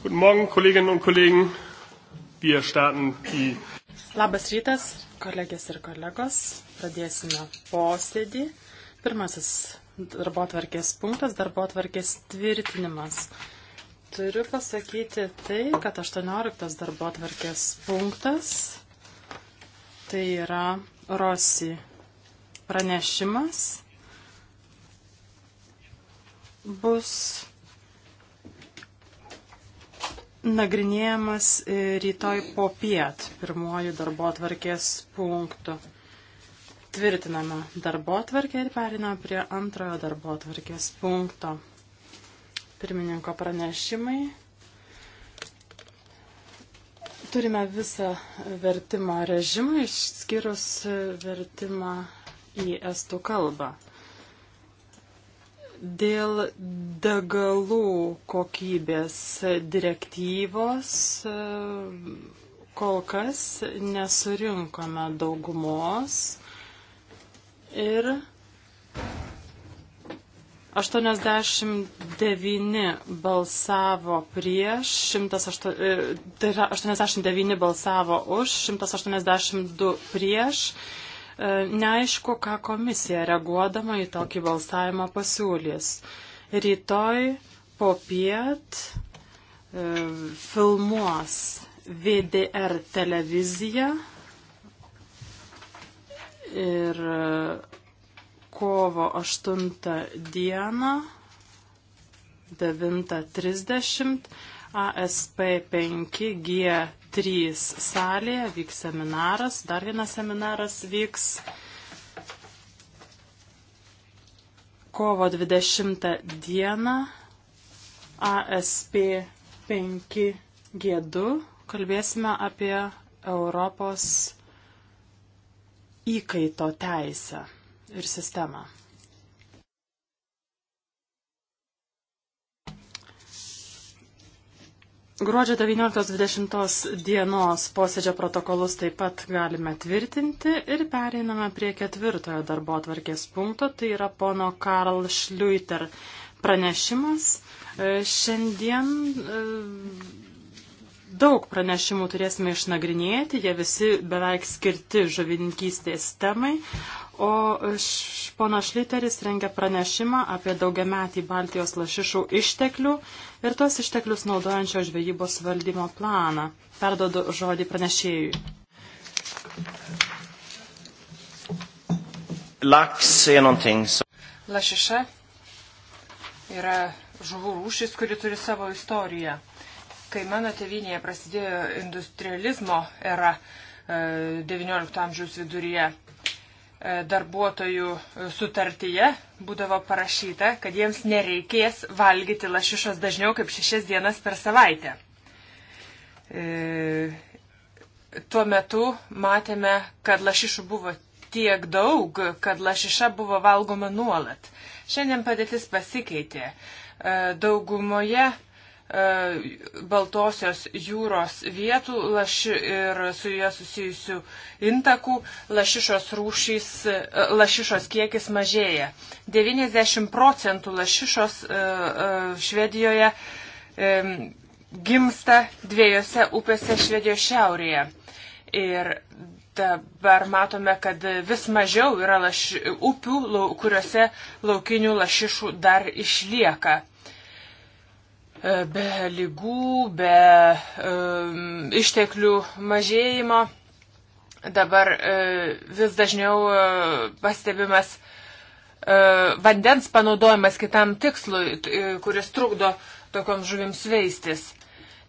Guten Morgen, Kolleginnen und Kollegen. Wir starten die. Labas rytas, kolegės ir kolegos. Pradėsime posėdį. Pirmasis darbo atvarkės punktas - darbo atvarkės tvirtinimas. Turiu pasakyti tai, kad 18 darbo atvarkės punktas tai yra Rosi pranešimas bus nagrinėjamas e, rytoj po piet pirmojų darbo atvarkės punktų. Tvirtiname darbo atvarkę ir periname prie antrojo darbo atvarkės punkto. Pirmininko pranešimai. Turime visą vertimo režimą, išskyrus vertimą į estų kalbą. Dėl degalų kokybės direktyvos e, kol kas nesurinkome daugumos ir 89 balsavo prieš, 108, e, tai yra 89 balsavo už, 182 prieš E, neaišku, ką komisija reaguodama į tokį balsavimą pasiūlys. Rytoj po piet e, filmuos VDR televizija ir e, kovo 8 dieną 9.30 ASP 5G 3 salėje vyks seminaras, dar vienas seminaras vyks kovo 20 dieną ASP 5G2 kalbėsime apie Europos įkaito teisę ir sistemą. Gruodžio 19-20 dienos posėdžio protokolus taip pat galime tvirtinti ir pereiname prie ketvirtojo darbo atvarkės punkto, tai yra pono Karl Šliuiter pranešimas. E, šiandien e, daug pranešimų turėsime išnagrinėti, jie visi beveik skirti žuvininkystės temai, O ponas Šliteris rengia pranešimą apie daugiametį Baltijos lašišų išteklių ir tos išteklius naudojančio žvejybos valdymo planą. Perdodu žodį pranešėjui. Laks är någonting som... Lašiša yra žuvų rūšis, kuri turi savo istoriją. Kai mano tevinėje prasidėjo industrializmo era, XIX e, amžiaus viduryje. E, darbuotojų e, sutartyje būdavo parašyta, kad jiems nereikės valgyti lašišos dažniau kaip šešias dienas per savaitę. E, tuo metu matėme, kad lašišų buvo tiek daug, kad lašiša buvo valgoma nuolat. Šiandien padėtis pasikeitė. Daugumoje E, Baltosios jūros vietų laši, ir su juo susijusių intakų lašišos, rūšys, e, lašišos kiekis mažėja. 90 procentų lašišos e, Švedijoje gimsta dviejose upėse Švedijos šiaurėje. Ir dabar matome, kad vis mažiau yra laš, upių, kuriuose laukinių lašišų dar išlieka. E, be lygų, be um, išteklių mažėjimo. Dabar uh, vis dažniau uh, pastebimas uh, vandens panaudojimas kitam tikslui, uh, kuris trukdo tokioms žuvims veistis.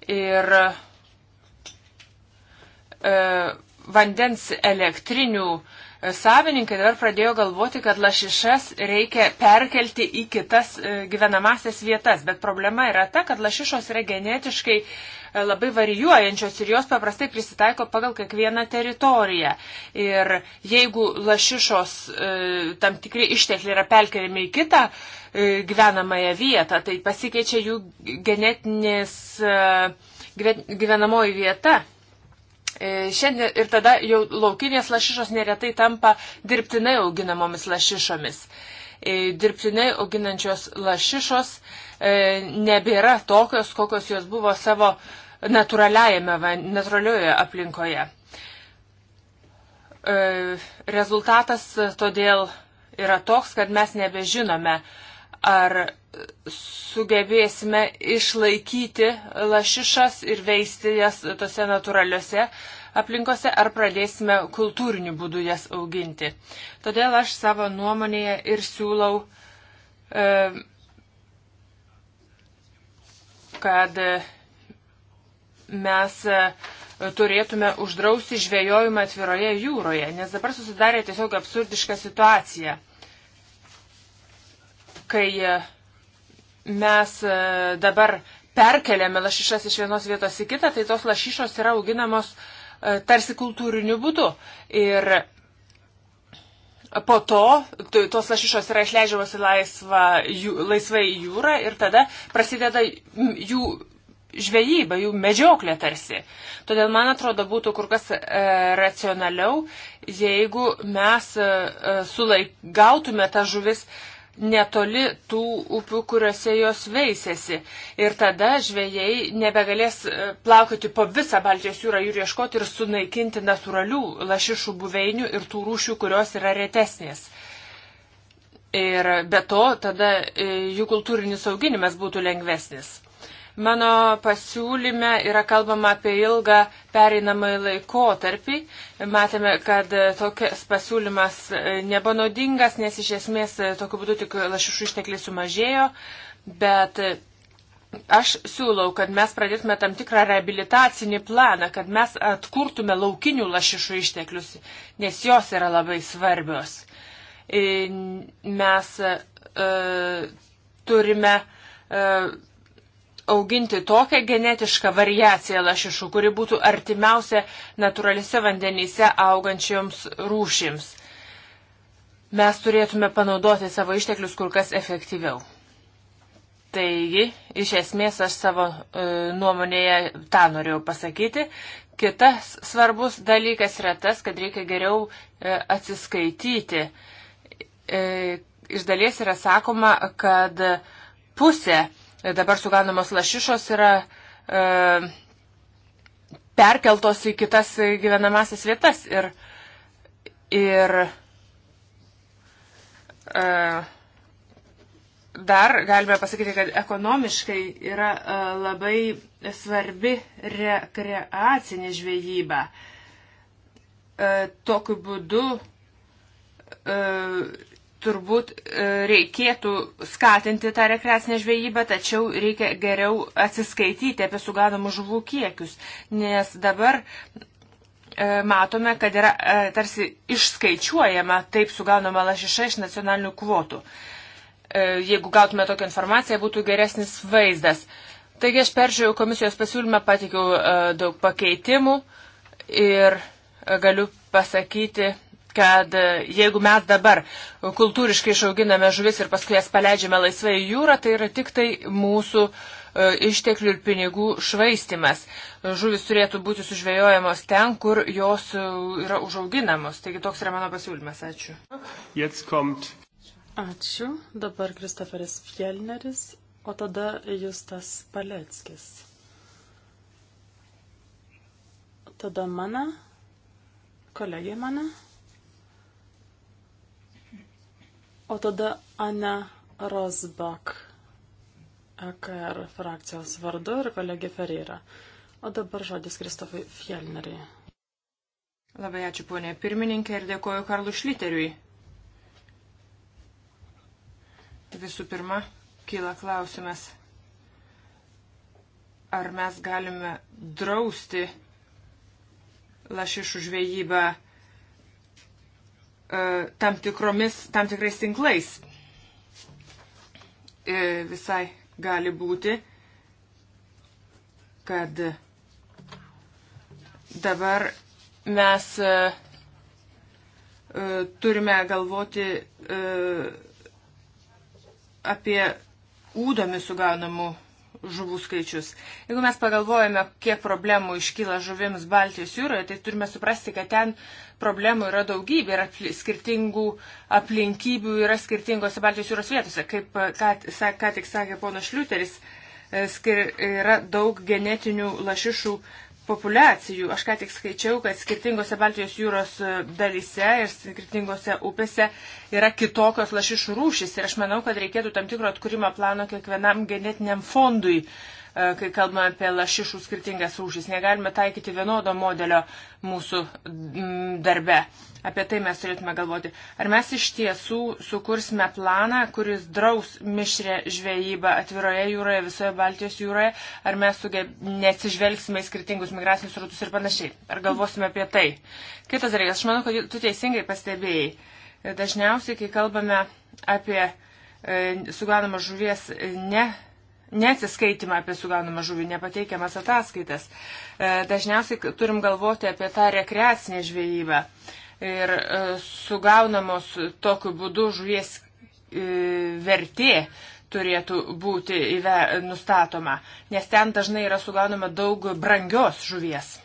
Ir uh, vandens elektrinių uh, savininkai dabar pradėjo galvoti, kad lašišas reikia perkelti į kitas e, gyvenamasias vietas, bet problema yra ta, kad lašišos yra genetiškai e, labai varijuojančios ir jos paprastai prisitaiko pagal kiekvieną teritoriją. Ir jeigu lašišos e, tam tikri ištekliai yra perkeliami į kitą gyvenamąją vietą, tai pasikeičia jų genetinės gyvenamoji vieta. E, šiandien ir tada jau laukinės lašišos neretai tampa dirbtinai auginamomis lašišomis. E, dirbtinai auginančios lašišos e, nebėra tokios, kokios jos buvo savo natūralioje aplinkoje. Rezultatas todėl yra toks, kad mes nebežinome, ar sugebėsime išlaikyti lašišas ir veisti jas tose natūraliuose aplinkose, ar pradėsime kultūriniu būdu jas auginti. Todėl aš savo nuomonėje ir siūlau, e, kad mes e, turėtume uždrausti žvėjojimą atviroje jūroje, nes dabar susidarė tiesiog absurdiška situacija kai e, mes e, dabar perkeliame lašišas iš vienos vietos į kitą, tai tos lašišos yra auginamos e, tarsi kultūriniu būdu. Ir po to tos lašišos yra išleidžiamos į laisvą, jų, laisvai į jūrą ir tada prasideda jų žvejyba, jų medžioklė tarsi. Todėl, man atrodo, būtų kur kas e, racionaliau, jeigu mes e, sulaik, gautume tą žuvis netoli tų upių, kuriuose jos veisėsi. Ir tada žvėjai nebegalės e, plaukti po visą Baltijos jūrą ir ieškoti ir sunaikinti natūralių lašišų buveinių ir tų rūšių, kurios yra retesnės. Ir be to tada e, jų kultūrinis auginimas būtų lengvesnis. Mano pasiūlyme yra kalbama apie ilgą pereinamąjį laikotarpį. Matėme, kad tokias pasiūlymas e, nebuvo naudingas, nes iš esmės e, tokiu būdu tik lašišų ištekliai sumažėjo, bet e, Aš siūlau, kad mes pradėtume tam tikrą rehabilitacinį planą, kad mes atkurtume laukinių lašišų išteklius, nes jos yra labai svarbios. Mes e, turime e, auginti tokią genetišką variaciją lašišų, kuri būtų artimiausia natūralise vandenyse augančioms rūšims. Mes turėtume panaudoti savo išteklius kur kas efektyviau. Taigi, iš esmės aš savo e, nuomonėje tą norėjau pasakyti. Kitas svarbus dalykas yra tas, kad reikia geriau e, atsiskaityti. E, iš dalies yra sakoma, kad pusė e, dabar suganamos lašišos yra e, perkeltos į kitas gyvenamasias vietas. Ir, ir e, dar galime pasakyti, kad ekonomiškai yra e, labai svarbi rekreacinė žvejyba. E, tokiu būdu e, turbūt e, reikėtų skatinti tą rekreacinę žvejybą, tačiau reikia geriau atsiskaityti apie sugadomų žuvų kiekius, nes dabar e, matome, kad yra e, tarsi išskaičiuojama taip sugaunama lašiša iš nacionalinių kvotų. Jeigu gautume tokią informaciją, būtų geresnis vaizdas. Taigi aš peržiūrėjau komisijos pasiūlymą, patikiau daug pakeitimų ir galiu pasakyti, kad e, jeigu mes dabar kultūriškai išauginame žuvis ir paskui jas paleidžiame laisvai į jūrą, tai yra tik tai mūsų e, išteklių ir pinigų švaistimas. Žuvis turėtų būti sužvėjojamos ten, kur jos e, yra užauginamos. Taigi toks yra mano pasiūlymas. Ačiū. Ačiū. Dabar Kristoferis Fjellneris, o tada Justas Paleckis. Tada mane, kolegė mane. O tada Ana Rosbach, EKR frakcijos vardu ir kolegė Ferreira. O dabar žodis Kristofui Fjellneriui. Labai ačiū ponė pirmininkė ir dėkoju Karlu Šliteriui. Visų pirma, kyla klausimas, ar mes galime drausti lašišų žvejybą E, tam, tikromis, tam tikrais tinklais. E, visai gali būti, kad dabar mes e, turime galvoti apie ūdomis sugaunamų žuvų skaičius. Jeigu mes pagalvojame, kiek problemų iškyla žuvims Baltijos jūroje, tai turime suprasti, kad ten problemų yra daugybė ir apli, skirtingų aplinkybių yra skirtingose Baltijos jūros vietose. Kaip e, ką, ką tik sakė ponas Šliuteris, e, skir, yra daug genetinių lašišų populiacijų. Aš ką tik skaičiau, kad skirtingose Baltijos jūros e, dalyse ir skirtingose upėse yra kitokios lašišų rūšis. Ir aš manau, kad reikėtų tam tikro atkūrimo plano kiekvienam genetiniam fondui. Uh, E, kai kalbame apie lašišų skirtingas rūšis. Negalime taikyti vienodo modelio mūsų darbe. Apie tai mes turėtume galvoti. Ar mes iš tiesų sukursime planą, kuris draus mišrę žvejybą atviroje jūroje, visoje Baltijos jūroje, ar mes sugeb... nesižvelgsime į skirtingus migracinius rūtus ir panašiai. Ar galvosime apie tai. Kitas dalykas, aš manau, kad tu teisingai pastebėjai. Dažniausiai, kai kalbame apie e, sugaunamos žuvies e, ne neatsiskaitimą apie sugaunamą žuvį, nepateikiamas ataskaitas. E, dažniausiai turim galvoti apie tą rekreacinę žvejybą. Ir e, sugaunamos tokiu būdu žuvies e, vertė turėtų būti įve, nustatoma, nes ten dažnai yra sugaunama daug brangios žuvies.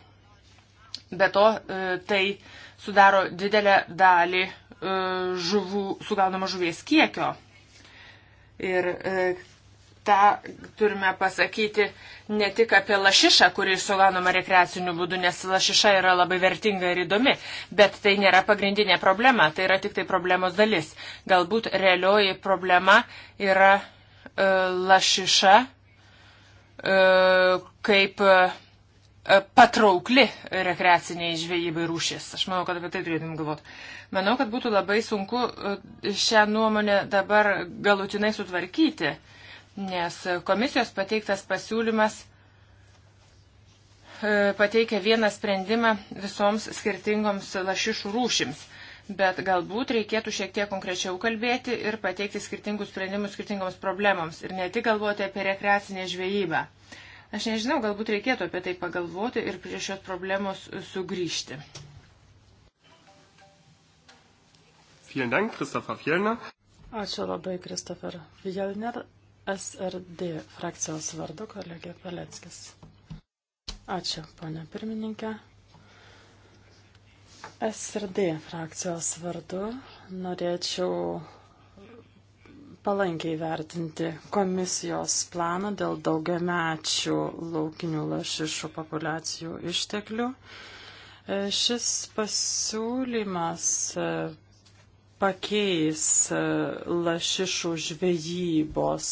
Be to, tai sudaro didelę dalį žuvų, sugaunamo žuvies kiekio. Ir tą turime pasakyti ne tik apie lašišą, kuri suganoma rekreaciniu būdu, nes lašiša yra labai vertinga ir įdomi, bet tai nėra pagrindinė problema, tai yra tik tai problemos dalis. Galbūt realioji problema yra e, lašiša e, kaip e, patraukli rekreaciniai žvejybai rūšis. Aš manau, kad apie tai turėtum galvoti. Manau, kad būtų labai sunku e, šią nuomonę dabar galutinai sutvarkyti. E, nes komisijos pateiktas pasiūlymas e, pateikia vieną sprendimą visoms skirtingoms lašišų rūšims. Bet galbūt reikėtų šiek tiek konkrečiau kalbėti ir pateikti skirtingus sprendimus skirtingoms problemams ir ne tik galvoti apie rekreacinę žvejybą. Aš nežinau, galbūt reikėtų apie tai pagalvoti ir prie šios problemos sugrįžti. Vielen Dank, Christopher Fjellner. Ačiū labai, Kristofer Vilner. SRD frakcijos vardu kolegė Paleckis. Ačiū, ponė pirmininkė. SRD frakcijos vardu norėčiau palankiai vertinti komisijos planą dėl daugiamečių laukinių lašišų populiacijų išteklių. Šis pasiūlymas pakeis e, lašišų žvejybos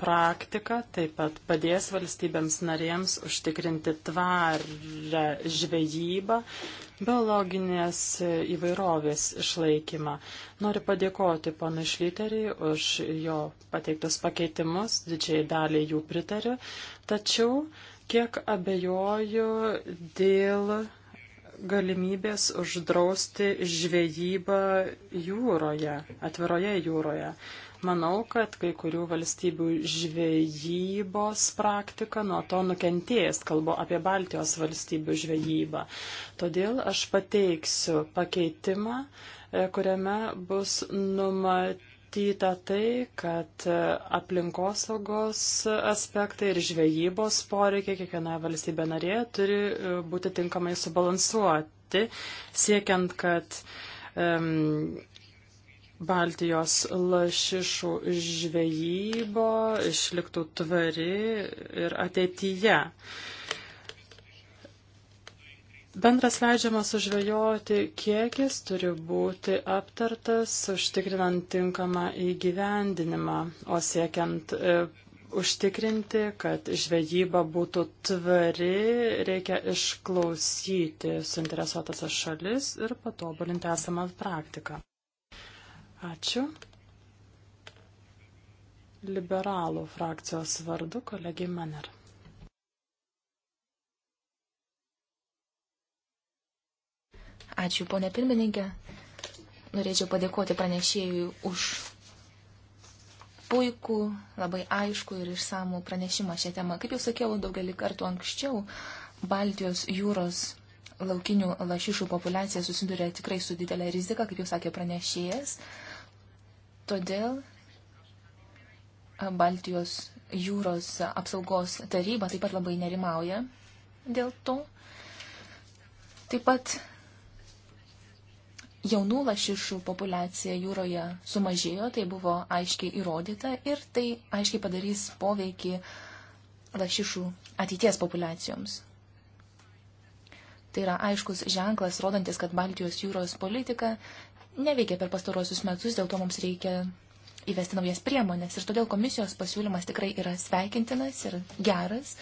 praktiką, taip pat padės valstybėms narėms užtikrinti tvarę žvejybą, biologinės įvairovės išlaikymą. Noriu padėkoti ponui Šlyteriai už jo pateiktus pakeitimus, didžiai daliai jų pritariu, tačiau kiek abejoju dėl galimybės uždrausti žvejybą jūroje, atviroje jūroje. Manau, kad kai kurių valstybių žvejybos praktika nuo to nukentės, kalbu apie Baltijos valstybių žvejybą. Todėl aš pateiksiu pakeitimą, e, kuriame bus numatyti numatyta tai, kad aplinkosaugos aspektai ir žvejybos poreikiai kiekvienoje valstybė narėje turi e, būti tinkamai subalansuoti, siekiant, kad um, Baltijos lašišų žvejybo išliktų tvari ir ateityje. Uh, Bendras leidžiamas užvejoti kiekis turi būti aptartas, užtikrinant tinkamą įgyvendinimą, o siekiant e, užtikrinti, kad žvejyba būtų tvari, reikia išklausyti suinteresuotas šalis ir patobulinti esamą praktiką. Ačiū. Liberalų frakcijos vardu kolegiai Maner. Ačiū, ponė pirmininkė. Norėčiau padėkoti pranešėjui už puikų, labai aišku ir išsamų pranešimą šią temą. Kaip jau sakiau daugelį kartų anksčiau, Baltijos jūros laukinių lašišų populiacija susiduria tikrai su didelė rizika, kaip jau sakė pranešėjas. Todėl Baltijos jūros apsaugos taryba taip pat labai nerimauja dėl to. Taip pat jaunų lašišų populiacija jūroje sumažėjo, tai buvo aiškiai įrodyta ir tai aiškiai padarys poveikį lašišų ateities populiacijoms. Tai yra aiškus ženklas, rodantis, kad Baltijos jūros politika neveikia per pastaruosius metus, dėl to mums reikia įvesti naujas priemonės. Ir todėl komisijos pasiūlymas tikrai yra sveikintinas ir geras.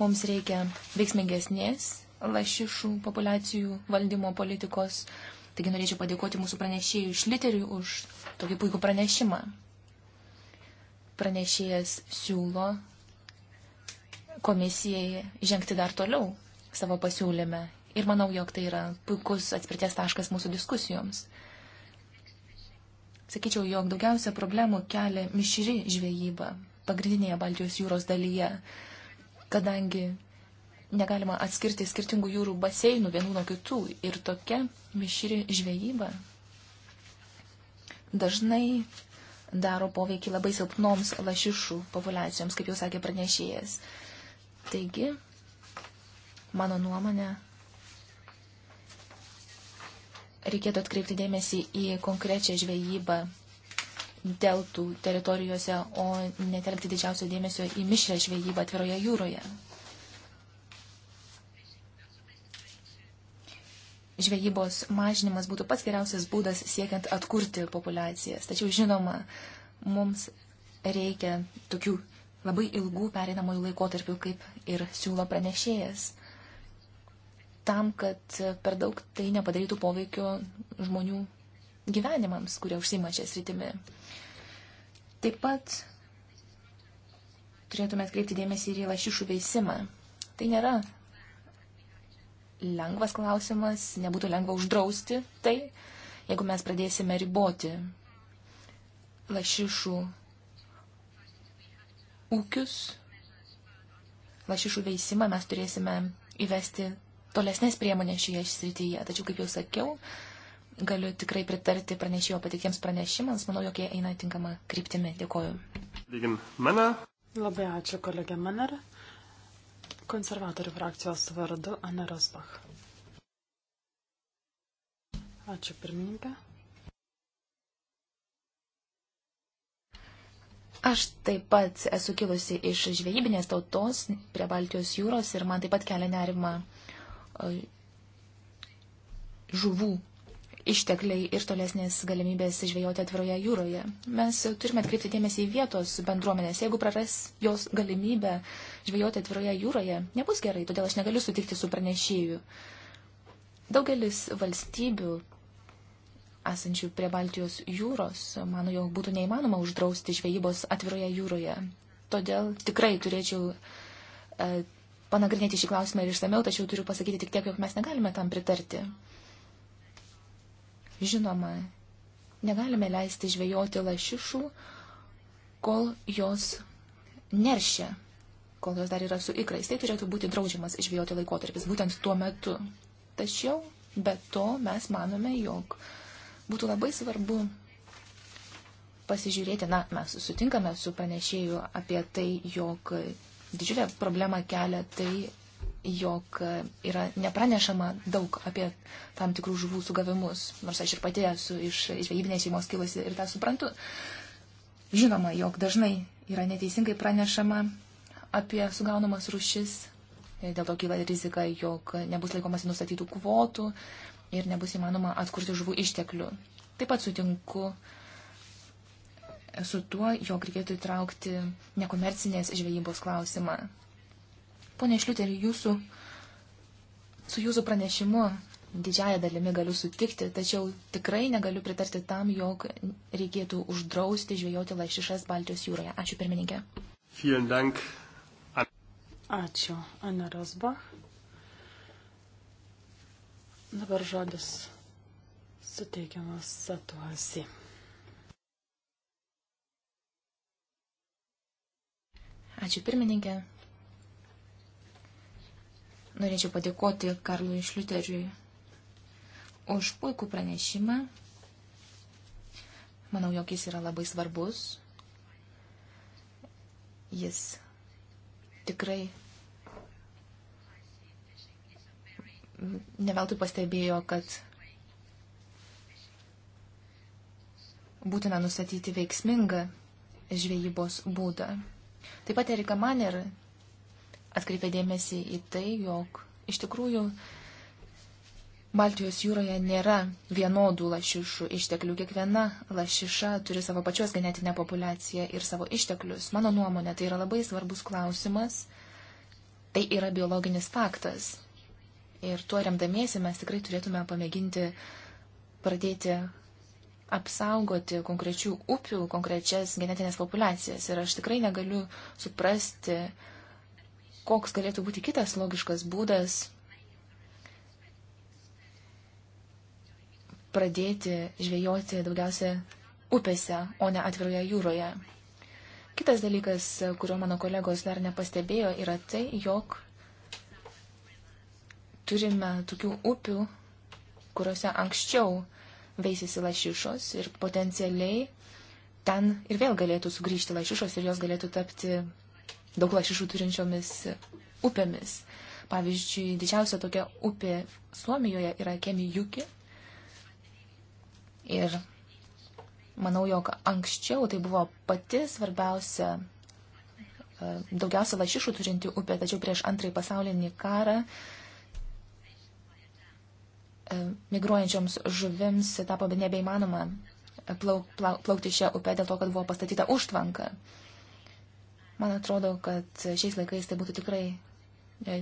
Mums reikia veiksmingesnės lašišų populiacijų valdymo politikos. Uh, Taigi norėčiau padėkoti mūsų pranešėjų iš literių už tokį puikų pranešimą. Pranešėjas siūlo komisijai žengti dar toliau savo pasiūlyme. Ir manau, jog tai yra puikus atspirties taškas mūsų diskusijoms. Sakyčiau, jog daugiausia problemų kelia mišri žvejyba pagrindinėje Baltijos jūros dalyje, kadangi negalima atskirti skirtingų jūrų baseinų vienų nuo kitų. Ir tokia mišri žvejyba dažnai daro poveikį labai silpnoms lašišų populiacijoms, kaip jau sakė pranešėjas. Taigi, mano nuomonė, reikėtų atkreipti dėmesį į konkrečią žvejybą deltų teritorijose, o netelkti didžiausio dėmesio į mišrę žvejybą atviroje jūroje. žvejybos mažinimas būtų pats geriausias būdas siekiant atkurti populiacijas. Tačiau, žinoma, mums reikia tokių labai ilgų pereinamųjų laikotarpių, kaip ir siūlo pranešėjas, tam, kad per daug tai nepadarytų poveikio žmonių gyvenimams, kurie užsima šią sritimį. Taip pat turėtume atkreipti dėmesį ir į lašišų veisimą. Tai nėra lengvas klausimas, nebūtų lengva uždrausti tai, jeigu mes pradėsime riboti lašišų ūkius, lašišų veisimą, mes turėsime įvesti tolesnės priemonės šioje srityje. Tačiau, kaip jau sakiau, galiu tikrai pritarti pranešėjo patiktiems pranešimams, manau, jog jie eina tinkama kryptimi. Dėkoju. Labai ačiū, kolegė Manara. Konservatorių frakcijos vardu Ana Rosbach. Ačiū pirmininkė. Aš taip pat esu kilusi iš žvejybinės tautos prie Baltijos jūros ir man taip pat kelia nerima e, žuvų ištekliai ir tolesnės galimybės žvejoti atviroje jūroje. Mes turime atkreipti dėmesį į vietos bendruomenės. Jeigu praras jos galimybę žvejoti atviroje jūroje, nebus gerai, todėl aš negaliu sutikti su pranešėju. Daugelis valstybių esančių prie Baltijos jūros, mano jau būtų neįmanoma uždrausti žvejybos atviroje jūroje. Todėl tikrai turėčiau e, panagrinėti šį klausimą ir išsameu, tačiau turiu pasakyti tik tiek, jog mes negalime tam pritarti. Žinoma, negalime leisti žvejoti lašišų, kol jos neršia, kol jos dar yra su ikrais. Tai turėtų būti draudžiamas žvejoti laikotarpis, būtent tuo metu. Tačiau, be to, mes manome, jog būtų labai svarbu pasižiūrėti, na, mes sutinkame su panešėju apie tai, jog didžiulę problemą kelia tai, jog yra nepranešama daug apie tam tikrų žuvų sugavimus, nors aš ir pati esu iš žvejybinės šeimos kilusi ir tą suprantu. Žinoma, jog dažnai yra neteisingai pranešama apie sugaunamas rušis, dėl to kyla rizika, jog nebus laikomasi nustatytų kvotų ir nebus įmanoma atkurti žuvų išteklių. Taip pat sutinku su tuo, jog reikėtų įtraukti nekomercinės žvejybos klausimą Pone Šliuterį, jūsų, su jūsų pranešimu didžiaja dalimi galiu sutikti, tačiau tikrai negaliu pritarti tam, jog reikėtų uždrausti žvejoti lašišas Baltijos jūroje. Ačiū pirmininkė. Ačiū, Ana Rosbach. Dabar žodis suteikiamas satuasi. Ačiū pirmininkė, Norėčiau padėkoti Karlui Šliuteriui už puikų pranešimą. Manau, jog jis yra labai svarbus. Jis tikrai neveltui pastebėjo, kad būtina nustatyti veiksmingą žvejybos būdą. Taip pat Erika Maner atkreipė dėmesį į tai, jog iš tikrųjų Baltijos jūroje nėra vienodų lašišų išteklių. Kiekviena lašiša turi savo pačios genetinę populaciją ir savo išteklius. Mano nuomonė, tai yra labai svarbus klausimas. Tai yra biologinis faktas. Ir tuo remdamiesi mes tikrai turėtume pamėginti pradėti apsaugoti konkrečių upių, konkrečias genetinės populacijas. Ir aš tikrai negaliu suprasti, uh, koks galėtų būti kitas logiškas būdas pradėti žvejoti daugiausia upėse, o ne atviroje jūroje. Kitas dalykas, kurio mano kolegos dar nepastebėjo, yra tai, jog turime tokių upių, kuriuose anksčiau veisėsi lašišos ir potencialiai ten ir vėl galėtų sugrįžti lašišos ir jos galėtų tapti daug lašišų turinčiomis upėmis. Pavyzdžiui, didžiausia tokia upė Suomijoje yra Kemijuki. Ir manau, jog anksčiau tai buvo pati svarbiausia, e, daugiausia lašišų turinti upė, tačiau prieš antrąjį pasaulinį karą e, migruojančioms žuvims tapo nebeįmanoma plaukti šią upę dėl to, kad buvo pastatyta užtvanka. Man atrodo, kad šiais laikais tai būtų tikrai e,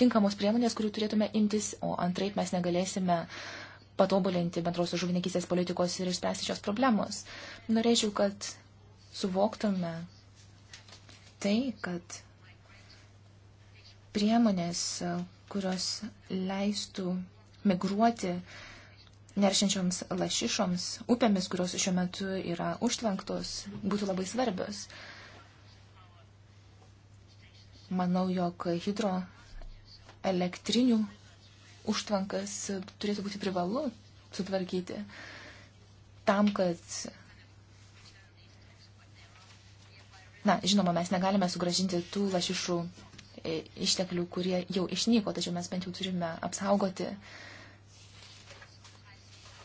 tinkamos priemonės, kurių turėtume imtis, o antraip mes negalėsime patobulinti bendrosios žuvininkystės politikos ir išspręsti šios problemos. Norėčiau, kad suvoktume tai, kad priemonės, kurios leistų migruoti neršiančioms lašišoms, upėmis, kurios šiuo metu yra užtvanktos, būtų labai svarbios. Manau, jog hidroelektrinių užtvankas turėtų būti privalu sutvarkyti tam, kad Na, žinoma, mes negalime sugražinti tų lašišų e, išteklių, kurie jau išnyko, tačiau mes bent jau turime apsaugoti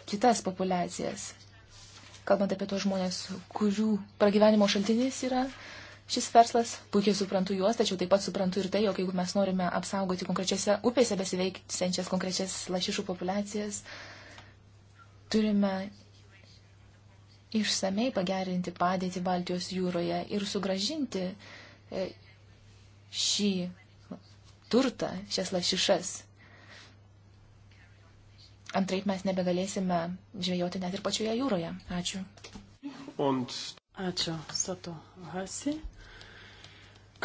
kitas populiacijas. Kalbant apie tos žmonės, kurių pragyvenimo šaltinis yra uh, šis verslas, puikiai suprantu juos, tačiau taip pat suprantu ir tai, jog jeigu mes norime apsaugoti konkrečiose upėse besiveikiančias konkrečias lašišų populiacijas, turime išsamei pagerinti padėtį Baltijos jūroje ir sugražinti e, šį turtą, šias lašišas. Antraip mes nebegalėsime žvejoti net ir pačioje jūroje. Ačiū. Und... Ačiū, Sato Hasi.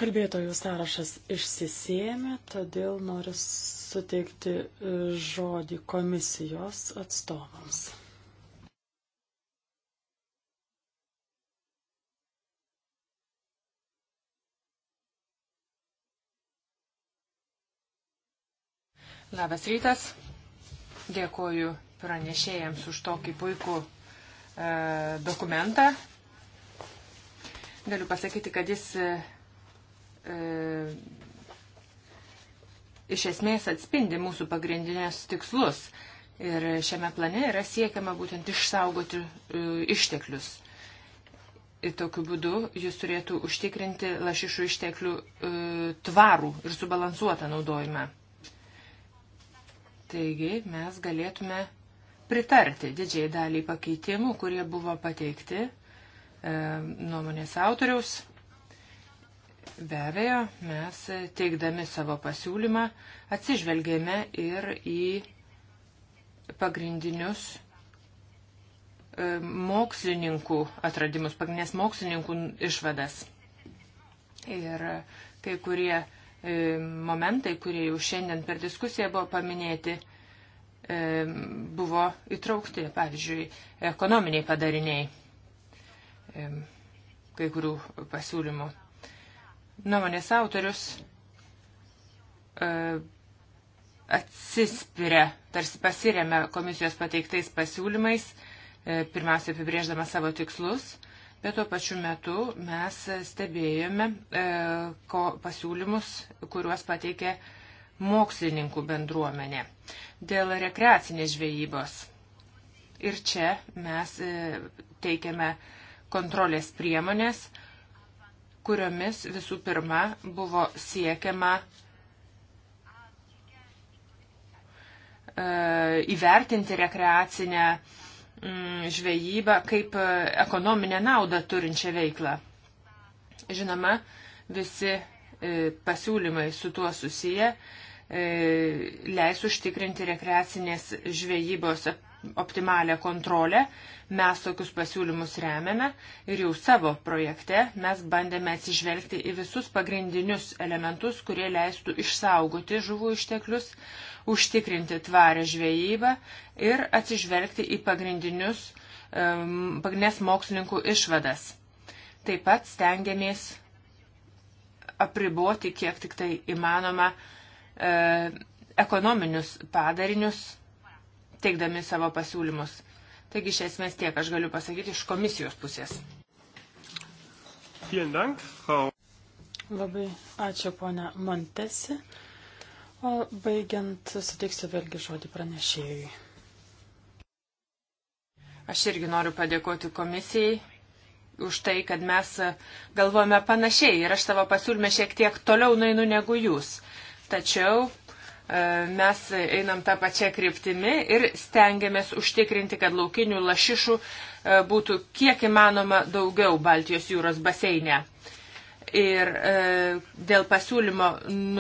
Kalbėtojų sąrašas išsisėmė, todėl noriu suteikti e, žodį komisijos atstovams. Labas rytas. Dėkoju pranešėjams už tokį puikų e, dokumentą. Galiu pasakyti, kad jis e, E, iš esmės atspindi mūsų pagrindinės tikslus. Ir šiame plane yra siekiama būtent išsaugoti e, išteklius. Ir tokiu būdu jis turėtų užtikrinti lašišų išteklių e, tvarų ir subalansuotą naudojimą. Taigi mes galėtume pritarti didžiai daliai pakeitimų, kurie buvo pateikti nuomonės autoriaus Be abejo, mes teikdami savo pasiūlymą atsižvelgėme ir į pagrindinius e, mokslininkų atradimus, pagrindinės mokslininkų išvadas. Ir kai kurie e, momentai, kurie jau šiandien per diskusiją buvo paminėti, e, buvo įtraukti, pavyzdžiui, ekonominiai padariniai kai kurių pasiūlymų Nuomonės autorius uh, atsispiria, tarsi pasiremia komisijos pateiktais pasiūlymais, uh, pirmiausia apibrėždama savo tikslus, bet tuo pačiu metu mes stebėjome uh, ko, pasiūlymus, kuriuos pateikė mokslininkų bendruomenė dėl rekreacinės žvejybos. Ir čia mes teikiame kontrolės priemonės, kuriomis visų pirma buvo siekiama e, įvertinti rekreacinę mm, žvejybą kaip e, ekonominę naudą turinčią veiklą. Žinoma, visi e, pasiūlymai su tuo susiję leis užtikrinti rekreacinės žvejybos optimalią kontrolę. Mes tokius pasiūlymus remiame ir jau savo projekte mes bandėme atsižvelgti į visus pagrindinius elementus, kurie leistų išsaugoti žuvų išteklius, užtikrinti tvarę žvejybą ir atsižvelgti į pagrindinius, pagrindinės mokslininkų išvadas. Taip pat stengiamės apriboti, kiek tik tai įmanoma, e, ekonominius padarinius teikdami savo pasiūlymus. Taigi iš esmės tiek aš galiu pasakyti iš komisijos pusės. Labai ačiū ponia Montesi. O baigiant, suteiksiu vėlgi žodį pranešėjui. Aš irgi noriu padėkoti komisijai už tai, kad mes galvojame panašiai ir aš savo pasiūlymę šiek tiek toliau nainu negu jūs. Tačiau mes einam tą pačią kryptimį ir stengiamės užtikrinti, kad laukinių lašišų e, būtų kiek įmanoma daugiau Baltijos jūros baseine. Ir e, dėl pasiūlymo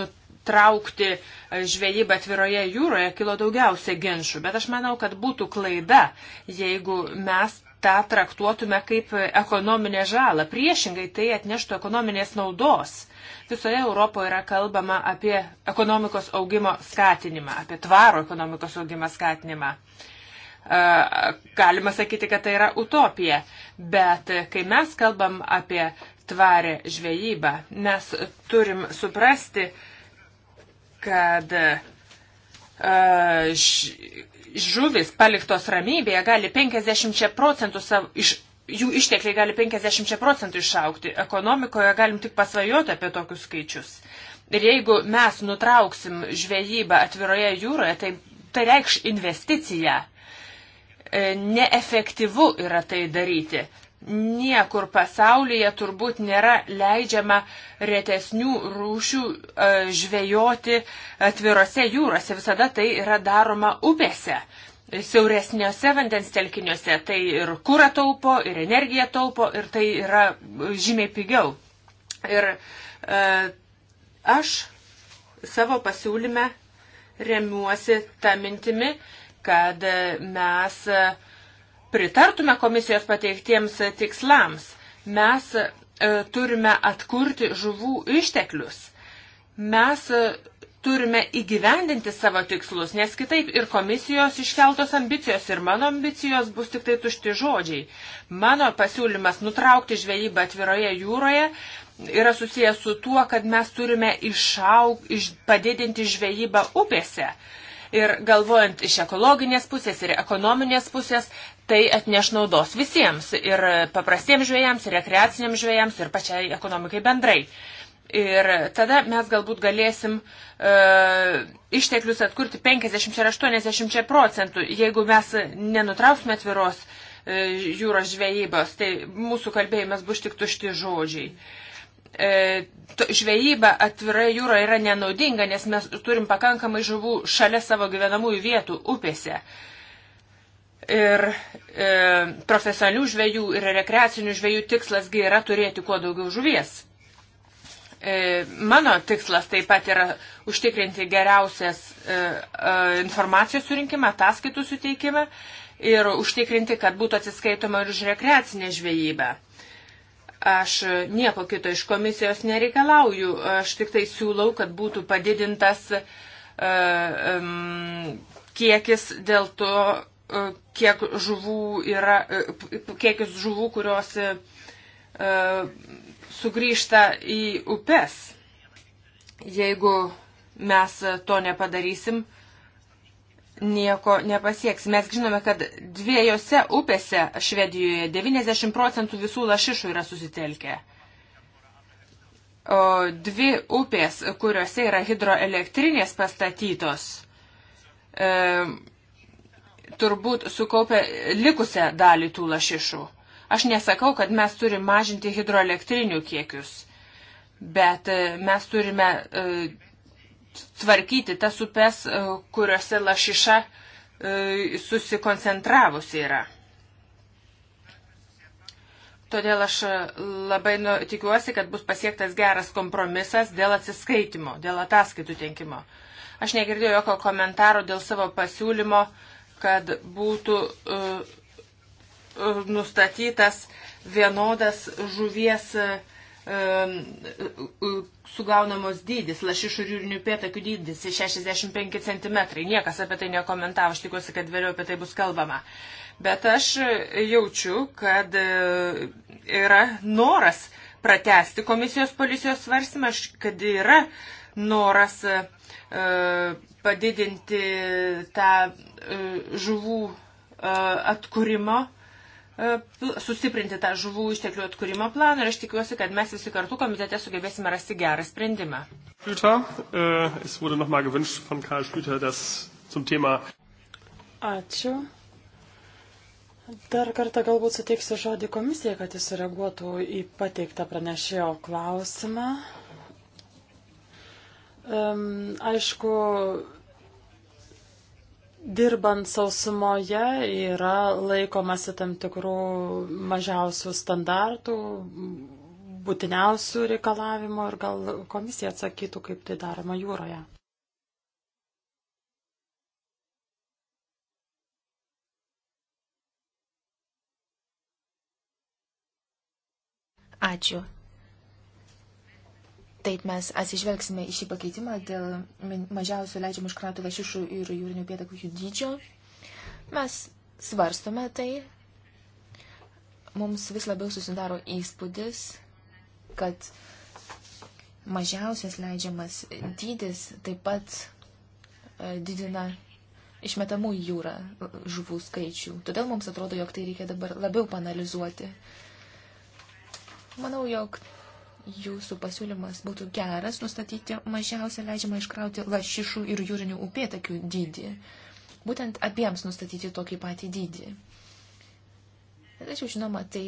nutraukti e, žvejybą atviroje jūroje kilo daugiausia ginčių, bet aš manau, kad būtų klaida, jeigu mes tą traktuotume kaip ekonominę žalą. Priešingai tai atneštų ekonominės naudos. Visoje Europoje yra kalbama apie ekonomikos augimo skatinimą, apie tvaro ekonomikos augimą skatinimą. Galima sakyti, kad tai yra utopija, bet kai mes kalbam apie tvarę žvejybą, mes turim suprasti, kad žuvis paliktos ramybėje gali 50 procentų savo, iš, jų ištekliai gali 50 procentų išaukti. Ekonomikoje galim tik pasvajoti apie tokius skaičius. Ir jeigu mes nutrauksim žvejybą atviroje jūroje, tai, tai reikš investiciją. E, neefektyvu yra tai daryti. Niekur pasaulyje turbūt nėra leidžiama retesnių rūšių e, žvejoti atvirose jūrose. Visada tai yra daroma upėse, siauresniuose vandens telkiniuose. Tai ir kūra taupo, ir energija taupo, ir tai yra žymiai pigiau. Ir e, aš savo pasiūlyme remiuosi tą mintimi, kad mes e, pritartume komisijos pateiktiems tikslams, mes e, turime atkurti žuvų išteklius. Mes e, turime įgyvendinti savo tikslus, nes kitaip ir komisijos iškeltos ambicijos, ir mano ambicijos bus tik tai tušti žodžiai. Mano pasiūlymas nutraukti žvejybą atviroje jūroje yra susijęs su tuo, kad mes turime išaug, iš, padidinti žvejybą upėse. Ir galvojant iš ekologinės pusės ir ekonominės pusės, tai atneš naudos visiems ir paprastiems žvėjams, ir rekreaciniams žvėjams, ir pačiai ekonomikai bendrai. Ir tada mes galbūt galėsim e, išteklius atkurti 50 ar 80 procentų, jeigu mes nenutrauksime atviros e, jūros žvejybos, tai mūsų kalbėjimas bus tik tušti žodžiai. E, žvejyba atvirai jūroje yra nenaudinga, nes mes turim pakankamai žuvų šalia savo gyvenamųjų vietų upėse. E, Ir e, profesionalių žvėjų ir rekreacinių žvėjų tikslasgi yra turėti kuo daugiau žuvies. E, mano tikslas taip pat yra užtikrinti geriausias e, e, informacijos surinkimą, ataskaitų suteikimą ir užtikrinti, kad būtų atsiskaitoma ir už rekreacinę žvejybę. Aš nieko kito iš komisijos nereikalauju, aš tik tai siūlau, kad būtų padidintas uh, um, kiekis dėl to, E, kiek žuvų yra, e, kiekis žuvų, kurios e, sugrįžta į upes. Jeigu mes to nepadarysim, nieko nepasieksim. Mes žinome, kad dviejose upėse Švedijoje 90 procentų visų lašišų yra susitelkę. O dvi upės, kuriuose yra hidroelektrinės pastatytos, turbūt sukaupia likusią dalį tų lašišų. Aš nesakau, kad mes turime mažinti hidroelektrinių kiekius, bet e, mes turime e, tvarkyti tas upes, e, kuriuose lašiša susikoncentravusi yra. Todėl aš labai nu, tikiuosi, kad bus pasiektas geras kompromisas dėl atsiskaitimo, dėl ataskaitų tenkimo. Aš negirdėjau jokio komentaro dėl savo pasiūlymo uh, kad būtų e, e, nustatytas vienodas žuvies e, sugaunamos dydis, lašišų jūrinių pėtakių dydis 65 cm. Niekas apie tai nekomentavo, aš tikiuosi, kad vėliau apie tai bus kalbama. Bet aš jaučiu, kad yra noras pratesti komisijos policijos svarstymą, kad yra uh, noras e, padidinti tą e, žuvų e, atkūrimo sustiprinti tą žuvų išteklių atkūrimo planą ir aš tikiuosi, kad mes visi kartu komitete sugebėsime rasti gerą sprendimą. Ačiū. Dar kartą galbūt suteiksiu žodį komisijai, kad jis reaguotų į pateiktą pranešėjo klausimą. Aišku, dirbant sausumoje yra laikomasi tam tikrų mažiausių standartų, būtiniausių reikalavimų ir gal komisija atsakytų, kaip tai daroma jūroje. Ačiū. Taip mes atsižvelgsime į šį pakeitimą dėl mažiausio leidžiamų iškratų lašišų ir jūrinių pėdakų jų dydžio. Mes svarstome tai. Mums vis labiau susidaro įspūdis, kad mažiausias leidžiamas dydis taip pat e, didina išmetamų į jūrą e, žuvų skaičių. Todėl mums atrodo, jog tai reikia dabar labiau panalizuoti. Manau, jog jūsų pasiūlymas būtų geras nustatyti mažiausią leidžiamą iškrauti lašišų ir jūrinių upėtakių dydį. Būtent abiems nustatyti tokį patį dydį. Tačiau, žinoma, tai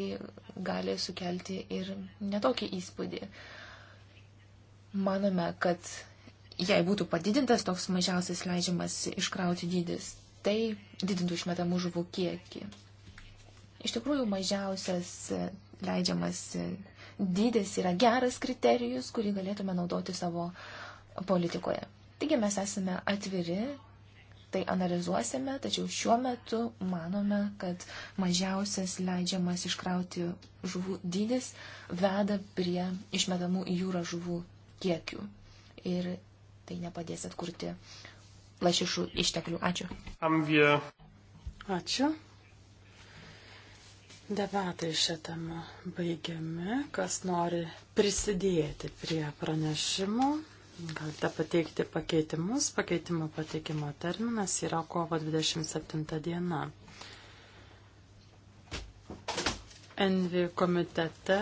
gali sukelti ir netokį įspūdį. Manome, kad jei būtų padidintas toks mažiausias leidžiamas iškrauti dydis, tai didintų išmetamų žuvų kiekį. Iš tikrųjų, mažiausias leidžiamas dydis yra geras kriterijus, kurį galėtume naudoti savo politikoje. Taigi mes esame atviri, tai analizuosime, tačiau šiuo metu manome, kad mažiausias leidžiamas iškrauti žuvų dydis veda prie išmetamų į jūrą žuvų kiekių. Ir tai nepadės atkurti lašišų išteklių. Ačiū. Ačiū. Debatai šią temą baigiami. Kas nori prisidėti prie pranešimų, galite pateikti pakeitimus. Pakeitimo pateikimo terminas yra kovo 27 diena. Envi komitete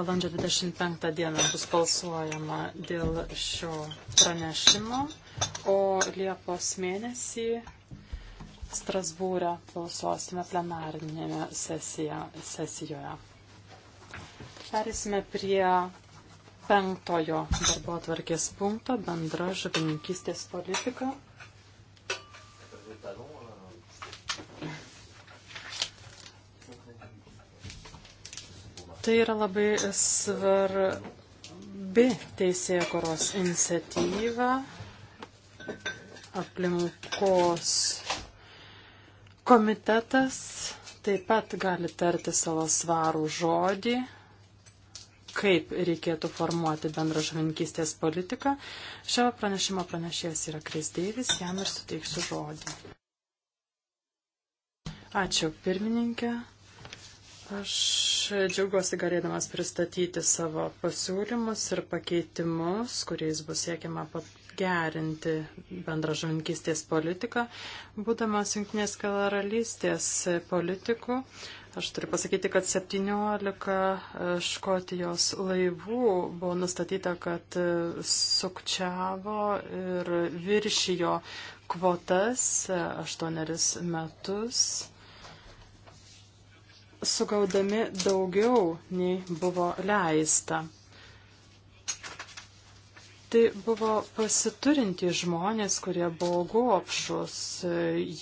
balandžio 25 dieną bus balsuojama dėl šio pranešimo, o Liepos mėnesį Strasbūrę balsuosime plenarinėje sesijoje. Perėsime prie penktojo darbo atvarkės punkto bendra žavininkystės politika. Tai yra labai svarbi teisėkoros iniciatyva aplinkos Komitetas taip pat gali tarti savo svarų žodį, kaip reikėtų formuoti bendrą žavinkystės politiką. Šio pranešimo pranešėjas yra Krisdeivis, jam ir suteiksiu žodį. Ačiū pirmininkė. Aš džiaugiuosi galėdamas pristatyti savo pasiūlymus ir pakeitimus, kuriais bus siekiama gerinti bendrą žankystės politiką. Būdamas Junktinės karalystės politikų, aš turiu pasakyti, kad 17 Škotijos laivų buvo nustatyta, kad sukčiavo ir viršijo kvotas aštuonerius metus sugaudami daugiau nei buvo leista. Tai buvo pasiturinti žmonės, kurie buvo gopšus.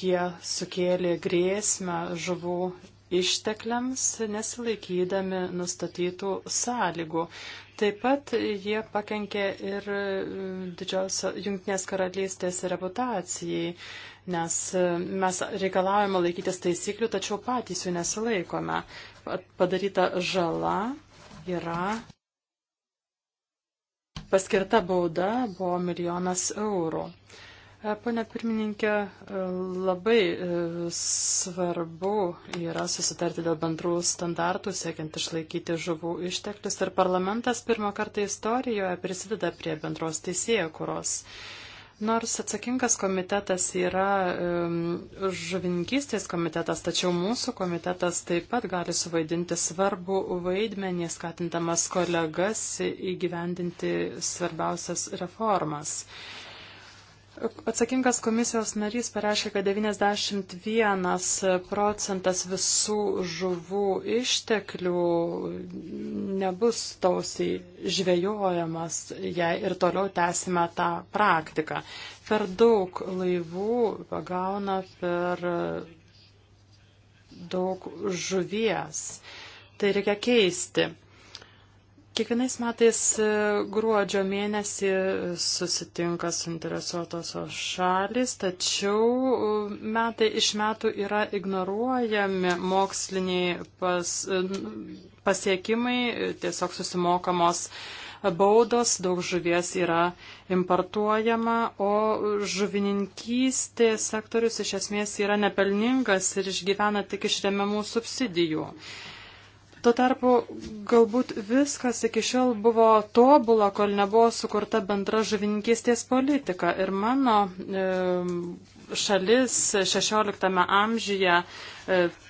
Jie sukėlė grėsmę žuvų ištekliams, nesilaikydami nustatytų sąlygų. Taip pat jie pakenkė ir e, didžiausio Junktinės karalystės reputacijai, nes e, mes reikalavome laikytis taisyklių, tačiau patys jų nesilaikome. Padaryta žala yra paskirta bauda buvo milijonas eurų. E, Pone pirmininkė, e, labai e, svarbu yra susitarti dėl bendrų standartų, siekiant išlaikyti žuvų išteklius ir parlamentas pirmą kartą istorijoje prisideda prie bendros teisėjų kuros. Nors atsakingas komitetas yra um, žuvininkystės komitetas, tačiau mūsų komitetas taip pat gali suvaidinti svarbu vaidmenį, skatintamas kolegas įgyvendinti svarbiausias reformas. Uh, Atsakingas komisijos narys parašė, kad 91 procentas visų žuvų išteklių nebus tausiai žvejojamas, jei ir toliau tęsime tą praktiką. Per daug laivų pagauna per daug žuvies. Tai reikia keisti. Kiekvienais metais e, gruodžio mėnesį susitinka suinteresuotos šalis, tačiau e, metai iš metų yra ignoruojami moksliniai pas, e, pasiekimai, tiesiog susimokamos baudos, daug žuvies yra importuojama, o žuvininkystė sektorius iš esmės yra nepelningas ir išgyvena tik iš remiamų subsidijų. Tuo tarpu galbūt viskas iki šiol buvo tobula, kol nebuvo sukurta bendra žuvininkystės politika. Ir mano e, šalis 16 amžiuje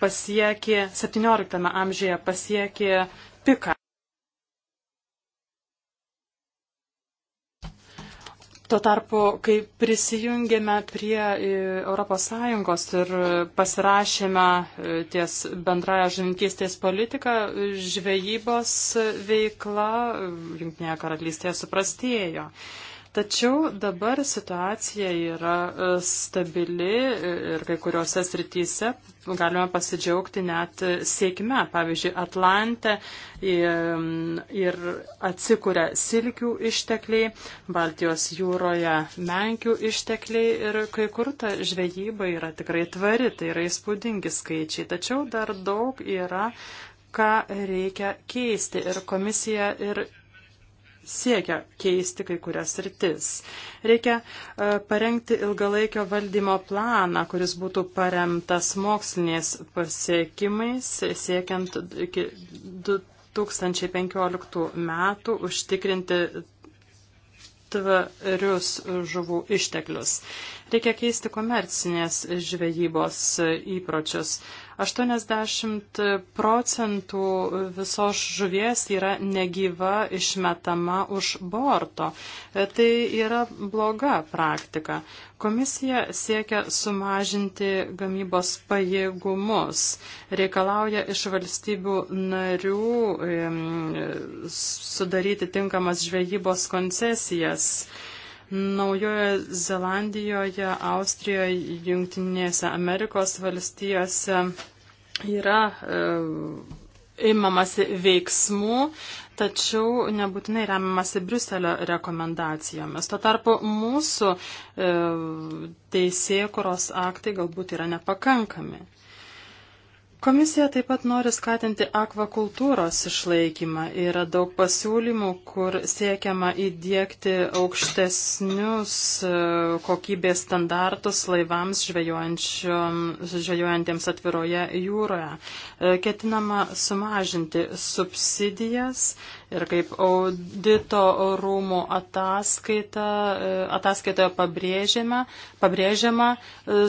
pasiekė, 17 amžiuje pasiekė piką. Tuo tarpu, kai prisijungėme prie ES ir pasirašėme e, ties bendraja žininkystės politika, e, žvejybos veikla e, Junktinėje karalystėje suprastėjo. Tačiau dabar situacija yra e, stabili ir kai kuriuose srityse galima pasidžiaugti net sėkme. Pavyzdžiui, Atlante ir atsikuria silkių ištekliai, Baltijos jūroje menkių ištekliai ir kai kur ta žvejyba yra tikrai tvari, tai yra įspūdingi skaičiai. Tačiau dar daug yra ką reikia keisti ir komisija ir siekia keisti kai kurias rytis. Reikia e, parengti ilgalaikio valdymo planą, kuris būtų paremtas moksliniais pasiekimais, siekiant iki 2015 metų užtikrinti tvarius žuvų išteklius. Reikia keisti komercinės žvejybos įpročius. 80 procentų visos žuvies yra negyva išmetama už borto. Tai yra bloga praktika. Komisija siekia sumažinti gamybos pajėgumus, reikalauja iš valstybių narių sudaryti tinkamas žvejybos koncesijas Naujoje Zelandijoje, Austrijoje, Junktinėse Amerikos valstijose yra e, imamasi veiksmų, tačiau nebūtinai remiamasi Briuselio rekomendacijomis. Tuo tarpu mūsų e, teisėkuros aktai galbūt yra nepakankami. Komisija taip pat nori skatinti akvakultūros išlaikymą. Yra daug pasiūlymų, kur siekiama įdėkti aukštesnius e, kokybės standartus laivams žvejojantiems atviroje jūroje. E, ketinama sumažinti subsidijas ir kaip audito rūmų ataskaita, e, ataskaitoje pabrėžiama, pabrėžiama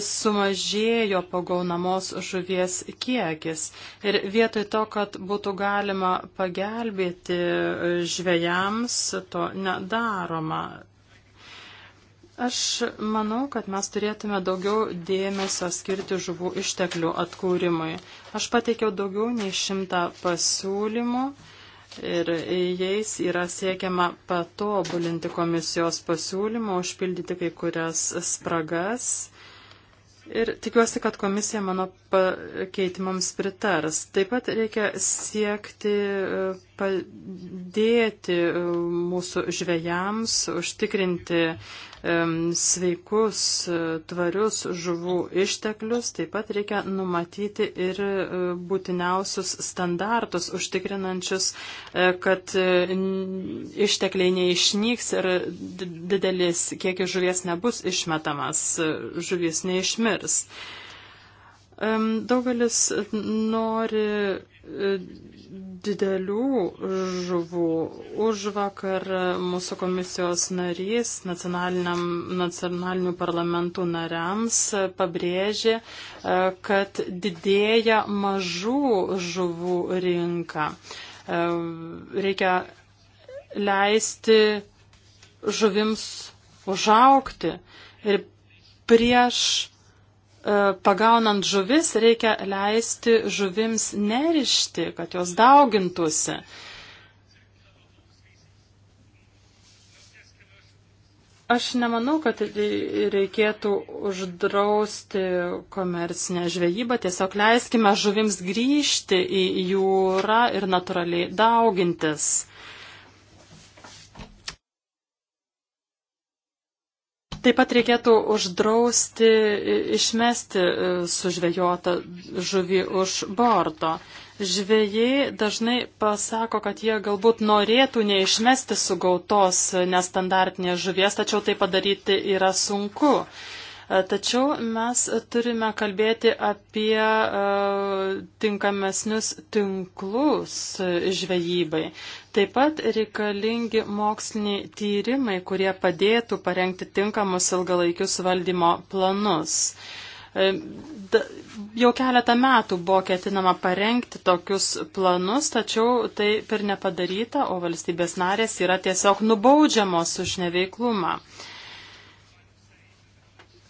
sumažėjo pagaunamos žuvies kiekis kiekis. Ir vietoj to, kad būtų galima pagelbėti žvėjams, to nedaroma. Aš manau, kad mes turėtume daugiau dėmesio skirti žuvų išteklių atkūrimui. Aš pateikiau daugiau nei šimtą pasiūlymų ir jais yra siekiama patobulinti komisijos pasiūlymą, užpildyti kai kurias spragas Ir tikiuosi, kad komisija mano pakeitimams pritars. Taip pat reikia siekti e, padėti e, mūsų žvėjams, užtikrinti sveikus, e, tvarius žuvų išteklius, taip pat reikia numatyti ir e, būtiniausius standartus, užtikrinančius, e, kad ištekliai neišnyks ir didelis kiekis žuvies nebus išmetamas, žuvies neišmirs. Daugelis nori didelių žuvų. Už vakar mūsų komisijos narys nacionalinių parlamentų nariams pabrėžė, e, kad didėja mažų žuvų rinka. E, reikia leisti žuvims užaukti ir prieš E, pagaunant žuvis reikia leisti žuvims nerišti, kad jos daugintųsi. Aš nemanau, kad reikėtų uždrausti komercinę žvejybą, tiesiog leiskime žuvims grįžti į jūrą ir natūraliai daugintis. Taip pat reikėtų uždrausti išmesti e, sužvejotą žuvį už borto. Žvėjai dažnai pasako, kad jie galbūt norėtų neišmesti sugautos e, nestandartinės žuvies, tačiau tai padaryti yra sunku. E, tačiau mes turime kalbėti apie tinkamesnius tinklus žvejybai. Taip pat reikalingi moksliniai tyrimai, kurie padėtų parengti tinkamus ilgalaikius valdymo planus. E, da, jau keletą metų buvo ketinama parengti tokius planus, tačiau taip ir nepadaryta, o valstybės narės yra tiesiog nubaudžiamos už neveiklumą. Uh,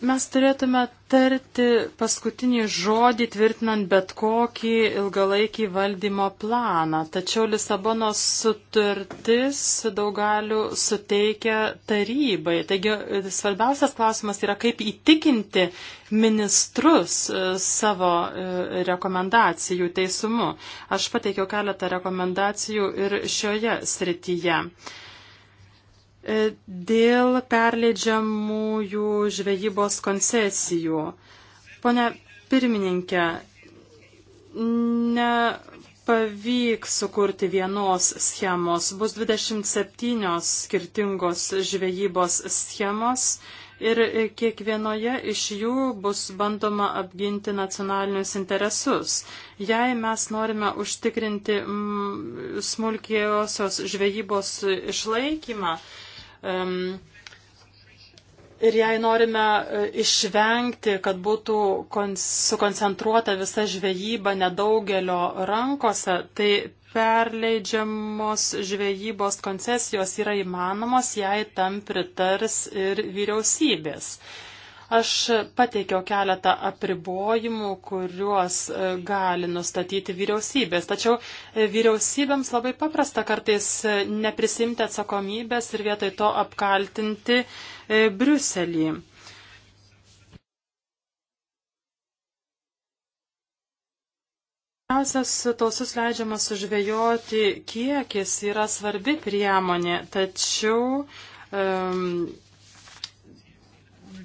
Mes turėtume tarti paskutinį žodį tvirtinant bet kokį ilgalaikį valdymo planą, tačiau Lisabonos sutartis daug galių suteikia tarybai. Taigi e, svarbiausias klausimas yra, kaip įtikinti ministrus e, savo e, rekomendacijų teisumu. Aš pateikiau keletą rekomendacijų ir šioje srityje. E, dėl perleidžiamųjų žvejybos koncesijų. Pone pirmininkė, nepavyks sukurti vienos schemos. Bus 27 skirtingos žvejybos schemos ir kiekvienoje iš jų bus bandoma apginti nacionalinius interesus. Jei mes norime užtikrinti mm, smulkiosios žvejybos išlaikymą, Ir jei norime e, išvengti, kad būtų sukoncentruota visa žvejyba nedaugelio rankose, tai perleidžiamos žvejybos koncesijos yra įmanomos, jei tam pritars ir vyriausybės. Aš pateikiau keletą apribojimų, kuriuos e, gali nustatyti vyriausybės. Tačiau e, vyriausybėms labai paprasta kartais e, neprisimti atsakomybės ir vietoj to apkaltinti Briuselį. Didžiausias tausus leidžiamas sužvejoti kiekis yra svarbi priemonė, tačiau um,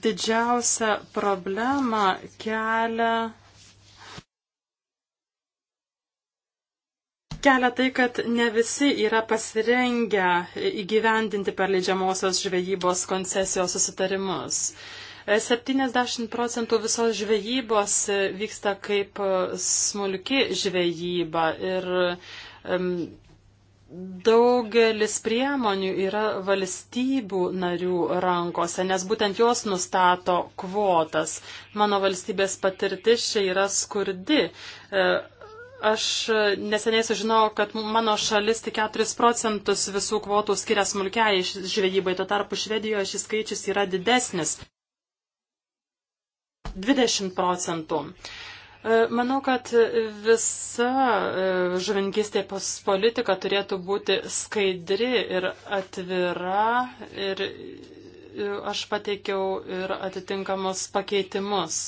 didžiausią problemą kelia kelia tai, kad ne visi yra pasirengę įgyvendinti perleidžiamosios žvejybos koncesijos susitarimus. 70 procentų visos žvejybos vyksta kaip smulki žvejyba ir um, Daugelis priemonių yra valstybių narių rankose, nes būtent jos nustato kvotas. Mano valstybės patirtis čia yra skurdi. E, aš neseniai sužinojau, kad mano šalis tik 4 procentus visų kvotų skiria smulkiai žvejybai, tuo tarpu Švedijoje šis skaičius yra didesnis - 20 procentų. E, manau, kad visa e, žuvininkystės politika turėtų būti skaidri ir atvira ir e, aš pateikiau ir atitinkamus pakeitimus.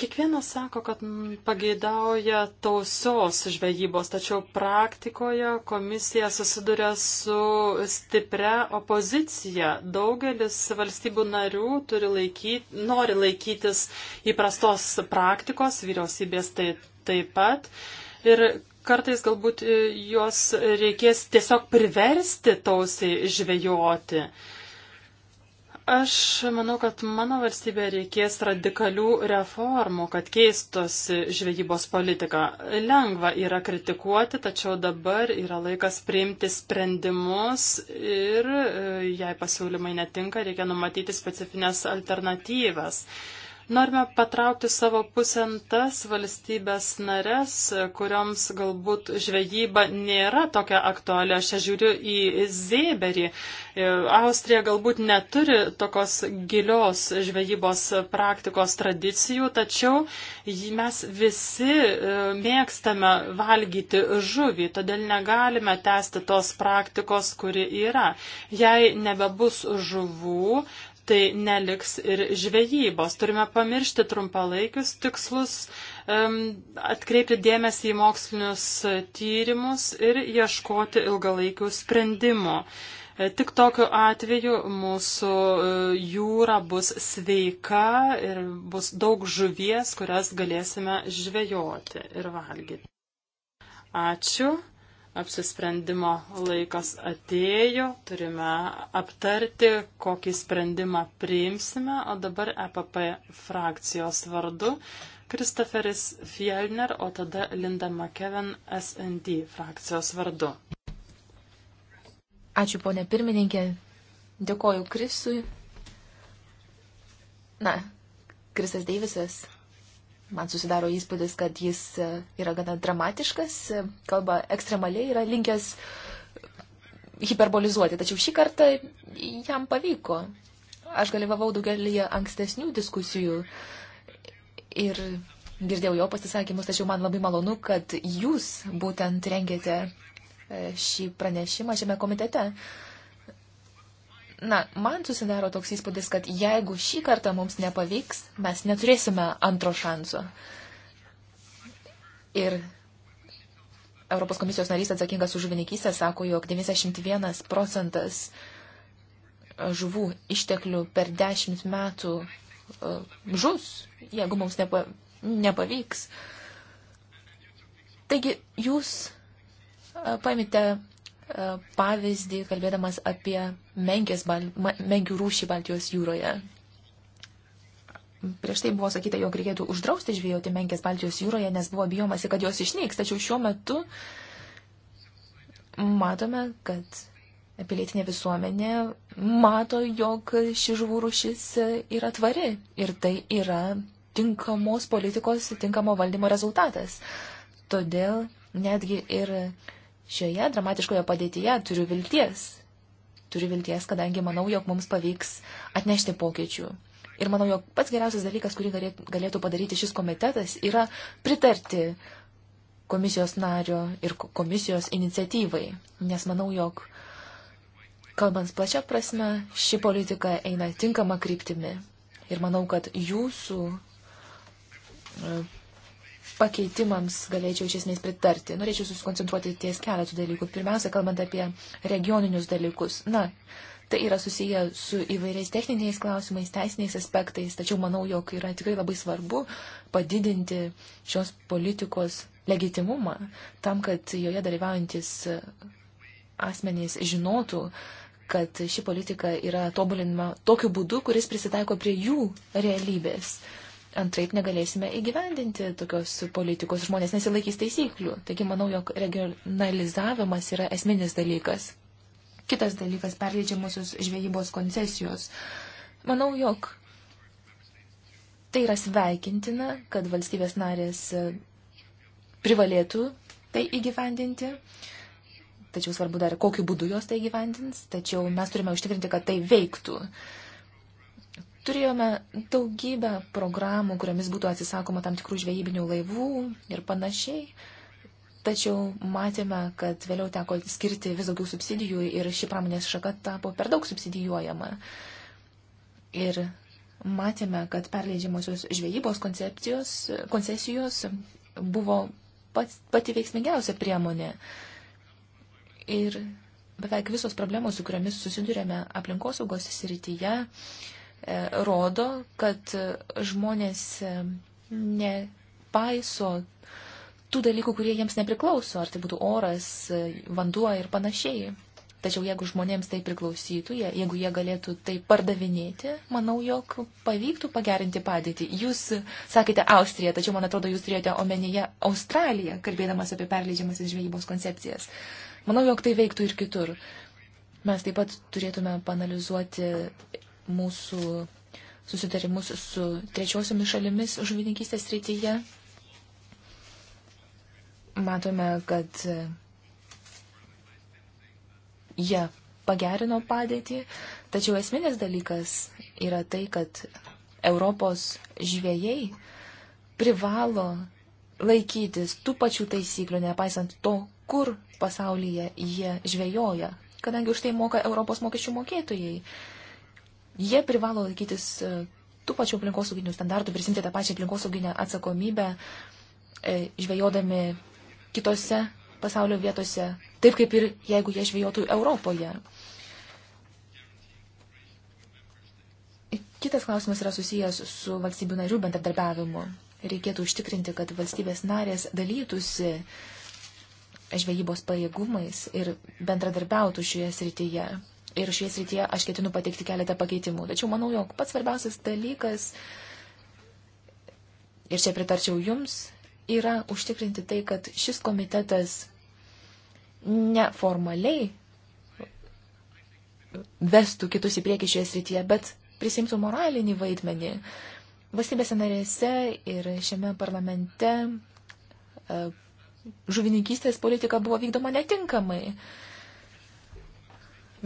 Kiekvienas sako, kad pageidauja tausios žvejybos, tačiau praktikoje komisija susiduria su stipria opozicija. Daugelis valstybių narių turi laikyti, nori laikytis įprastos praktikos, vyriausybės taip, taip pat. Ir kartais galbūt juos reikės tiesiog priversti tausiai žvejoti. Uh, Aš manau, kad mano valstybė reikės radikalių reformų, kad keistosi žvejybos politika. Lengva yra kritikuoti, tačiau dabar yra laikas priimti sprendimus ir e, jei pasiūlymai netinka, reikia numatyti specifines alternatyvas. Norime patraukti savo pusentas valstybės nares, kurioms galbūt žvejyba nėra tokia aktuali. Aš čia žiūriu į Zėberį. Austrija galbūt neturi tokios gilios žvejybos praktikos tradicijų, tačiau mes visi e, mėgstame valgyti žuvį, todėl negalime tęsti tos praktikos, kuri yra. Jei nebebus žuvų, tai neliks ir žvejybos. Turime pamiršti trumpalaikius tikslus, atkreipti dėmesį į mokslinius tyrimus ir ieškoti ilgalaikių sprendimų. E, tik tokiu atveju mūsų e, jūra bus sveika ir bus daug žuvies, kurias galėsime žvejoti ir valgyti. Ačiū apsisprendimo laikas atėjo, turime aptarti, kokį sprendimą priimsime, o dabar EPP frakcijos vardu Kristoferis Fielner, o tada Linda McKeven SND frakcijos vardu. Ačiū, ponė pirmininkė. Dėkoju Krisui. Na, Krisas Deivisas man susidaro įspūdis, kad jis e, yra gana dramatiškas, e, kalba ekstremaliai, yra linkęs hiperbolizuoti, tačiau šį kartą jam pavyko. Aš dalyvavau daugelį ankstesnių diskusijų ir girdėjau jo pasisakymus, tačiau man labai malonu, kad jūs būtent rengėte e, šį pranešimą šiame komitete. Uh, Na, man susidaro toks įspūdis, kad jeigu šį kartą mums nepavyks, mes neturėsime antro šanso. Ir Europos komisijos narys atsakingas už žuvininkystę sako, jog 91 procentas žuvų išteklių per 10 metų e, žus, jeigu mums nepa, nepavyks. Taigi jūs e, paimite E, pavyzdį, kalbėdamas apie menkės, menkių rūšį Baltijos jūroje. Prieš tai buvo sakyta, jog reikėtų uždrausti žvėjoti menkės Baltijos jūroje, nes buvo bijomasi, kad jos išnyks. Tačiau šiuo metu matome, kad pilietinė visuomenė mato, jog ši žuvų rušis yra tvari ir tai yra tinkamos politikos, tinkamo valdymo rezultatas. Todėl netgi ir uh, Šioje dramatiškoje padėtyje turiu vilties. Turiu vilties, kadangi manau, jog mums pavyks atnešti pokyčių. Ir manau, jog pats geriausias dalykas, kurį galėtų padaryti šis komitetas, yra pritarti komisijos nario ir komisijos iniciatyvai. Nes manau, jog, kalbant plačia prasme, ši politika eina tinkama kryptimi. Ir manau, kad jūsų pakeitimams galėčiau iš esmės pritarti. Norėčiau susikoncentruoti ties keletų dalykų. Pirmiausia, kalbant apie regioninius dalykus. Na, tai yra susiję su įvairiais techniniais klausimais, teisiniais aspektais, tačiau manau, jog yra tikrai labai svarbu padidinti šios politikos legitimumą tam, kad joje dalyvaujantis asmenys žinotų, kad ši politika yra tobulinama tokiu būdu, kuris prisitaiko prie jų realybės. Uh, Antraip negalėsime įgyvendinti tokios politikos, žmonės nesilaikys taisyklių. Taigi manau, jog regionalizavimas yra esminis dalykas. Kitas dalykas - perleidžiamusios žvejybos koncesijos. Manau, jog tai yra sveikintina, kad valstybės narės e, privalėtų tai įgyvendinti. Tačiau svarbu dar, kokiu būdu jos tai gyvendins. Tačiau mes turime užtikrinti, kad tai veiktų. Uh, Turėjome daugybę programų, kuriamis būtų atsisakoma tam tikrų žvejybinių laivų ir panašiai. Tačiau matėme, kad vėliau teko skirti vis daugiau subsidijų ir ši pramonės šaka tapo per daug subsidijuojama. Ir matėme, kad perleidžiamosios žvejybos koncesijos buvo pats, pati veiksmingiausia priemonė. Ir beveik visos problemos, su kuriamis susidurėme aplinkosaugos srityje, uh, E, rodo, kad žmonės e, nepaiso tų dalykų, kurie jiems nepriklauso, ar tai būtų oras, e, vanduo ir panašiai. Tačiau jeigu žmonėms tai priklausytų, jie, jeigu jie galėtų tai pardavinėti, manau, jog pavyktų pagerinti padėtį. Jūs sakėte Austriją, tačiau man atrodo, jūs turėjote omenyje Australiją, kalbėdamas apie perleidžiamasis žvejybos koncepcijas. Manau, jog tai veiktų ir kitur. Mes taip pat turėtume panalizuoti mūsų susitarimus su trečiosiomis šalimis žuvininkystės srityje. Matome, kad jie pagerino padėtį, tačiau esminės dalykas yra tai, kad Europos žvėjai privalo laikytis tų pačių taisyklių, nepaisant to, kur pasaulyje jie žvejoja, kadangi už tai moka Europos mokesčių mokėtojai. Jie privalo laikytis e, tų pačių aplinkosauginių standartų, prisimti tą pačią aplinkosauginę atsakomybę, e, žvejodami kitose pasaulio vietose, taip kaip ir jeigu jie žvejotų Europoje. Kitas klausimas yra susijęs su valstybių narių bendradarbiavimu. Reikėtų užtikrinti, kad valstybės narės dalytųsi žvejybos pajėgumais ir bendradarbiautų šioje srityje. Ir šioje srityje aš ketinu pateikti keletą pakeitimų. Tačiau manau, jog pats svarbiausias dalykas, ir čia pritarčiau jums, yra užtikrinti tai, kad šis komitetas neformaliai vestų kitus į priekį šioje srityje, bet prisimtų moralinį vaidmenį. Valstybėse narėse ir šiame parlamente e, žuvininkystės politika buvo vykdoma netinkamai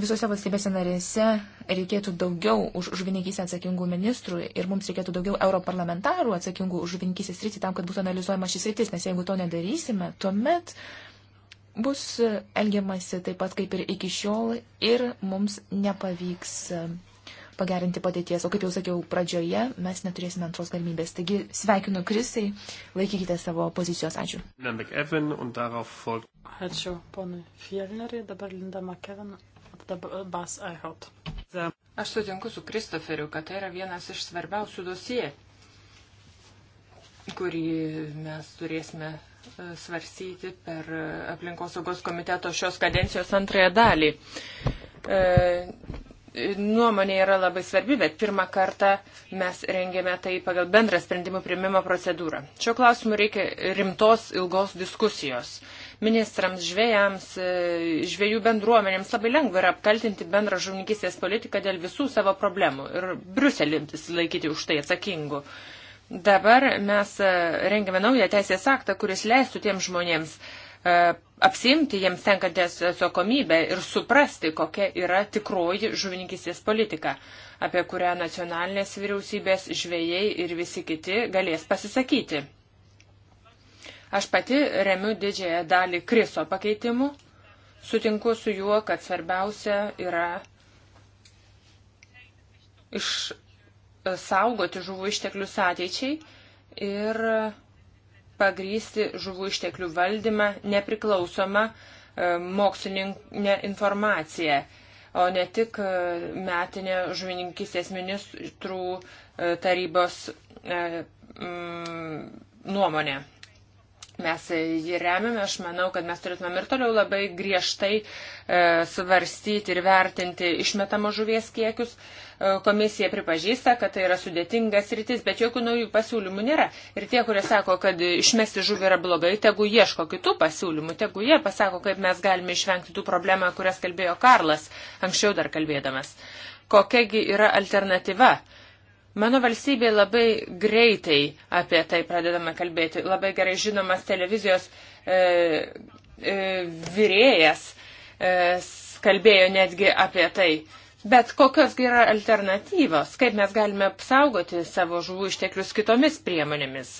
visose valstybėse narėse reikėtų daugiau už žuvininkystę atsakingų ministrų ir mums reikėtų daugiau europarlamentarų atsakingų už žuvininkystės rytį tam, kad būtų analizuojama šis rytis, nes jeigu to nedarysime, tuomet bus elgiamasi taip pat kaip ir iki šiol ir mums nepavyks pagerinti padėties. O kaip jau sakiau pradžioje, mes neturėsime antros galimybės. Taigi sveikinu Krisai, laikykite savo pozicijos. Ačiū. Ačiū ponui Fielneriai, dabar Linda McEvin, dabar Bas Eihot. Aš sutinku su Kristoferiu, kad tai yra vienas iš svarbiausių dosie, kurį mes turėsime e, svarsyti per e, aplinkosaugos komiteto šios kadencijos antrąją dalį. E, nuomonė yra labai svarbi, bet pirmą kartą mes rengėme tai pagal bendrą sprendimų priimimo procedūrą. Šio klausimu reikia rimtos ilgos diskusijos. Ministrams, žvėjams, e, žvėjų bendruomenėms labai lengva yra apkaltinti bendrą žuvininkystės politiką dėl visų savo problemų ir Bruselis laikyti už tai atsakingu. Dabar mes e, rengiame naują teisės aktą, kuris leistų tiems žmonėms e, apsimti jiems tenkantės atsakomybę ir suprasti, kokia yra tikroji žuvininkystės politika, apie kurią nacionalinės vyriausybės žvėjai ir visi kiti galės pasisakyti. Aš pati remiu didžiąją dalį Kriso pakeitimų. Sutinku su juo, kad svarbiausia yra išsaugoti žuvų išteklius ateičiai ir pagrysti žuvų išteklių valdymą nepriklausomą e, mokslininkę informaciją, o ne tik e, metinė žuvininkistės ministrų e, tarybos nuomonė. Mes jį remiame, aš manau, kad mes turėtumėm ir toliau labai griežtai e, svarstyti ir vertinti išmetamo žuvies kiekius. E, komisija pripažįsta, kad tai yra sudėtingas rytis, bet jokių naujų pasiūlymų nėra. Ir tie, kurie sako, kad išmesti žuvį yra blogai, tegu ieško kitų pasiūlymų, tegu jie pasako, kaip mes galime išvengti tų problemų, kurias kalbėjo Karlas, anksčiau dar kalbėdamas. Kokiagi yra alternatyva? Mano valstybė labai greitai apie tai pradedame kalbėti. Labai gerai žinomas televizijos e, e, vyrėjas e, kalbėjo netgi apie tai. Bet kokios yra alternatyvos, kaip mes galime apsaugoti savo žuvų išteklius kitomis priemonėmis?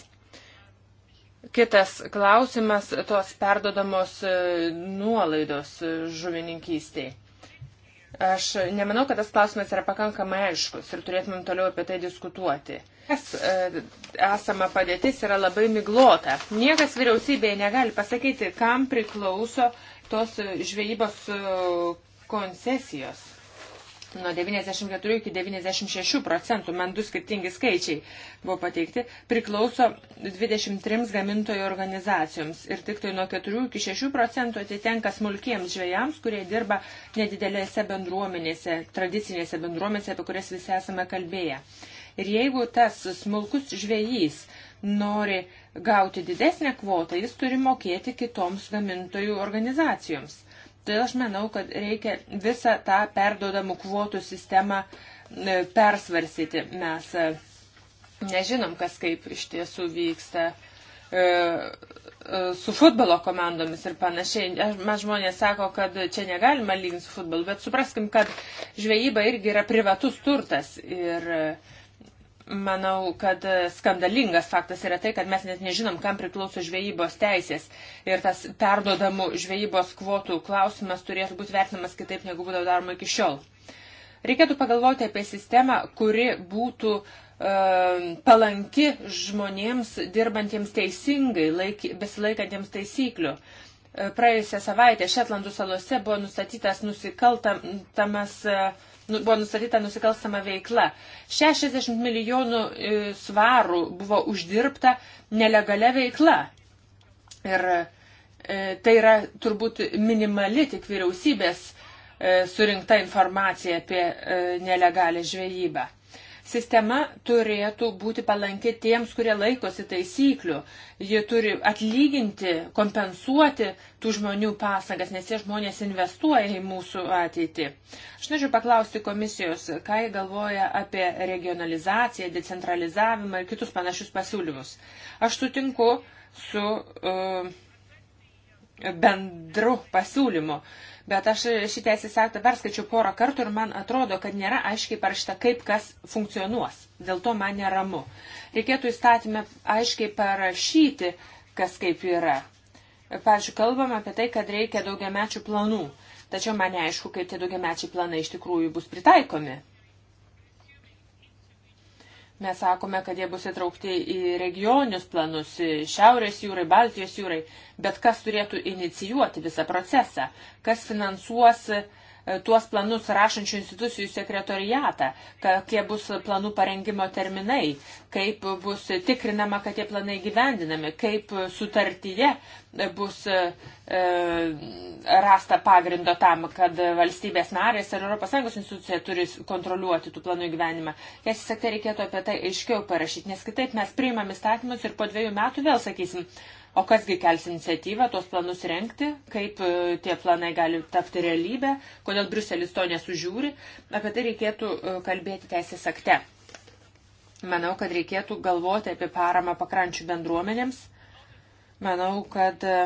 Kitas klausimas - tos perdodamos e, nuolaidos žuvininkystėje Aš nemanau, kad tas klausimas yra pakankamai aiškus ir turėtumėm toliau apie tai diskutuoti. Kas e, esama padėtis yra labai miglota. Niekas vyriausybėje negali pasakyti, kam priklauso tos žvejybos e, koncesijos nuo 94 iki 96 procentų, man du skirtingi skaičiai buvo pateikti, priklauso 23 gamintojų organizacijoms ir tik tai nuo 4 iki 6 procentų atitenka smulkiems žvėjams, kurie dirba nedidelėse bendruomenėse, tradicinėse bendruomenėse, apie kurias visi esame kalbėję. Ir jeigu tas smulkus žvėjys nori gauti didesnę kvotą, jis turi mokėti kitoms gamintojų organizacijoms. Todėl aš manau, kad reikia visą tą perdodamų kvotų sistemą e, persvarsyti. Mes e, nežinom, kas kaip iš tiesų vyksta e, su futbolo komandomis ir panašiai. Man žmonės sako, kad čia negalima lyginti su futbolu, bet supraskim, kad žvejyba irgi yra privatus turtas ir uh, Manau, kad e, skandalingas faktas yra tai, kad mes net nežinom, kam priklauso žvejybos teisės. Ir tas perdodamų žvejybos kvotų klausimas turėtų būti vertinamas kitaip, negu būdavo daroma iki šiol. Reikėtų pagalvoti apie sistemą, kuri būtų e, palanki žmonėms dirbantiems teisingai, laik, besilaikantiems taisyklių. E, praėjusią savaitę Šetlandų salose buvo nustatytas nusikaltamas. E, Nu, buvo nustatyta nusikalstama veikla. 60 milijonų e, svarų buvo uždirbta nelegalia veikla. Ir e, tai yra turbūt minimali tik vyriausybės e, surinkta informacija apie nelegalią žvejybą. Sistema turėtų būti palanki tiems, kurie laikosi taisyklių. Ji turi atlyginti, kompensuoti tų žmonių pasangas, nes tie žmonės investuoja į mūsų ateitį. Aš norėčiau paklausti komisijos, ką jie galvoja apie regionalizaciją, decentralizavimą ir kitus panašius pasiūlymus. Aš sutinku su. Uh, bendru pasiūlymu bet aš šį teisės aktą perskaičiau porą kartų ir man atrodo, kad nėra aiškiai parašyta, kaip kas funkcionuos. Dėl to man neramu. Reikėtų įstatymę aiškiai parašyti, kas kaip yra. Pavyzdžiui, kalbam apie tai, kad reikia daugiamečių planų. Tačiau man neaišku, kaip tie daugiamečiai planai iš tikrųjų bus pritaikomi. Mes sakome, kad jie bus įtraukti į regionius planus, Šiaurės jūrai, Baltijos jūrai, bet kas turėtų inicijuoti visą procesą, kas finansuos uh, E, tuos planus rašančių institucijų sekretoriatą, kokie bus planų parengimo terminai, kaip bus tikrinama, kad tie planai gyvendinami, kaip sutartyje bus e, e, rasta pagrindo tam, kad valstybės narės ir ES institucija turi kontroliuoti tų planų gyvenimą. Tiesiog sakė, reikėtų apie tai aiškiau parašyti, nes kitaip mes priimam įstatymus ir po dviejų metų vėl sakysim, O kasgi kels iniciatyvą tuos planus renkti, kaip e, tie planai gali tapti realybę, kodėl Bruselis to nesužiūri, apie tai reikėtų e, kalbėti teisės akte. Manau, kad reikėtų galvoti apie paramą pakrančių bendruomenėms. Manau, kad e,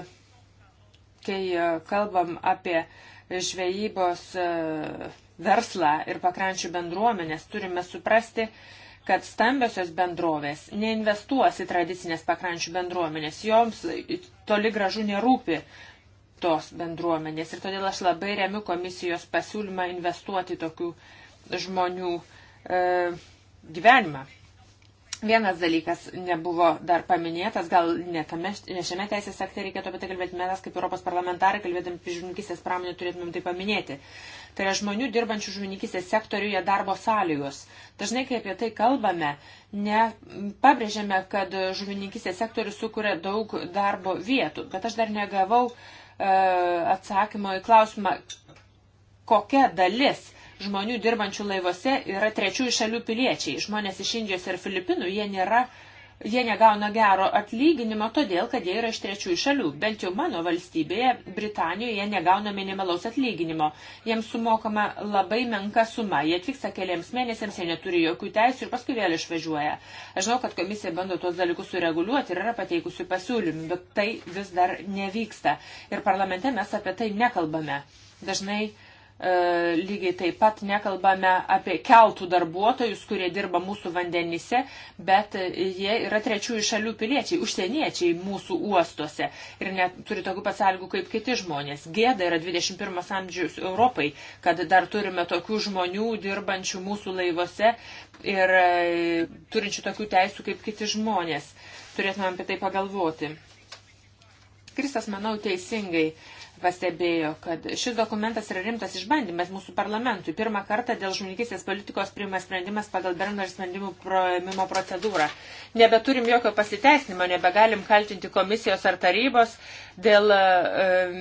kai kalbam apie žvejybos verslą ir pakrančių bendruomenės, turime suprasti, kad stambiosios bendrovės neinvestuos į tradicinės pakrančių bendruomenės, joms toli gražu nerūpi tos bendruomenės. Ir todėl aš labai remiu komisijos pasiūlymą investuoti tokių žmonių e, gyvenimą. Vienas dalykas nebuvo dar paminėtas, gal ne, tame, ne šiame teisės akte reikėtų apie tai kalbėti, mes kaip Europos parlamentarai, kalbėdami apie žuvininkistės pramonę, turėtumėm tai paminėti. Tai yra žmonių dirbančių žuvininkistės sektoriuje darbo sąlygos. Dažnai, kai apie tai kalbame, nepabrėžiame, kad žuvininkistės sektorius sukuria daug darbo vietų, bet aš dar negavau e, atsakymo į klausimą, kokia dalis žmonių dirbančių laivuose yra trečiųjų šalių piliečiai. Žmonės iš Indijos ir Filipinų, jie nėra. Jie negauna gero atlyginimo todėl, kad jie yra iš trečiųjų šalių. Bent jau mano valstybėje, Britanijoje, jie negauna minimalaus atlyginimo. Jiems sumokama labai menka suma. Jie atvyksta keliams mėnesiams, jie neturi jokių teisų ir paskui vėl išvažiuoja. Aš žinau, kad komisija bando tuos dalykus sureguliuoti ir yra pateikusių pasiūlymų, bet tai vis dar nevyksta. Ir parlamente mes apie tai nekalbame. Dažnai uh, E, lygiai taip pat nekalbame apie keltų darbuotojus, kurie dirba mūsų vandenyse, bet jie yra trečiųjų šalių piliečiai, užsieniečiai mūsų uostuose ir neturi tokių pat sąlygų kaip kiti žmonės. Gėda yra 21 amžiaus Europai, kad dar turime tokių žmonių dirbančių mūsų laivuose ir e, turinčių tokių teisų kaip kiti žmonės. Turėtume apie tai pagalvoti. Kristas, manau, teisingai uh, pastebėjo, kad šis dokumentas yra rimtas išbandymas mūsų parlamentui. Pirmą kartą dėl žmoninkistės politikos priima sprendimas pagal Bernard sprendimų proėmimo procedūrą. Nebeturim jokio pasiteisinimo, nebegalim kaltinti komisijos ar tarybos, dėl e,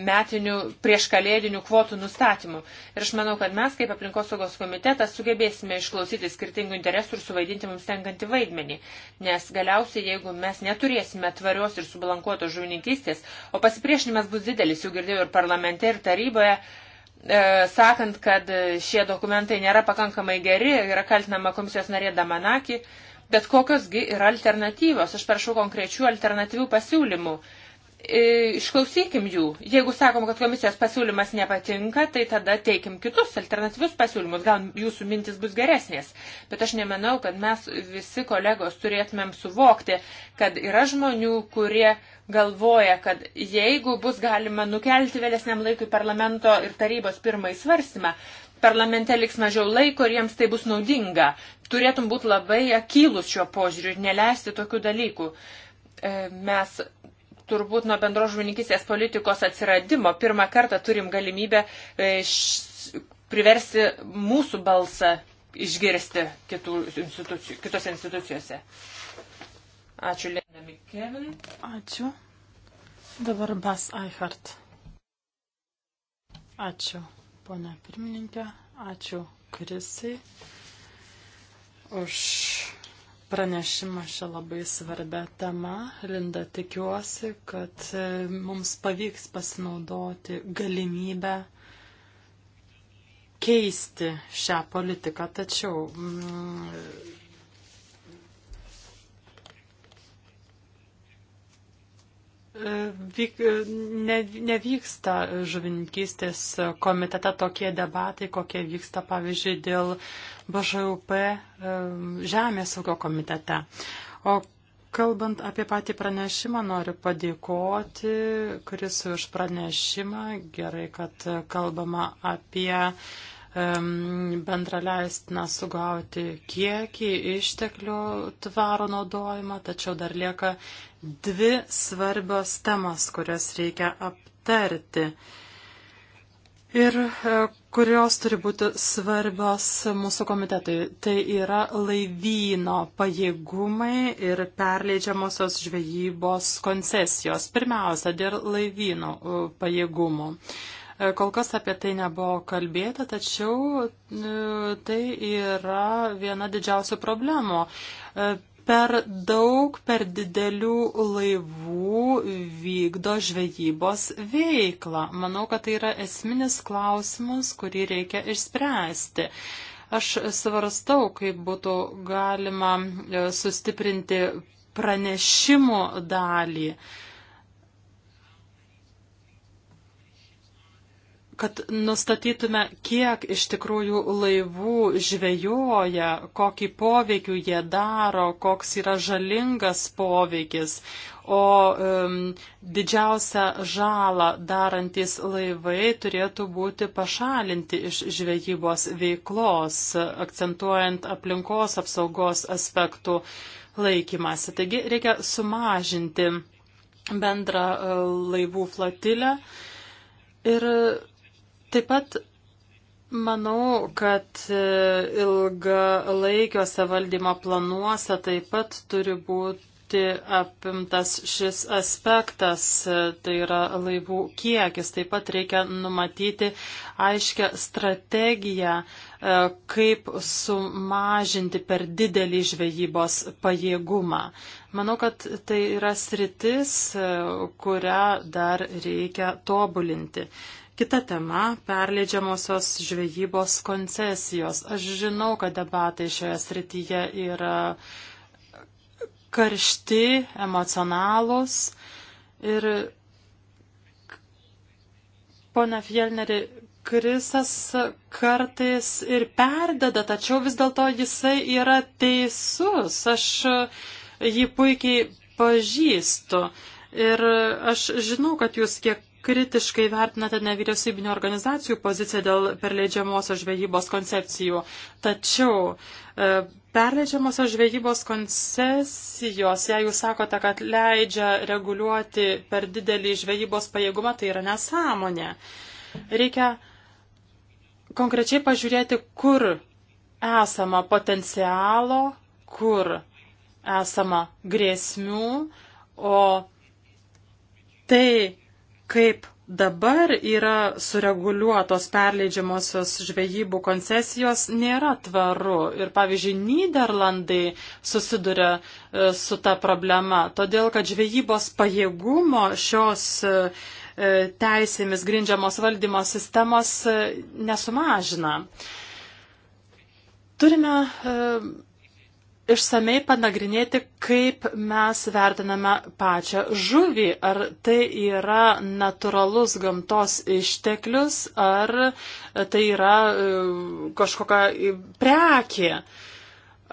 metinių prieškalėdinių kvotų nustatymų. Ir aš manau, kad mes kaip aplinkosaugos komitetas sugebėsime išklausyti skirtingų interesų ir suvaidinti mums tenkantį vaidmenį. Nes galiausiai, jeigu mes neturėsime tvarios ir subalankuotos žuvininkystės, o pasipriešinimas bus didelis, jau girdėjau ir parlamente, ir taryboje, e, sakant, kad šie dokumentai nėra pakankamai geri, yra kaltinama komisijos narė Damanaki, bet kokiosgi yra alternatyvos. Aš prašau konkrečių alternatyvių pasiūlymų. E, išklausykim jų. Jeigu sakom, kad komisijos pasiūlymas nepatinka, tai tada teikim kitus alternatyvius pasiūlymus. Gal jūsų mintis bus geresnės. Bet aš nemanau, kad mes visi kolegos turėtumėm suvokti, kad yra žmonių, kurie galvoja, kad jeigu bus galima nukelti vėlesniam laikui parlamento ir tarybos pirmąjį svarstymą, parlamente liks mažiau laiko ir jiems tai bus naudinga. Turėtum būti labai akylus šiuo požiūriu ir neleisti tokių dalykų. E, mes turbūt nuo bendros žuvininkystės politikos atsiradimo pirmą kartą turim galimybę e, priversti mūsų balsą išgirsti kitų institucijų, kitose institucijose. Ačiū, Lena Mikevin. Ačiū. Dabar Bas Eichart. Ačiū, ponia pirmininkė. Ačiū, Krisai, už pranešimą šią labai svarbę temą. Linda, tikiuosi, kad e, mums pavyks pasinaudoti galimybę keisti šią politiką. Tačiau mm, Vyk, ne, nevyksta žuvininkystės komitete tokie debatai, kokie vyksta, pavyzdžiui, dėl BŽUP Žemės ūkio komitete. O kalbant apie patį pranešimą, noriu padėkoti Krisui už pranešimą. Gerai, kad kalbama apie uh, bendra leistina sugauti kiekį išteklių tvaro naudojimą, tačiau dar lieka dvi svarbios temas, kurias reikia aptarti ir e, kurios turi būti svarbios mūsų komitetui. Tai yra laivyno pajėgumai ir perleidžiamosios žvejybos koncesijos. Pirmiausia, dėl laivyno e, pajėgumų. E, kol kas apie tai nebuvo kalbėta, tačiau e, tai yra viena didžiausių problemų. E, per daug per didelių laivų vykdo žvejybos veiklą. Manau, kad tai yra esminis klausimas, kurį reikia išspręsti. Aš svarstau, kaip būtų galima sustiprinti pranešimų dalį. Uh, kad nustatytume, kiek iš tikrųjų laivų žvejoja, kokį poveikį jie daro, koks yra žalingas poveikis, o um, didžiausią žalą darantis laivai turėtų būti pašalinti iš žvejybos veiklos, akcentuojant aplinkos apsaugos aspektų laikymasi. Taigi reikia sumažinti bendrą e, laivų flotilę ir Taip pat manau, kad e, ilgalaikiuose valdymo planuose taip pat turi būti apimtas šis aspektas, e, tai yra laivų kiekis. Taip pat reikia numatyti aiškę strategiją, e, kaip sumažinti per didelį žvejybos pajėgumą. Manau, kad tai yra sritis, kurią dar reikia tobulinti. Kita tema - perleidžiamosios žvejybos koncesijos. Aš žinau, kad debatai šioje srityje yra karšti, emocionalūs ir Pone Fjellneri, Krisas kartais ir perdeda, tačiau vis dėlto jisai yra teisus. Aš jį puikiai pažįstu. Ir aš žinau, kad jūs kiek kritiškai vertinate nevyriausybinio organizacijų poziciją dėl perleidžiamosios žvejybos koncepcijų. Tačiau e, perleidžiamosios žvejybos koncesijos, jei jūs sakote, kad leidžia reguliuoti per didelį žvejybos pajėgumą, tai yra nesąmonė. Reikia konkrečiai pažiūrėti, kur esama potencialo, kur esama grėsmių, o tai kaip dabar yra sureguliuotos perleidžiamosios žvejybų koncesijos, nėra tvaru. Ir pavyzdžiui, Niderlandai susiduria e, su ta problema, todėl kad žvejybos pajėgumo šios e, e, teisėmis grindžiamos valdymo sistemos nesumažina. Turime išsamei panagrinėti, kaip mes vertiname pačią žuvį. Ar tai yra natūralus gamtos išteklius, ar tai yra e, kažkokia e, prekė.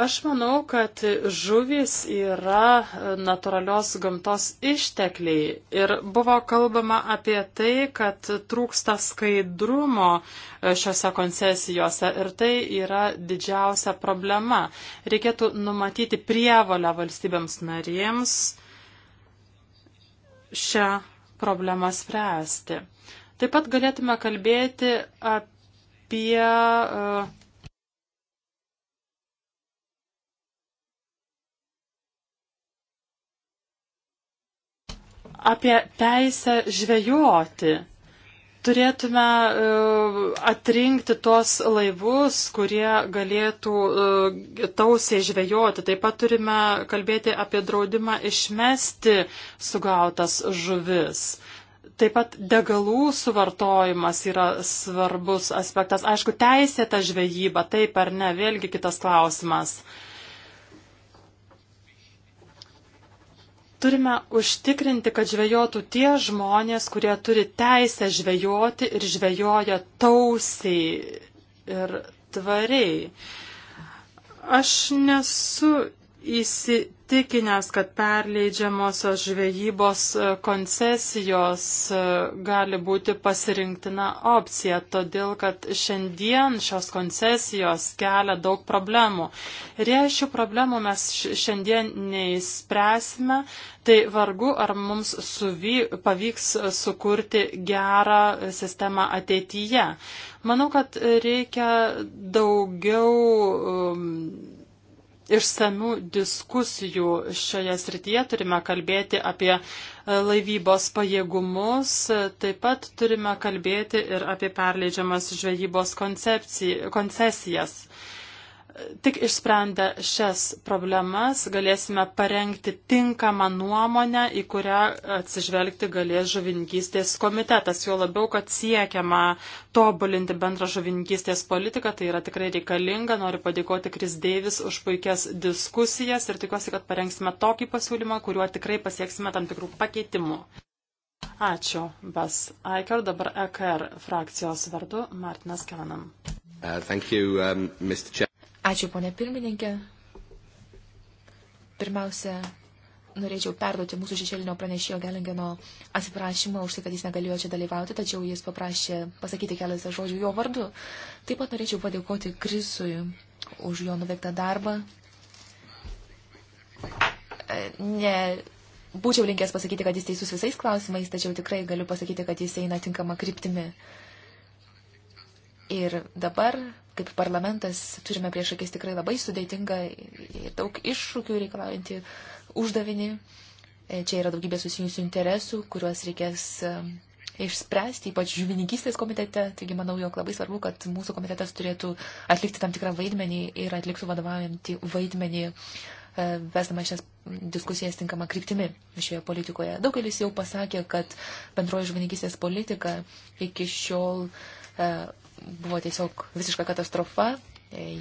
Aš manau, kad žuvis yra e, natūralios gamtos ištekliai ir buvo kalbama apie tai, kad trūksta skaidrumo e, šiuose koncesijose ir tai yra didžiausia problema. Reikėtų numatyti prievalę valstybėms narėms šią problemą spręsti. Taip pat galėtume kalbėti apie e, apie teisę žvejoti. Turėtume e, atrinkti tuos laivus, kurie galėtų e, tausiai žvejoti. Taip pat turime kalbėti apie draudimą išmesti sugautas žuvis. Taip pat degalų suvartojimas yra svarbus aspektas. Aišku, teisėta žvejyba, taip ar ne, vėlgi kitas klausimas. Uh, Turime užtikrinti, kad žvejotų tie žmonės, kurie turi teisę žvejoti ir žvejoja tausiai ir tvariai. Aš nesu įsitikinęs įsitikinęs, kad perleidžiamosios žvejybos e, koncesijos e, gali būti pasirinktina opcija, todėl kad šiandien šios koncesijos kelia daug problemų. Ir jei šių problemų mes šiandien neįspręsime, tai vargu ar mums suvy, pavyks sukurti gerą sistemą ateityje. Manau, kad reikia daugiau. Um, išsamių diskusijų šioje srityje, turime kalbėti apie e, laivybos pajėgumus, taip pat turime kalbėti ir apie perleidžiamas žvejybos koncesijas tik išsprendę šias problemas galėsime parengti tinkamą nuomonę, į kurią atsižvelgti galės žuvininkystės komitetas. Jo labiau, kad siekiama tobulinti bendrą žuvininkystės politiką, tai yra tikrai reikalinga. Noriu padėkoti Kris Deivis už puikias diskusijas ir tikiuosi, kad parengsime tokį pasiūlymą, kuriuo tikrai pasieksime tam tikrų pakeitimų. Ačiū, Bas Aiker, dabar EKR frakcijos vardu Martinas Kelanam. Uh, thank you, um, Mr. Chair. Ačiū, ponė pirmininkė. Pirmiausia, norėčiau perduoti mūsų šešėlinio pranešėjo Gelingeno atsiprašymą už tai, kad jis negalėjo čia dalyvauti, tačiau jis paprašė pasakyti keletą žodžių jo vardu. Taip pat norėčiau padėkoti Krisui už jo nuveiktą darbą. Ne, būčiau linkęs pasakyti, kad jis teisus visais klausimais, tačiau tikrai galiu pasakyti, kad jis eina tinkama kryptimi. Ir dabar kaip parlamentas turime prieš akis tikrai labai sudėtingą ir daug iššūkių reikalaujantį uždavinį. E, čia yra daugybė susijusių interesų, kuriuos reikės e, išspręsti, ypač žuvininkystės komitete. Taigi manau, jog labai svarbu, kad mūsų komitetas turėtų atlikti tam tikrą vaidmenį ir atliktų vadovaujantį vaidmenį, e, vesdama šias diskusijas tinkama kryptimi šioje politikoje. Daugelis jau pasakė, kad bendroji žuvininkystės politika iki šiol buvo tiesiog visiška katastrofa,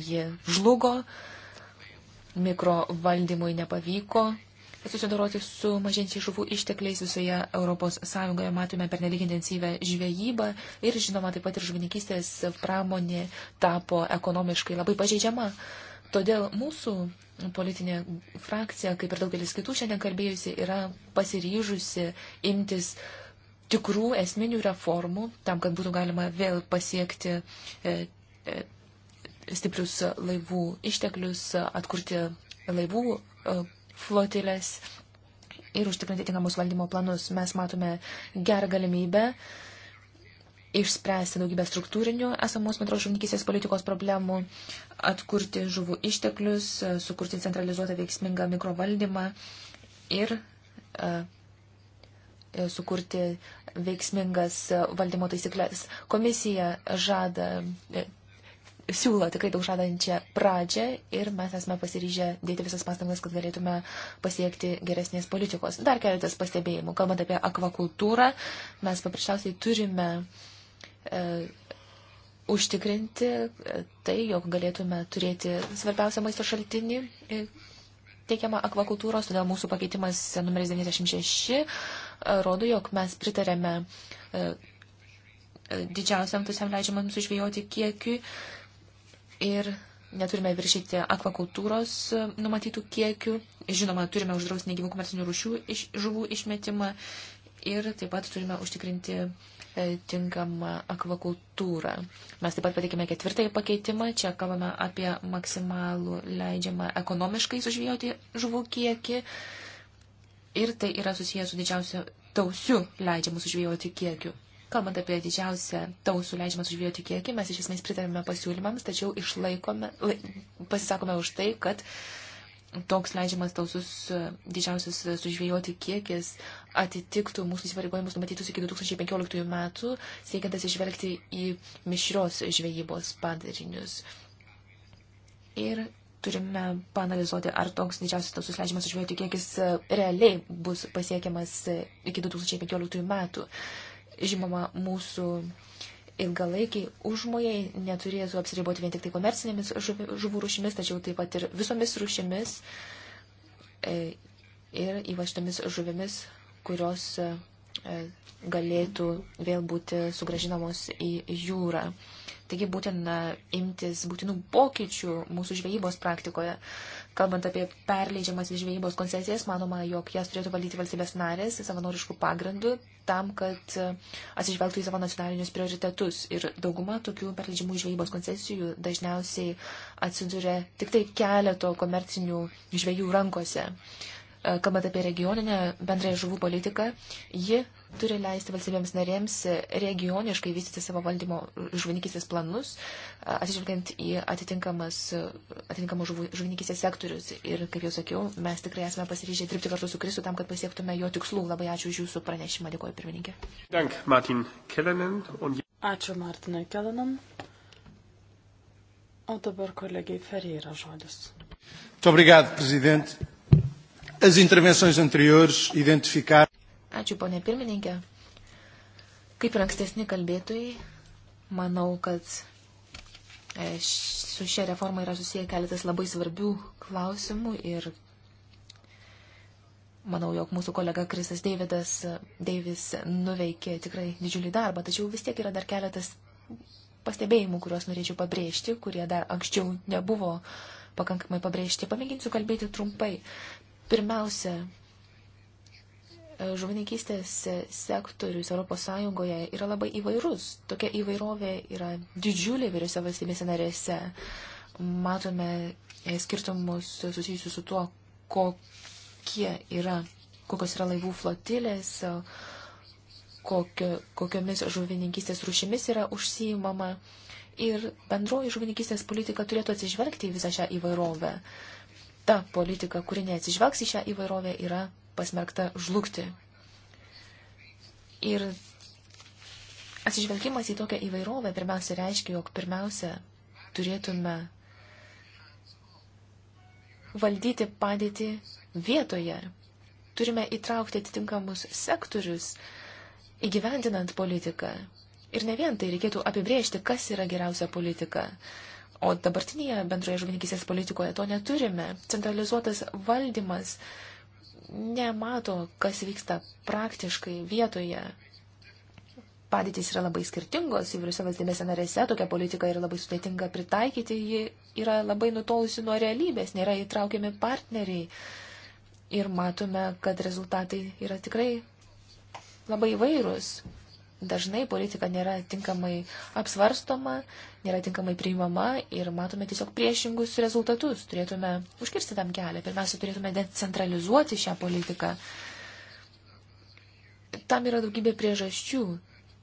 ji žlugo, mikrovaldymui nepavyko susidoroti su mažinčiai žuvų ištekliais visoje Europos Sąjungoje. Matome per nelig intensyvę žvejybą ir, žinoma, taip pat ir žuvininkystės pramonė tapo ekonomiškai labai pažeidžiama. Todėl mūsų politinė frakcija, kaip ir daugelis kitų šiandien kalbėjusi, yra pasiryžusi imtis uh, tikrų esminių reformų, tam, kad būtų galima vėl pasiekti e, e, stiprius laivų išteklius, atkurti laivų e, flotilės ir užtikrinti tinkamus valdymo planus. Mes matome gerą galimybę išspręsti daugybę struktūrinių esamos metros žuvininkysės politikos problemų, atkurti žuvų išteklius, sukurti centralizuotą veiksmingą mikrovaldymą ir uh, E, sukurti veiksmingas valdymo taisyklės. Komisija žada, e, siūlo tikrai daug žadančią pradžią ir mes esame pasiryžę dėti visas pastangas, kad galėtume pasiekti geresnės politikos. Dar keletas pastebėjimų. Kalbant apie akvakultūrą, mes paprasčiausiai turime e, užtikrinti e, tai, jog galėtume turėti svarbiausią maisto šaltinį teikiama akvakultūros, todėl mūsų pakeitimas numeris 96 e, rodo, jog mes pritarėme e, e, didžiausiam tusiam leidžiamam sužvėjoti kiekiui ir neturime viršyti akvakultūros numatytų kiekių. Žinoma, turime uždrausti negyvų komercinių rūšių iš, žuvų išmetimą ir taip pat turime užtikrinti uh, E, tinkamą akvakultūrą. Mes taip pat pateikėme ketvirtąjį pakeitimą. Čia kalbame apie maksimalų leidžiamą ekonomiškai sužvėjoti žuvų kiekį. Ir tai yra susijęs su didžiausiu tausiu leidžiamu sužvėjoti kiekiu. Kalbant apie didžiausią tausų leidžiamą sužvėjoti kiekį, mes iš esmės pritarėme pasiūlymams, tačiau išlaikome, lai, pasisakome už tai, kad uh, toks leidžiamas tausus e, didžiausias e, sužvėjoti kiekis atitiktų mūsų įsivarybojimus numatytus iki 2015 metų, siekiant atsižvelgti į mišrios žvejybos padarinius. Ir turime panalizuoti, ar toks didžiausias tausus leidžiamas sužvėjoti kiekis e, realiai bus pasiekiamas iki 2015 metų. Žinoma, mūsų uh, ilgalaikiai užmojai neturėtų apsiriboti vien tik tai komercinėmis žuvų rūšimis, tačiau taip pat ir visomis rūšimis e, ir ypač tomis žuvimis, kurios e, E, galėtų vėl būti sugražinamos į jūrą. Taigi būtina e, imtis būtinų pokyčių mūsų žvejybos praktikoje. Kalbant apie perleidžiamas žvejybos koncesijas, manoma, jog jas turėtų valdyti valstybės narės savanoriškų pagrindų tam, kad e, atsižvelgtų į savo nacionalinius prioritetus. Ir dauguma tokių perleidžiamų žvejybos koncesijų dažniausiai atsiduria tik tai keleto komercinių žvejų rankose. Uh, E, kalbant apie regioninę bendrąją žuvų politiką, ji turi leisti valstybėms narėms regioniškai vystyti savo valdymo e, žuvininkystės planus, e, atsižvelgiant į atitinkamas, atitinkamus žuv, žuvininkystės sektorius. Ir, kaip jau sakiau, mes tikrai esame pasiryžę dirbti kartu su Kristu tam, kad pasiektume jo tikslų. Labai ačiū už jūsų pranešimą. Dėkuoju, pirmininkė. Dank, Martin Kellenen. Und... Ačiū Martinui Kellenam. O dabar kolegiai Ferreira žodis. Muito obrigado, Presidente as intervenções anteriores identificar. Ačiū, ponė pirmininkė. Kaip ir ankstesni kalbėtojai, manau, kad e, su šia reforma yra susiję keletas labai svarbių klausimų ir manau, jog mūsų kolega Krisas Deividas Deivis nuveikė tikrai didžiulį darbą, tačiau vis tiek yra dar keletas pastebėjimų, kuriuos norėčiau pabrėžti, kurie dar anksčiau nebuvo pakankamai pabrėžti. Pamėginsiu kalbėti trumpai. Pirmiausia, žuvininkystės sektorius ES yra labai įvairus. Tokia įvairovė yra didžiulė vyriose valstybėse narėse. Matome e, skirtumus susijusius su tuo, kokie yra, kokios yra laivų flotilės, kokio, kokiomis žuvininkystės rušimis yra užsiimama. Ir bendroji žuvininkystės politika turėtų atsižvelgti į visą šią įvairovę ta politika, kuri neatsižvelgs į šią įvairovę, yra pasmerkta žlugti. Ir atsižvelgimas į tokią įvairovę pirmiausia reiškia, jog pirmiausia turėtume valdyti padėtį vietoje. Turime įtraukti atitinkamus sektorius, įgyvendinant politiką. Ir ne vien tai reikėtų apibrėžti, kas yra geriausia politika. O dabartinėje bendroje žuvininkysės politikoje to neturime. Centralizuotas valdymas nemato, kas vyksta praktiškai vietoje. Padėtys yra labai skirtingos įvairiose valstybėse narėse, tokia politika yra labai sudėtinga pritaikyti, ji yra labai nutolusi nuo realybės, nėra įtraukiami partneriai. Ir matome, kad rezultatai yra tikrai labai vairūs dažnai politika nėra tinkamai apsvarstoma, nėra tinkamai priimama ir matome tiesiog priešingus rezultatus. Turėtume užkirsti tam kelią. Pirmiausia, turėtume decentralizuoti šią politiką. Tam yra daugybė priežasčių,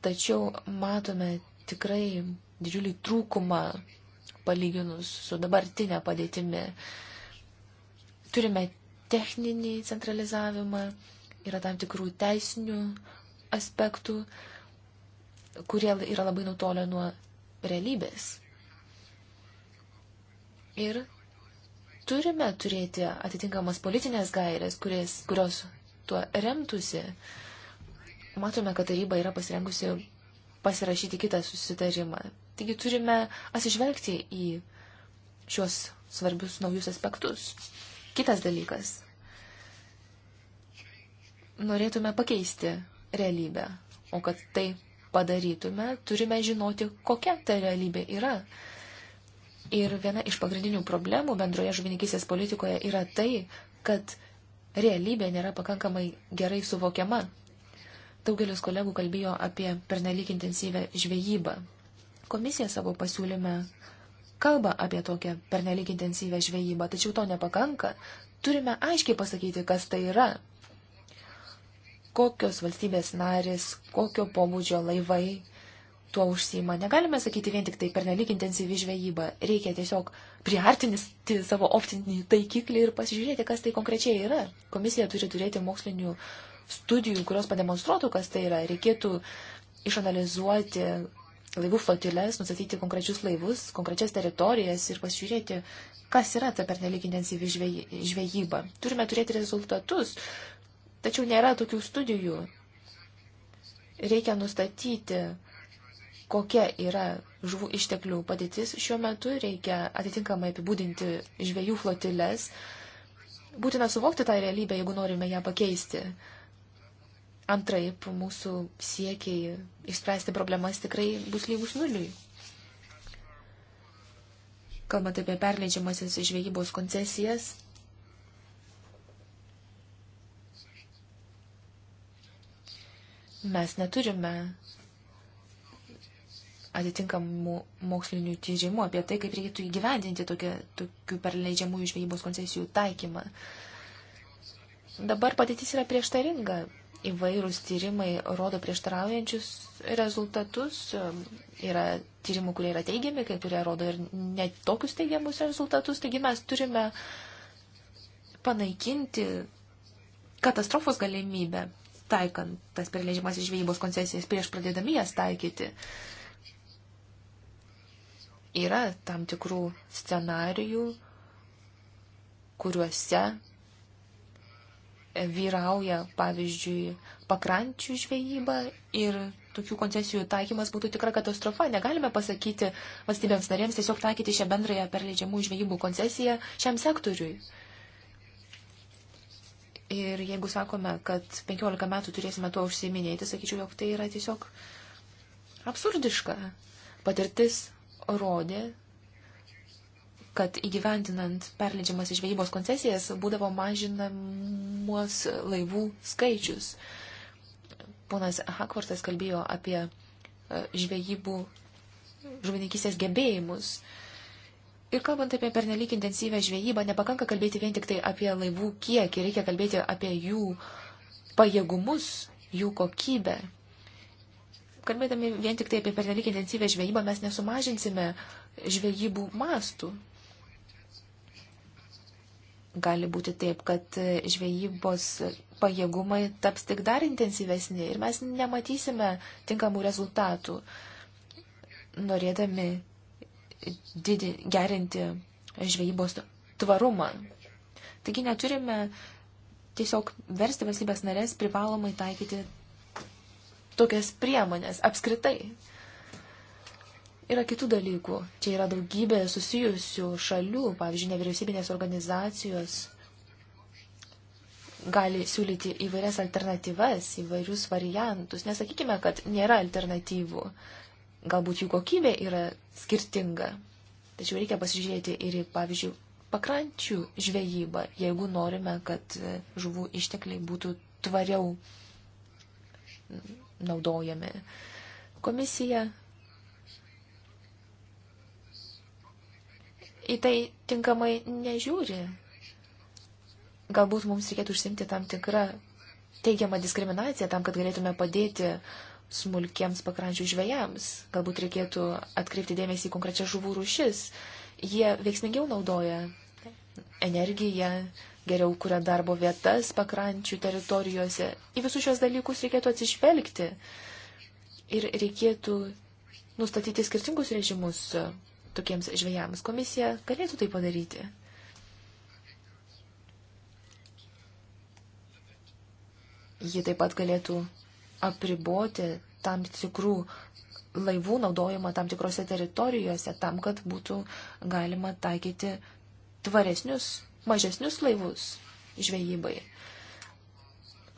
tačiau matome tikrai didžiulį trūkumą palyginus su dabartinė padėtimi. Turime techninį centralizavimą, yra tam tikrų teisinių aspektų, kurie yra labai nutolę nuo realybės. Ir turime turėti atitinkamas politinės gairės, kuris, kurios tuo remtųsi. Matome, kad taryba yra pasirengusi pasirašyti kitą susitarimą. Taigi turime atsižvelgti į šios svarbius naujus aspektus. Kitas dalykas. Norėtume pakeisti realybę, o kad tai padarytume, turime žinoti, kokia ta realybė yra. Ir viena iš pagrindinių problemų bendroje žuvininkysės politikoje yra tai, kad realybė nėra pakankamai gerai suvokiama. Daugelis kolegų kalbėjo apie pernelyg intensyvę žvejybą. Komisija savo pasiūlyme kalba apie tokią pernelyg intensyvę žvejybą, tačiau to nepakanka. Turime aiškiai pasakyti, kas tai yra kokios valstybės narės, kokio pobūdžio laivai tuo užsima. Negalime sakyti vien tik tai pernelyg intensyvi žvejyba. Reikia tiesiog priartinti savo optinį taikiklį ir pasižiūrėti, kas tai konkrečiai yra. Komisija turi turėti mokslinių studijų, kurios pademonstruotų, kas tai yra. Reikėtų išanalizuoti laivų flotilės, nustatyti konkrečius laivus, konkrečias teritorijas ir pasižiūrėti, kas yra ta pernelyg intensyvi žvejyba. Turime turėti rezultatus, Tačiau nėra tokių studijų. Reikia nustatyti, kokia yra žuvų išteklių padėtis šiuo metu, reikia atitinkamai apibūdinti žvėjų flotilės. Būtina suvokti tą realybę, jeigu norime ją pakeisti. Antraip, mūsų siekiai išspręsti problemas tikrai bus lygus nuliui. Kalbant apie perleidžiamasis žvejybos koncesijas, mes neturime atitinkamų mokslinių tyrimų apie tai, kaip reikėtų įgyvendinti tokia, tokių perleidžiamųjų žvejybos koncesijų taikymą. Dabar padėtis yra prieštaringa. Įvairūs tyrimai rodo prieštaraujančius rezultatus. Yra tyrimų, kurie yra teigiami, kai kurie rodo ir netokius teigiamus rezultatus. Taigi mes turime panaikinti katastrofos galimybę taikant tas perleidžiamas žvejybos koncesijas prieš pradėdami jas taikyti. Yra tam tikrų scenarijų, kuriuose vyrauja, pavyzdžiui, pakrančių žvejyba ir tokių koncesijų taikymas būtų tikra katastrofa. Negalime pasakyti valstybėms narėms tiesiog taikyti šią bendrąją perleidžiamų žvejybų koncesiją šiam sektoriui. Ir jeigu sakome, kad 15 metų turėsime tuo užsiminėti, sakyčiau, jog tai yra tiesiog absurdiška. Patirtis rodė, kad įgyvendinant perleidžiamas žvejybos koncesijas būdavo mažinamos laivų skaičius. Ponas Hakvartas kalbėjo apie e, žvejybų žuvininkystės gebėjimus. Uh, Ir kalbant apie pernelyg intensyvę žvejybą, nepakanka kalbėti vien tik tai apie laivų kiekį, reikia kalbėti apie jų pajėgumus, jų kokybę. Kalbėdami vien tik tai apie pernelyg intensyvę žvejybą, mes nesumažinsime žvejybų mastų. Gali būti taip, kad žvejybos pajėgumai taps tik dar intensyvesni ir mes nematysime tinkamų rezultatų. Norėdami didi, gerinti žvejybos tvarumą. Taigi neturime tiesiog versti valstybės narės privalomai taikyti tokias priemonės apskritai. Yra kitų dalykų. Čia yra daugybė susijusių šalių, pavyzdžiui, nevyriausybinės organizacijos gali siūlyti įvairias alternatyvas, įvairius variantus. Nesakykime, kad nėra alternatyvų. Galbūt jų kokybė yra skirtinga. Tačiau reikia pasižiūrėti ir į, pavyzdžiui, pakrančių žvejybą, jeigu norime, kad e, žuvų ištekliai būtų tvariau naudojami. Komisija į tai tinkamai nežiūri. Galbūt mums reikėtų užsimti tam tikrą teigiamą diskriminaciją tam, kad galėtume padėti smulkiems pakrančių žvėjams. Galbūt reikėtų atkreipti dėmesį į konkrečią žuvų rūšis. Jie veiksmingiau naudoja energiją, geriau kuria darbo vietas pakrančių teritorijose. Į visus šios dalykus reikėtų atsižvelgti ir reikėtų nustatyti skirtingus režimus tokiems žvėjams. Komisija galėtų tai padaryti. Ji taip pat galėtų apriboti tam tikrų laivų naudojimą tam tikrose teritorijose, tam, kad būtų galima taikyti tvaresnius, mažesnius laivus žvejybai.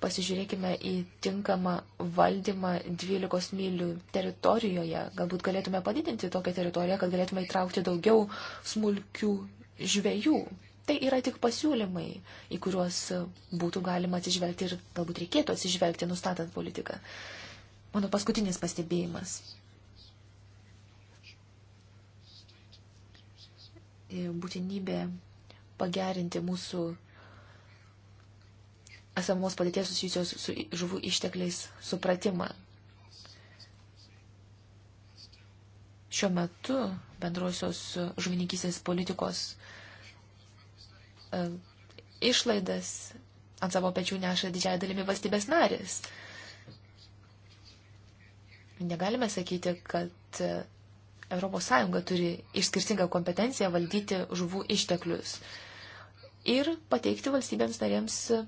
Pasižiūrėkime į tinkamą valdymą 12 mylių teritorijoje. Galbūt galėtume padidinti tokią teritoriją, kad galėtume įtraukti daugiau smulkių žvejų, Tai yra tik pasiūlymai, į kuriuos būtų galima atsižvelgti ir galbūt reikėtų atsižvelgti, nustatant politiką. Mano paskutinis pastebėjimas. E, būtinybė pagerinti mūsų esamos padėties susijusios su žuvų ištekliais supratimą. Šiuo metu bendrosios žuvininkysės politikos E, išlaidas ant savo pečių neša didžiąją dalimi valstybės narės. Negalime sakyti, kad ES turi išskirtingą kompetenciją valdyti žuvų išteklius ir pateikti valstybėms narėms e,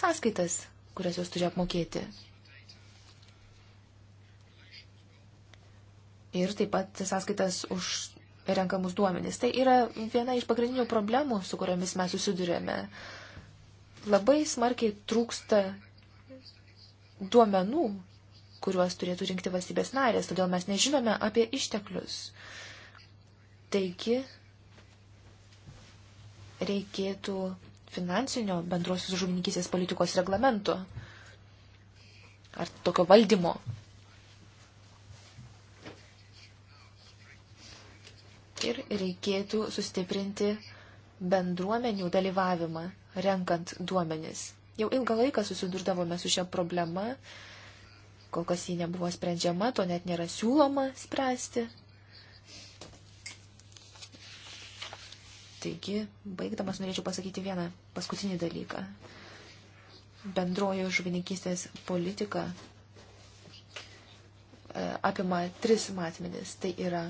sąskaitas, kurias jos turi apmokėti. Ir taip pat sąskaitas už renkamus duomenis. Tai yra viena iš pagrindinių problemų, su kuriomis mes susidurėme. Labai smarkiai trūksta duomenų, kuriuos turėtų rinkti valstybės narės, todėl mes nežinome apie išteklius. Taigi, reikėtų finansinio bendrosios žuvininkysės politikos reglamento ar tokio valdymo ir reikėtų sustiprinti bendruomenių dalyvavimą, renkant duomenis. Jau ilgą laiką susidurdavome su šia problema, kol kas ji nebuvo sprendžiama, to net nėra siūloma spręsti. Taigi, baigdamas norėčiau pasakyti vieną paskutinį dalyką. Bendroji žuvininkystės politika e, apima tris matmenis. Tai yra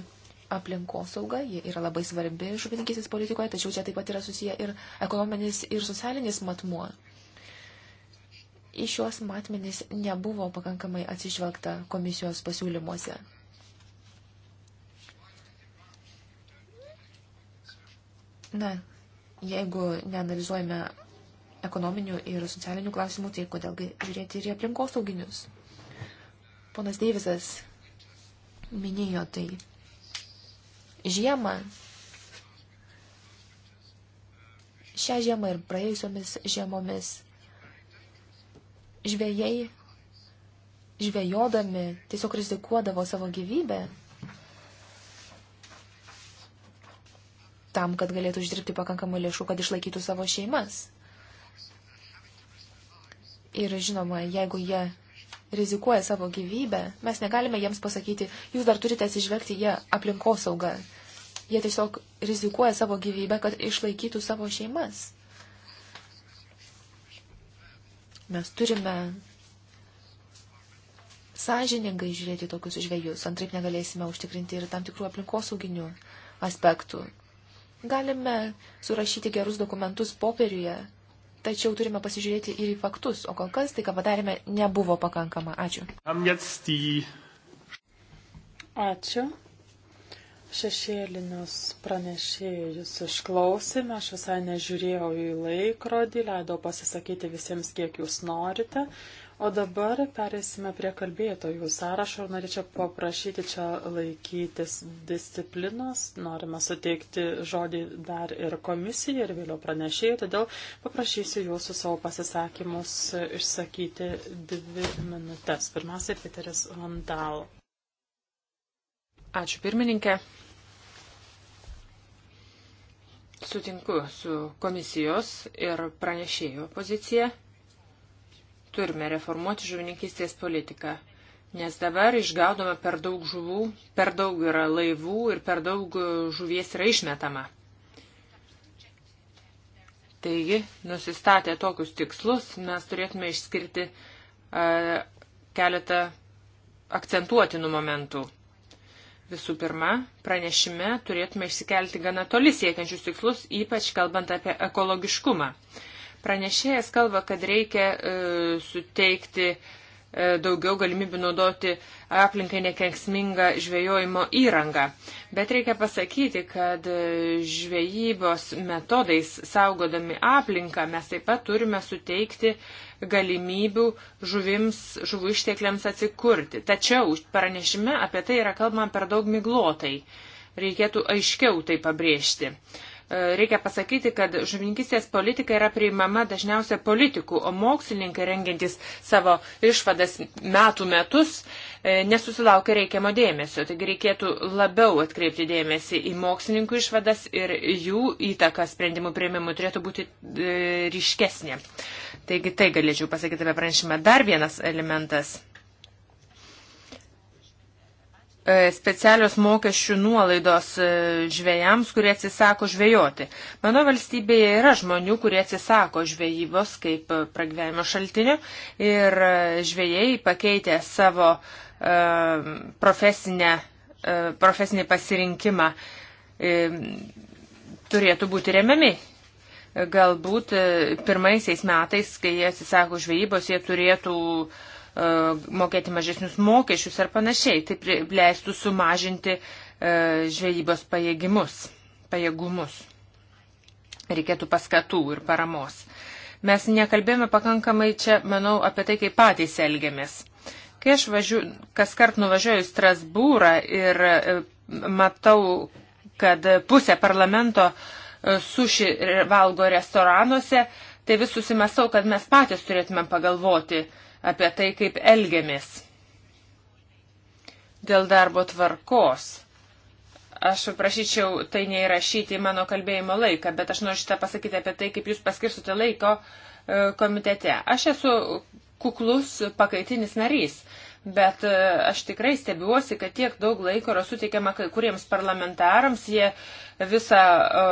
aplinkosauga, ji yra labai svarbi žuvininkysės politikoje, tačiau čia taip pat yra susiję ir ekonominis ir socialinis matmuo. Į šios matmenys nebuvo pakankamai atsižvelgta komisijos pasiūlymuose. Na, jeigu neanalizuojame ekonominių ir socialinių klausimų, tai kodėlgi žiūrėti ir į aplinkosauginius. Ponas Deivisas minėjo tai žiemą, šią žiemą ir praėjusiomis žiemomis, žvėjai, žvėjodami, tiesiog rizikuodavo savo gyvybę tam, kad galėtų uždirbti pakankamai lėšų, kad išlaikytų savo šeimas. Ir žinoma, jeigu jie rizikuoja savo gyvybę, mes negalime jiems pasakyti, jūs dar turite atsižvelgti į aplinkosaugą. Jie tiesiog rizikuoja savo gyvybę, kad išlaikytų savo šeimas. Mes turime sąžiningai žiūrėti tokius žvėjus, antraip negalėsime užtikrinti ir tam tikrų aplinkosauginių aspektų. Galime surašyti gerus dokumentus popieriuje, tačiau turime pasižiūrėti ir į faktus, o kol kas tai, ką padarėme, nebuvo pakankama. Ačiū. Ačiū. Šešėlinius pranešėjus išklausime, aš visai nežiūrėjau į laikrodį, leidau pasisakyti visiems, kiek jūs norite. O dabar perėsime prie kalbėtojų sąrašo ir norėčiau paprašyti čia laikytis disciplinos. Norime suteikti žodį dar ir komisijai ir vėliau pranešėjai, todėl paprašysiu jūsų savo pasisakymus išsakyti dvi minutės. Pirmiausia, Piteris Vandal. Ačiū pirmininkė. Sutinku su komisijos ir pranešėjo pozicija. Turime reformuoti žuvininkystės politiką, nes dabar išgaudome per daug žuvų, per daug yra laivų ir per daug e, žuvies yra išmetama. Taigi, nusistatę tokius tikslus, mes turėtume išskirti a, e, keletą akcentuotinų momentų. Visų pirma, pranešime turėtume išsikelti gana toli siekiančius tikslus, ypač kalbant apie ekologiškumą. Pranešėjas kalba, kad reikia e, suteikti e, daugiau galimybių naudoti aplinkai nekenksmingą žvejojimo įrangą. Bet reikia pasakyti, kad e, žvejybos metodais saugodami aplinką mes taip pat turime suteikti galimybių žuvims, žuvų ištekliams atsikurti. Tačiau pranešime apie tai yra kalbama per daug miglotai. Reikėtų aiškiau tai pabrėžti. Uh, Reikia pasakyti, kad žuvininkistės politika yra priimama dažniausia politikų, o mokslininkai rengiantis savo išvadas metų metus e, nesusilaukia reikiamo dėmesio. Taigi reikėtų labiau atkreipti dėmesį į mokslininkų išvadas ir jų įtaka sprendimų prieimimų turėtų būti e, ryškesnė. Taigi tai galėčiau pasakyti apie pranešimą. Dar vienas elementas E, specialios mokesčių nuolaidos e, žvėjams, kurie atsisako žvėjoti. Mano valstybėje yra žmonių, kurie atsisako žvėjybos kaip e, pragyvenimo šaltinio ir žvėjai pakeitė savo profesinę, profesinį pasirinkimą turėtų būti remiami. Galbūt pirmaisiais metais, kai jie atsisako žvejybos, jie turėtų uh, E, mokėti mažesnius mokesčius ar panašiai. Tai leistų sumažinti e, žvejybos pajėgimus, pajėgumus. Reikėtų paskatų ir paramos. Mes nekalbėjome pakankamai čia, manau, apie tai, kaip patys elgiamės. Kai aš važiu, kas kart nuvažiuoju į Strasbūrą ir e, matau, kad pusė parlamento suši valgo restoranuose, tai vis susimastau, kad mes patys turėtume pagalvoti, uh, apie tai, kaip elgiamės. Dėl darbo tvarkos. Aš prašyčiau tai neįrašyti į mano kalbėjimo laiką, bet aš noriu šitą pasakyti apie tai, kaip jūs paskirstote laiko e, komitete. Aš esu kuklus pakaitinis narys, bet e, aš tikrai stebiuosi, kad tiek daug laiko yra suteikiama kai kuriems parlamentarams, jie visą e,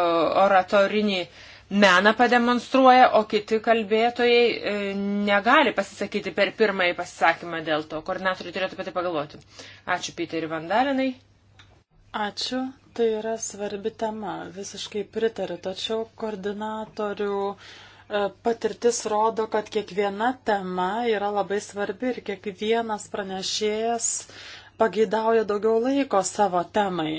oratorinį uh, meną pademonstruoja, o kiti kalbėtojai e, negali pasisakyti per pirmąjį pasisakymą dėl to. Koordinatoriai turėtų apie tai pagalvoti. Ačiū, Piterį Vandalinai. Ačiū, tai yra svarbi tema, visiškai pritariu, tačiau koordinatorių e, patirtis rodo, kad kiekviena tema yra labai svarbi ir kiekvienas pranešėjas pageidauja daugiau laiko savo temai.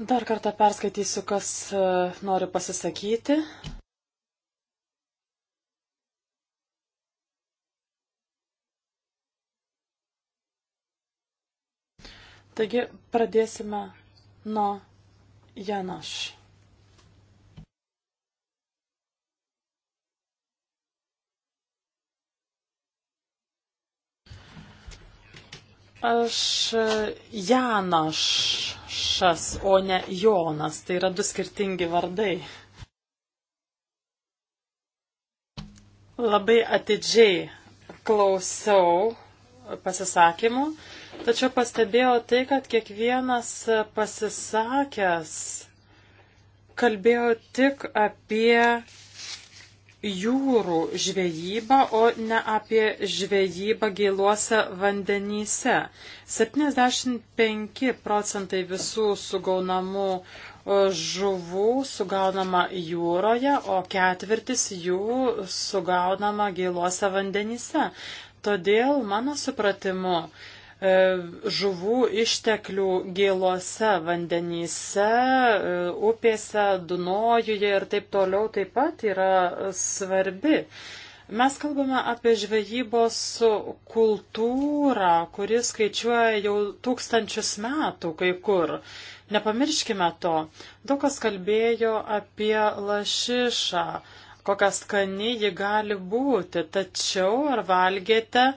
Dar kartą perskaitysiu, kas e, nori pasisakyti. Taigi pradėsime nuo Janaš. Aš e, Janašas, o ne Jonas. Tai yra du skirtingi vardai. Labai atidžiai klausiau pasisakymų, tačiau pastebėjau tai, kad kiekvienas pasisakęs kalbėjo tik apie jūrų žvejybą, o ne apie žvejybą giluose vandenyse. 75 procentai visų sugaunamų žuvų sugaunama jūroje, o ketvirtis jų sugaunama giluose vandenyse. Todėl, mano supratimu, E, žuvų išteklių gėlose vandenyse, e, upėse, Dunojuje ir taip toliau taip pat yra svarbi. Mes kalbame apie žvejybos kultūrą, kuri skaičiuoja jau tūkstančius metų kai kur. Nepamirškime to. Daug kas kalbėjo apie lašišą kokia skani ji gali būti. Tačiau ar valgėte e,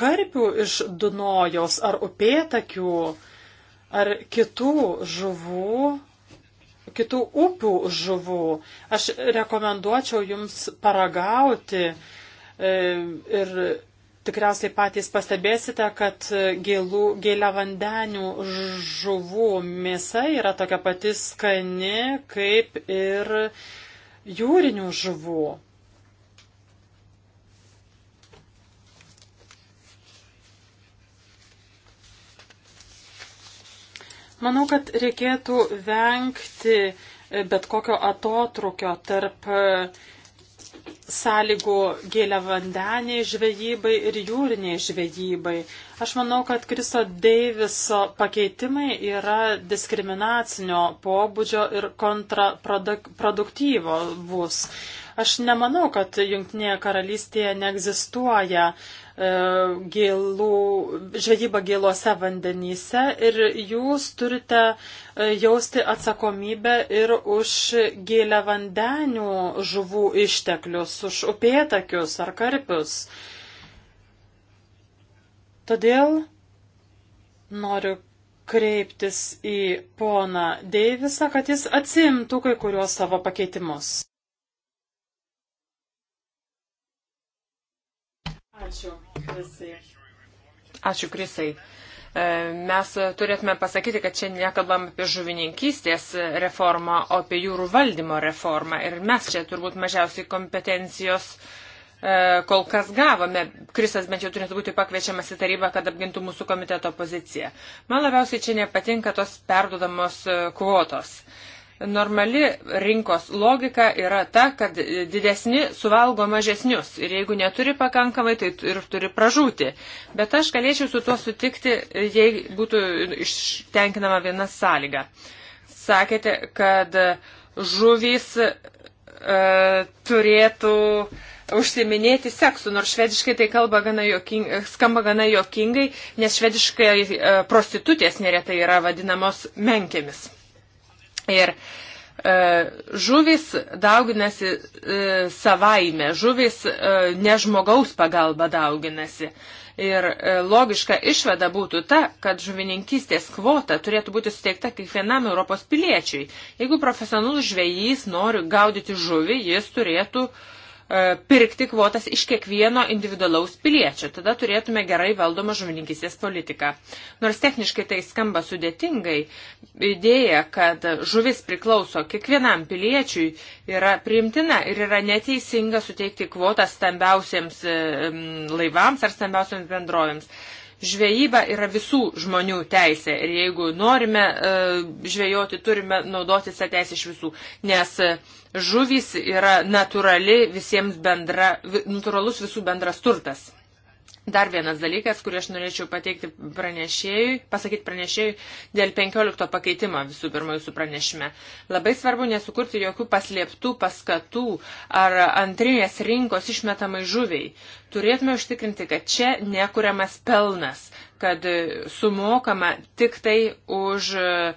karpių iš Dunojaus, ar upėtakių, ar kitų žuvų, kitų upių žuvų. Aš rekomenduočiau jums paragauti e, ir tikriausiai patys pastebėsite, kad gėlų, gėlę vandenių žuvų mėsa yra tokia pati skani kaip ir e, jūrinių žuvų. Manau, kad reikėtų vengti bet kokio atotrukio tarp uh, sąlygų gėliavandeniai žvejybai ir jūriniai žvejybai. Aš manau, kad Kristo Deiviso pakeitimai yra diskriminacinio pobūdžio ir kontraproduktyvo bus. Aš nemanau, kad Junktinėje karalystėje neegzistuoja uh, E, gėlų, žvejybą gėluose vandenyse ir jūs turite e, jausti atsakomybę ir už gėlę vandenių žuvų išteklius, už upėtakius ar karpius. Todėl noriu kreiptis į poną Deivisą, kad jis atsimtų kai kuriuos savo pakeitimus. Ačiū, Krisai. Ačiū, Krisai. E, mes turėtume pasakyti, kad čia nekalbam apie žuvininkystės reformą, o apie jūrų valdymo reformą. Ir mes čia turbūt mažiausiai kompetencijos e, kol kas gavome. Krisas bent jau turėtų būti pakviečiamas į tarybą, kad apgintų mūsų komiteto poziciją. Man labiausiai čia nepatinka tos perdodamos e, kvotos. Uh, normali rinkos logika yra ta, kad didesni suvalgo mažesnius ir jeigu neturi pakankamai, tai ir turi pražūti. Bet aš galėčiau su tuo sutikti, jei būtų ištenkinama viena sąlyga. Sakėte, kad žuvys e, turėtų užsiminėti seksu, nors švediškai tai kalba gana joking, skamba gana jokingai, nes švediškai e, prostitutės neretai yra vadinamos menkėmis. Ir e, žuvis dauginasi e, savaime, žuvis e, ne žmogaus pagalba dauginasi. Ir logiška išvada būtų ta, kad žuvininkystės kvota turėtų būti suteikta kiekvienam Europos piliečiui. Jeigu profesionalus žvejys nori gaudyti žuvį, jis turėtų uh, E, pirkti kvotas iš kiekvieno individualaus piliečio. Tada turėtume gerai valdomą žuvininkysės politiką. Nors techniškai tai skamba sudėtingai, idėja, kad žuvis priklauso kiekvienam piliečiui yra priimtina ir yra neteisinga suteikti kvotas stambiausiems e, laivams ar stambiausiams bendrovėms. Žvejyba yra visų žmonių teisė ir jeigu norime e, žvejoti, turime naudotis tą teisę iš visų, nes e, žuvys yra natūrali visiems bendra, natūralus visų bendras turtas. Dar vienas dalykas, kurį aš norėčiau pateikti pranešėjui, pasakyti pranešėjui dėl 15 pakeitimo visų pirma jūsų pranešime. Labai svarbu nesukurti jokių paslėptų paskatų ar antrinės rinkos išmetamai žuviai. Turėtume užtikrinti, kad čia nekuriamas pelnas, kad sumokama tik tai už e,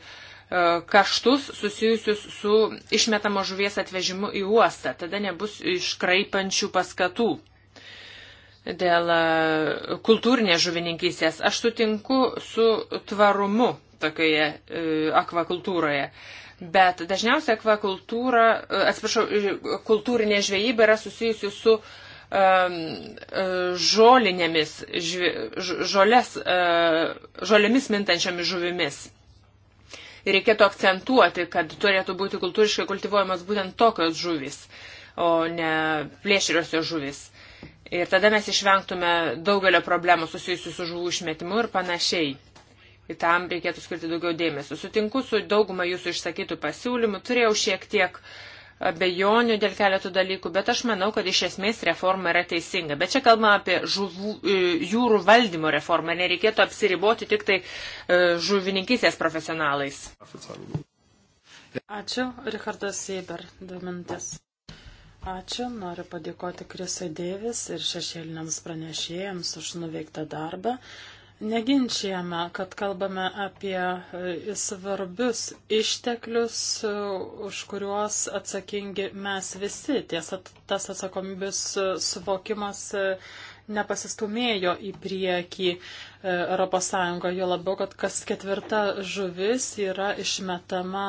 kaštus susijusius su išmetamo žuvies atvežimu į uostą. Tada nebus iškraipančių paskatų dėl e, kultūrinės žuvininkystės. Aš sutinku su tvarumu tokioje e, akvakultūroje. Bet dažniausiai akvakultūra, e, atsiprašau, kultūrinė žvejyba yra susijusi su um, žolinėmis, žvi, žolės, uh, žolėmis mintančiamis žuvimis. Ir reikėtų akcentuoti, kad turėtų būti kultūriškai kultivuojamas būtent tokios žuvis, o ne plėšriosios žuvis. Ir tada mes išvengtume daugelio problemų susijusių su žuvų išmetimu ir panašiai. Į tam reikėtų skirti daugiau dėmesio. Sutinku su dauguma jūsų išsakytų pasiūlymų, turėjau šiek tiek abejonių dėl keletų dalykų, bet aš manau, kad iš esmės reforma yra teisinga. Bet čia kalbama apie žuvų, e, jūrų valdymo reformą, nereikėtų apsiriboti tik tai e, žuvininkysės profesionalais. Ačiū, Richardas Seiber, dvi minutės. Ačiū, noriu padėkoti Krisai Dėvis ir šešėliniams pranešėjams už nuveiktą darbą. Neginčijame, kad kalbame apie e, svarbius išteklius, e, už kuriuos atsakingi mes visi. Tiesa, tas atsakomybės e, suvokimas nepasistumėjo į priekį ES, jo labiau, kad kas ketvirta žuvis yra išmetama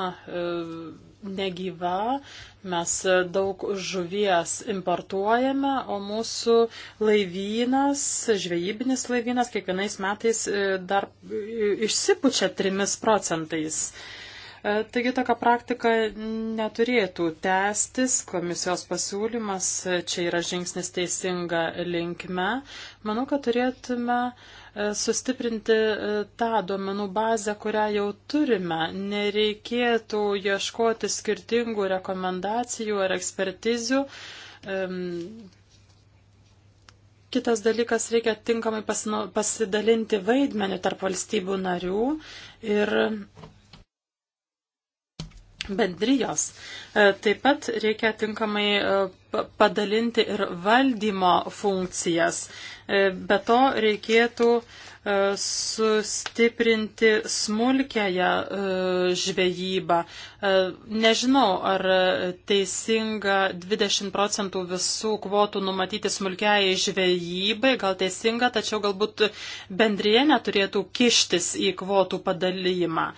negyva, mes daug žuvies importuojame, o mūsų laivynas, žvejybinis laivynas kiekvienais metais e, dar e, išsipučia trimis procentais. E, taigi tokia praktika neturėtų tęstis, komisijos pasiūlymas čia yra žingsnis teisinga linkme. Manau, kad turėtume uh, E, sustiprinti e, tą duomenų bazę, kurią jau turime. Nereikėtų ieškoti skirtingų rekomendacijų ar ekspertizių. Kitas dalykas, reikia tinkamai pasidalinti vaidmenį tarp valstybių narių ir bendrijos. E, taip pat reikia tinkamai e, padalinti ir valdymo funkcijas. E, be to reikėtų sustiprinti smulkėją žvejybą. Nežinau, ar teisinga 20 procentų visų kvotų numatyti smulkiai žvejybai, gal teisinga, tačiau galbūt bendrėje neturėtų kištis į kvotų padalyjimą.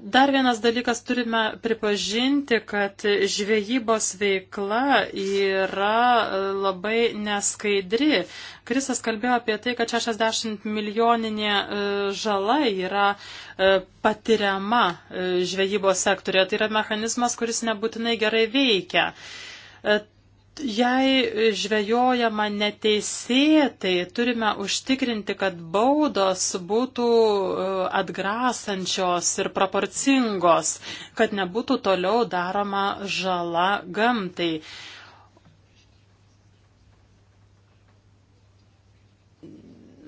Dar vienas dalykas turime pripažinti, kad žvejybos veikla yra e, labai neskaidri. Krisas kalbėjo apie tai, kad 60 milijoninė e, žala yra e, patiriama žvejybos sektorė. Tai yra mechanizmas, kuris nebūtinai gerai veikia. Jei žvejojama neteisėtai, turime užtikrinti, kad baudos būtų e, atgrasančios ir proporcingos, kad nebūtų toliau daroma žala gamtai.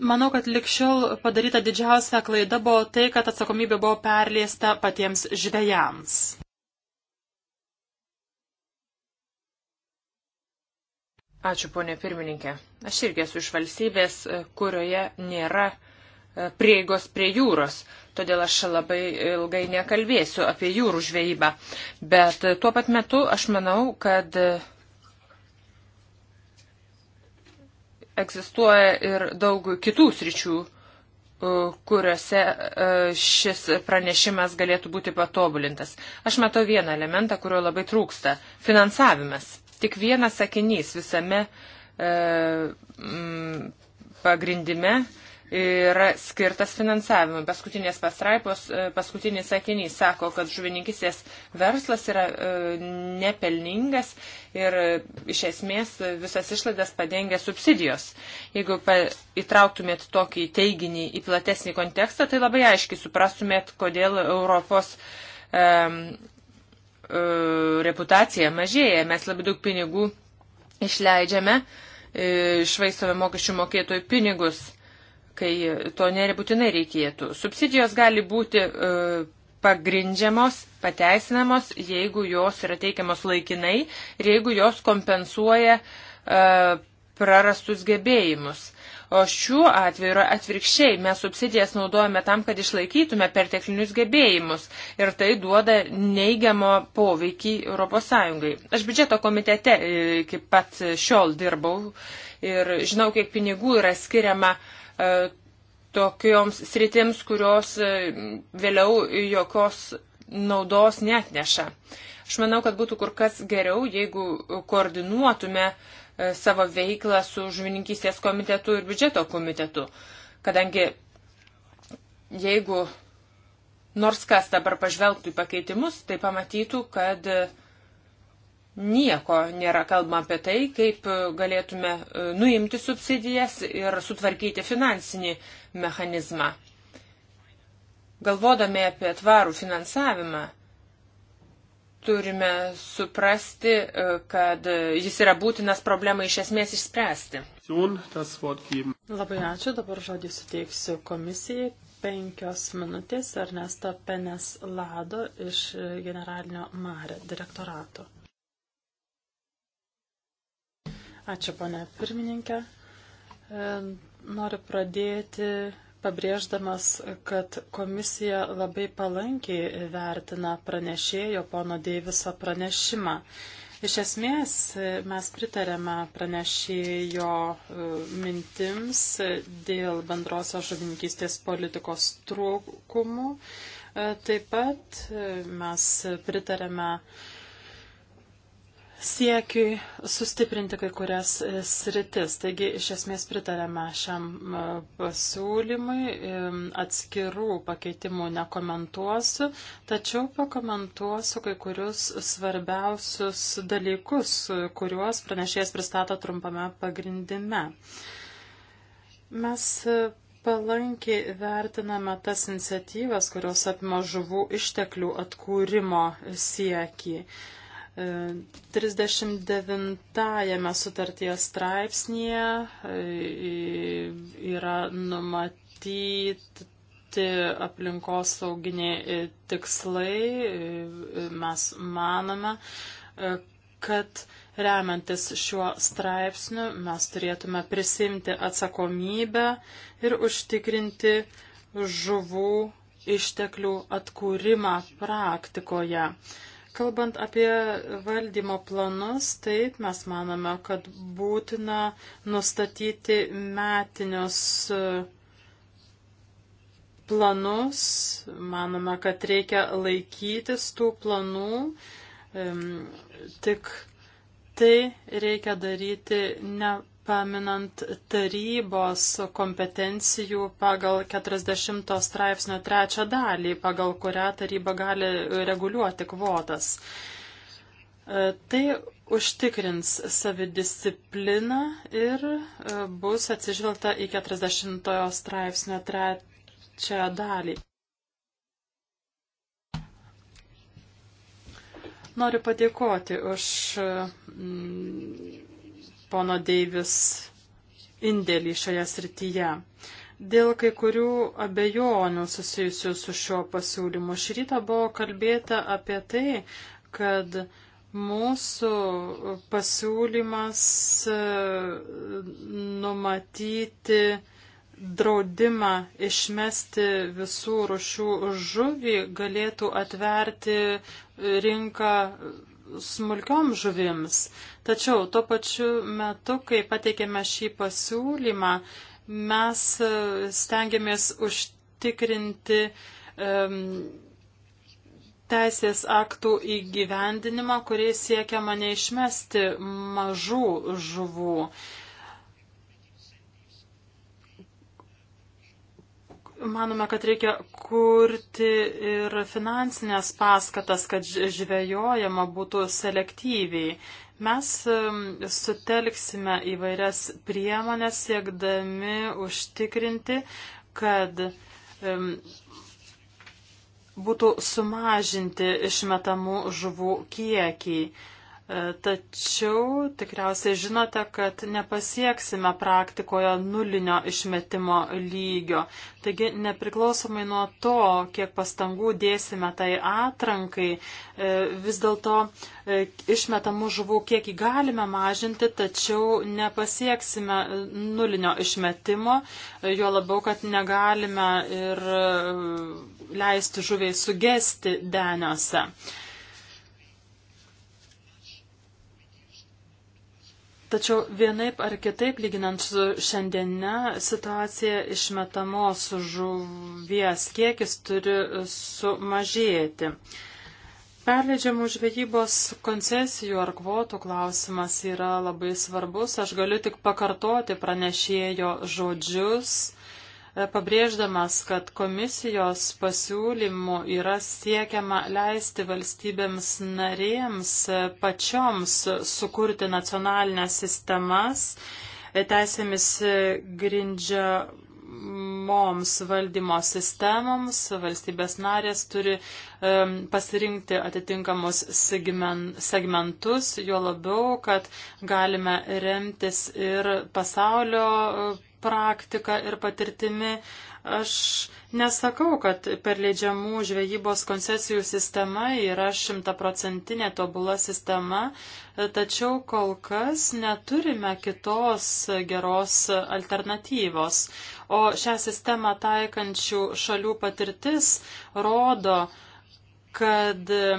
Manau, kad likščiau padaryta didžiausia klaida buvo tai, kad atsakomybė buvo perliesta patiems žvejams. Ačiū, ponė pirmininkė. Aš irgi esu iš valstybės, e, kurioje nėra e, prieigos prie jūros, todėl aš labai ilgai nekalbėsiu apie jūrų žvejybą. Bet e, tuo pat metu aš manau, kad egzistuoja ir daug kitų sričių, kuriuose šis pranešimas galėtų būti patobulintas. Aš matau vieną elementą, kurio labai trūksta - finansavimas Tik vienas sakinys visame e, m, pagrindime yra skirtas finansavimui. Paskutinės pastraipos, e, paskutinis sakinys sako, kad žuvininkistės verslas yra e, nepelningas ir e, iš esmės visas išlaidas padengia subsidijos. Jeigu įtrauktumėt tokį teiginį į platesnį kontekstą, tai labai aiškiai suprastumėt, kodėl Europos um, reputacija mažėja, mes labai daug pinigų išleidžiame, išvaistome e, mokesčių mokėtojų pinigus, kai to nebūtinai reikėtų. Subsidijos gali būti e, pagrindžiamos, pateisinamos, jeigu jos yra teikiamos laikinai ir jeigu jos kompensuoja e, prarastus gebėjimus. O šiuo atveju yra atvirkščiai. Mes subsidijas naudojame tam, kad išlaikytume perteklinius gebėjimus. Ir tai duoda neigiamo poveikį ES. Aš biudžeto komitete e, iki pat šiol dirbau ir žinau, kiek pinigų yra skiriama e, tokioms sritims, kurios e, vėliau jokios naudos net neša. Aš manau, kad būtų kur kas geriau, jeigu koordinuotume uh, E, savo veiklą su žuvininkystės komitetu ir biudžeto komitetu. Kadangi jeigu nors kas dabar pažvelgtų į pakeitimus, tai pamatytų, kad e, nieko nėra kalbama apie tai, kaip e, galėtume nuimti subsidijas ir sutvarkyti finansinį mechanizmą. Galvodami apie tvarų finansavimą, turime suprasti, e, kad jis yra būtinas problemai iš esmės išspręsti. Labai ačiū, dabar žodį suteiksiu komisijai. Penkios minutės Ernesto Penes Lado iš generalinio Mare direktorato. Ačiū, ponė pirmininkė. E, noriu pradėti pabrėždamas, kad komisija labai palankiai vertina pranešėjo pono Deiviso pranešimą. Iš esmės mes pritarėme pranešėjo e, mintims dėl bendrosios žuvininkystės politikos trūkumų. E, taip pat e, mes pritarėme uh, siekiui sustiprinti kai kurias e, sritis. Taigi iš esmės pritarėme šiam pasiūlymui, atskirų pakeitimų nekomentuosiu, tačiau pakomentuosiu kai kurius svarbiausius dalykus, kuriuos pranešėjas pristato trumpame pagrindime. Mes e, palankiai vertiname tas iniciatyvas, kurios apima žuvų išteklių atkūrimo siekį. 39 e, sutarties straipsnėje e, yra numatyti aplinkosauginiai e, tikslai. Mes manome, kad remiantis šiuo straipsniu mes turėtume prisimti atsakomybę ir užtikrinti žuvų išteklių atkūrimą praktikoje. Kalbant apie valdymo planus, taip mes manome, kad būtina nustatyti metinius e, planus. Manome, kad reikia laikytis tų planų. Tik tai reikia daryti ne paminant tarybos kompetencijų pagal 40 straipsnio trečią dalį, pagal kurią taryba gali reguliuoti kvotas. E, tai užtikrins savidiscipliną ir e, bus atsižvelgta į 40 straipsnio trečią dalį. Noriu padėkoti už mm, pono Deivis indėlį šioje srityje. Dėl kai kurių abejonių susijusių su šiuo pasiūlymu šį rytą buvo kalbėta apie tai, kad mūsų pasiūlymas e, numatyti draudimą išmesti visų rušių žuvį galėtų atverti rinką smulkiom žuvims. Tačiau tuo pačiu metu, kai pateikėme šį pasiūlymą, mes e, stengiamės užtikrinti um, teisės aktų įgyvendinimą, kuriais siekiama neišmesti mažų žuvų. Uh, Manome, kad reikia kurti ir finansinės paskatas, kad žvejojama būtų selektyviai. Mes sutelksime įvairias priemonės siekdami užtikrinti, kad būtų sumažinti išmetamų žuvų kiekiai. E, tačiau tikriausiai žinote, kad nepasieksime praktikoje nulinio išmetimo lygio. Taigi nepriklausomai nuo to, kiek pastangų dėsime tai atrankai, e, vis dėlto e, išmetamų žuvų kiekį galime mažinti, tačiau nepasieksime nulinio išmetimo, jo labiau, kad negalime ir leisti žuviai sugesti deniuose. Tačiau vienaip ar kitaip, lyginant su šiandiena, situacija išmetamos žuvies kiekis turi sumažėti. Perleidžiamų žvejybos koncesijų ar kvotų klausimas yra labai svarbus. Aš galiu tik pakartoti pranešėjo žodžius pabrėždamas, kad komisijos pasiūlymų yra siekiama leisti valstybėms narėms pačioms sukurti nacionalinės sistemas teisėmis grindžiamoms valdymo sistemoms. Valstybės narės turi pasirinkti atitinkamus segmentus, juo labiau, kad galime remtis ir pasaulio praktika ir patirtimi. Aš nesakau, kad perleidžiamų žvejybos koncesijų sistema yra šimtaprocentinė tobula sistema, tačiau kol kas neturime kitos geros alternatyvos. O šią sistemą taikančių šalių patirtis rodo, kad e,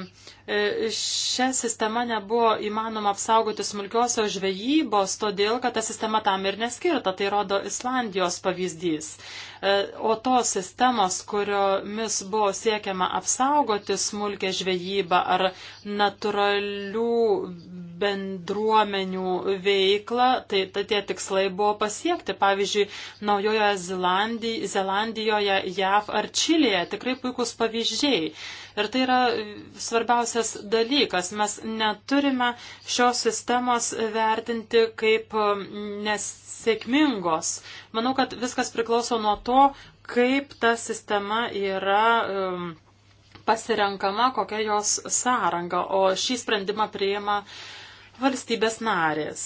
šią sistemą nebuvo įmanoma apsaugoti smulkiosios žvejybos, todėl kad ta sistema tam ir neskirta, tai rodo Islandijos pavyzdys. E, o tos sistemos, kuriomis buvo siekiama apsaugoti smulkę žvejybą ar natūralių bendruomenių veiklą, tai, tai tie tikslai buvo pasiekti. Pavyzdžiui, Naujojoje Zelandijoje, Zelandijoje, JAV ar Čilėje tikrai puikus pavyzdžiai. Ir tai yra svarbiausias dalykas. Mes neturime šios sistemos vertinti kaip mm, nesėkmingos. Manau, kad viskas priklauso nuo to, kaip ta sistema yra. Um, pasirenkama, kokia jos sąranga, o šį sprendimą priima uh, valstybės narės.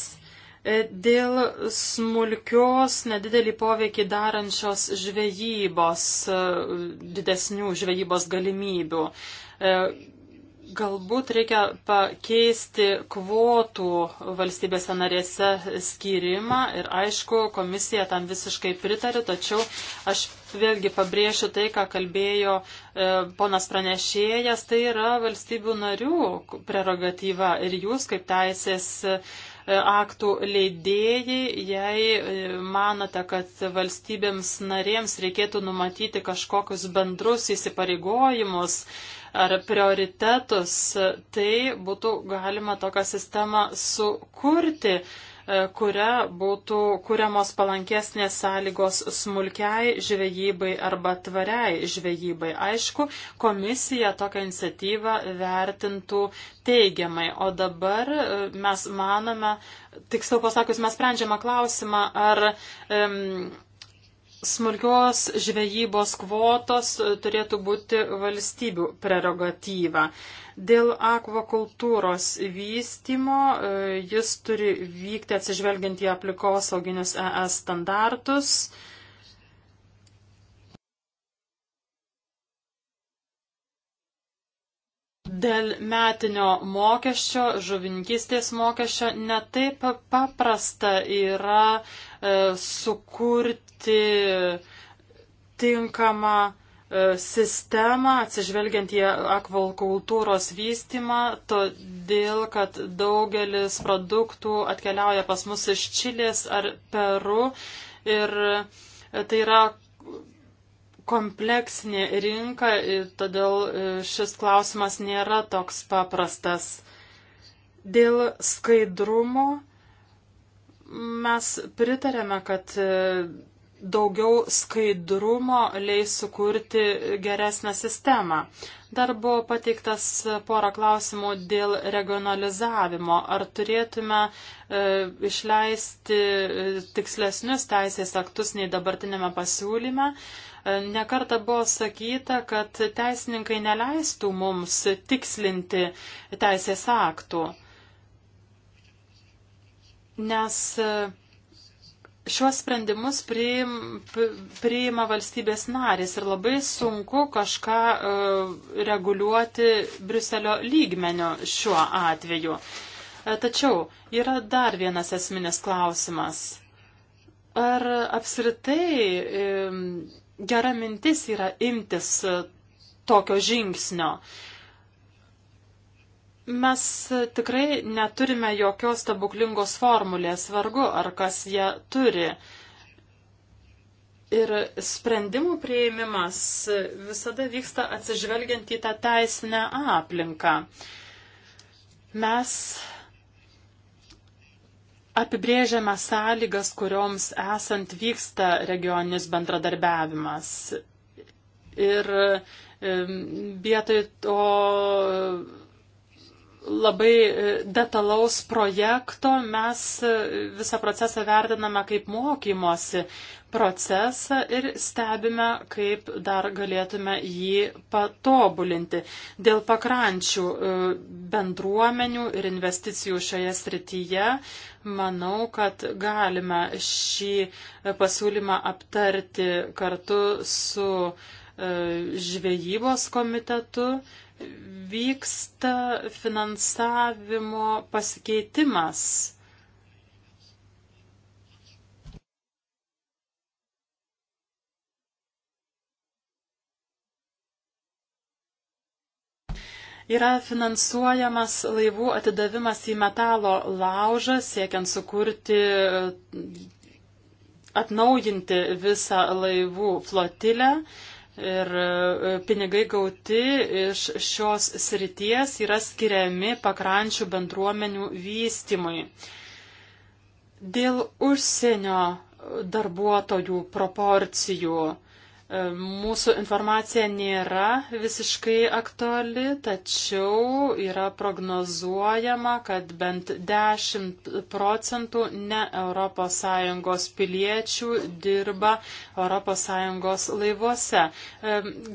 E, dėl smulkios, nedidelį poveikį darančios žvejybos, e, didesnių žvejybos galimybių. E, galbūt reikia pakeisti kvotų valstybėse narėse skyrimą ir aišku, komisija tam visiškai pritarė, tačiau aš vėlgi pabrėšiu tai, ką kalbėjo e, ponas pranešėjas, tai yra valstybių narių prerogatyva ir jūs kaip teisės e, aktų leidėjai, jei e, manote, kad valstybėms narėms reikėtų numatyti kažkokius bendrus įsipareigojimus, ar prioritetus, tai būtų galima tokią sistemą sukurti. E, kuria būtų kuriamos palankesnės sąlygos smulkiai žvejybai arba tvariai žvejybai. Aišku, komisija tokią iniciatyvą vertintų teigiamai, o dabar e, mes manome, tiksliau pasakius, mes sprendžiame klausimą, ar um, smulkios žvejybos kvotos turėtų būti valstybių prerogatyva. Dėl akvakultūros vystymo e, jis turi vykti atsižvelgiant į aplikosauginius ES standartus. Dėl metinio mokesčio, žuvininkystės mokesčio, netaip paprasta yra e, sukurti tinkamą E, sistemą, atsižvelgiant į akvakultūros vystymą, todėl, kad daugelis produktų atkeliauja pas mus iš Čilės ar Peru ir tai yra kompleksinė rinka, todėl e, šis klausimas nėra toks paprastas. Dėl skaidrumo mes pritarėme, kad e, daugiau skaidrumo leis sukurti geresnę sistemą. Dar buvo pateiktas pora klausimų dėl regionalizavimo. Ar turėtume e, išleisti e, tikslesnius teisės aktus nei dabartinėme pasiūlyme? E, nekarta buvo sakyta, kad teisininkai neleistų mums tikslinti teisės aktų. Nes e, Šiuos sprendimus priim, priima valstybės narės ir labai sunku kažką uh, reguliuoti Briuselio lygmenio šiuo atveju. E, tačiau yra dar vienas esminis klausimas. Ar apskritai e, gera mintis yra imtis tokio žingsnio? Uh, Mes tikrai neturime jokios stebuklingos formulės, vargu ar kas ją turi. Ir sprendimų prieimimas visada vyksta atsižvelgiant į tą teisinę aplinką. Mes apibrėžiame sąlygas, kurioms esant vyksta regioninis bendradarbiavimas. Ir vietoj to labai e, detalaus projekto, mes e, visą procesą vertiname kaip mokymosi procesą ir stebime, kaip dar galėtume jį patobulinti. Dėl pakrančių e, bendruomenių ir investicijų šioje srityje, manau, kad galime šį pasiūlymą aptarti kartu su žvejybos komitetu, vyksta finansavimo pasikeitimas. Yra finansuojamas laivų atidavimas į metalo laužą, siekiant sukurti atnaujinti visą laivų flotilę. Ir e, pinigai gauti iš šios srities yra skiriami pakrančių bendruomenių vystimui. Dėl užsienio darbuotojų proporcijų Mūsų informacija nėra visiškai aktuali, tačiau yra prognozuojama, kad bent 10 procentų ne ES piliečių dirba ES laivuose.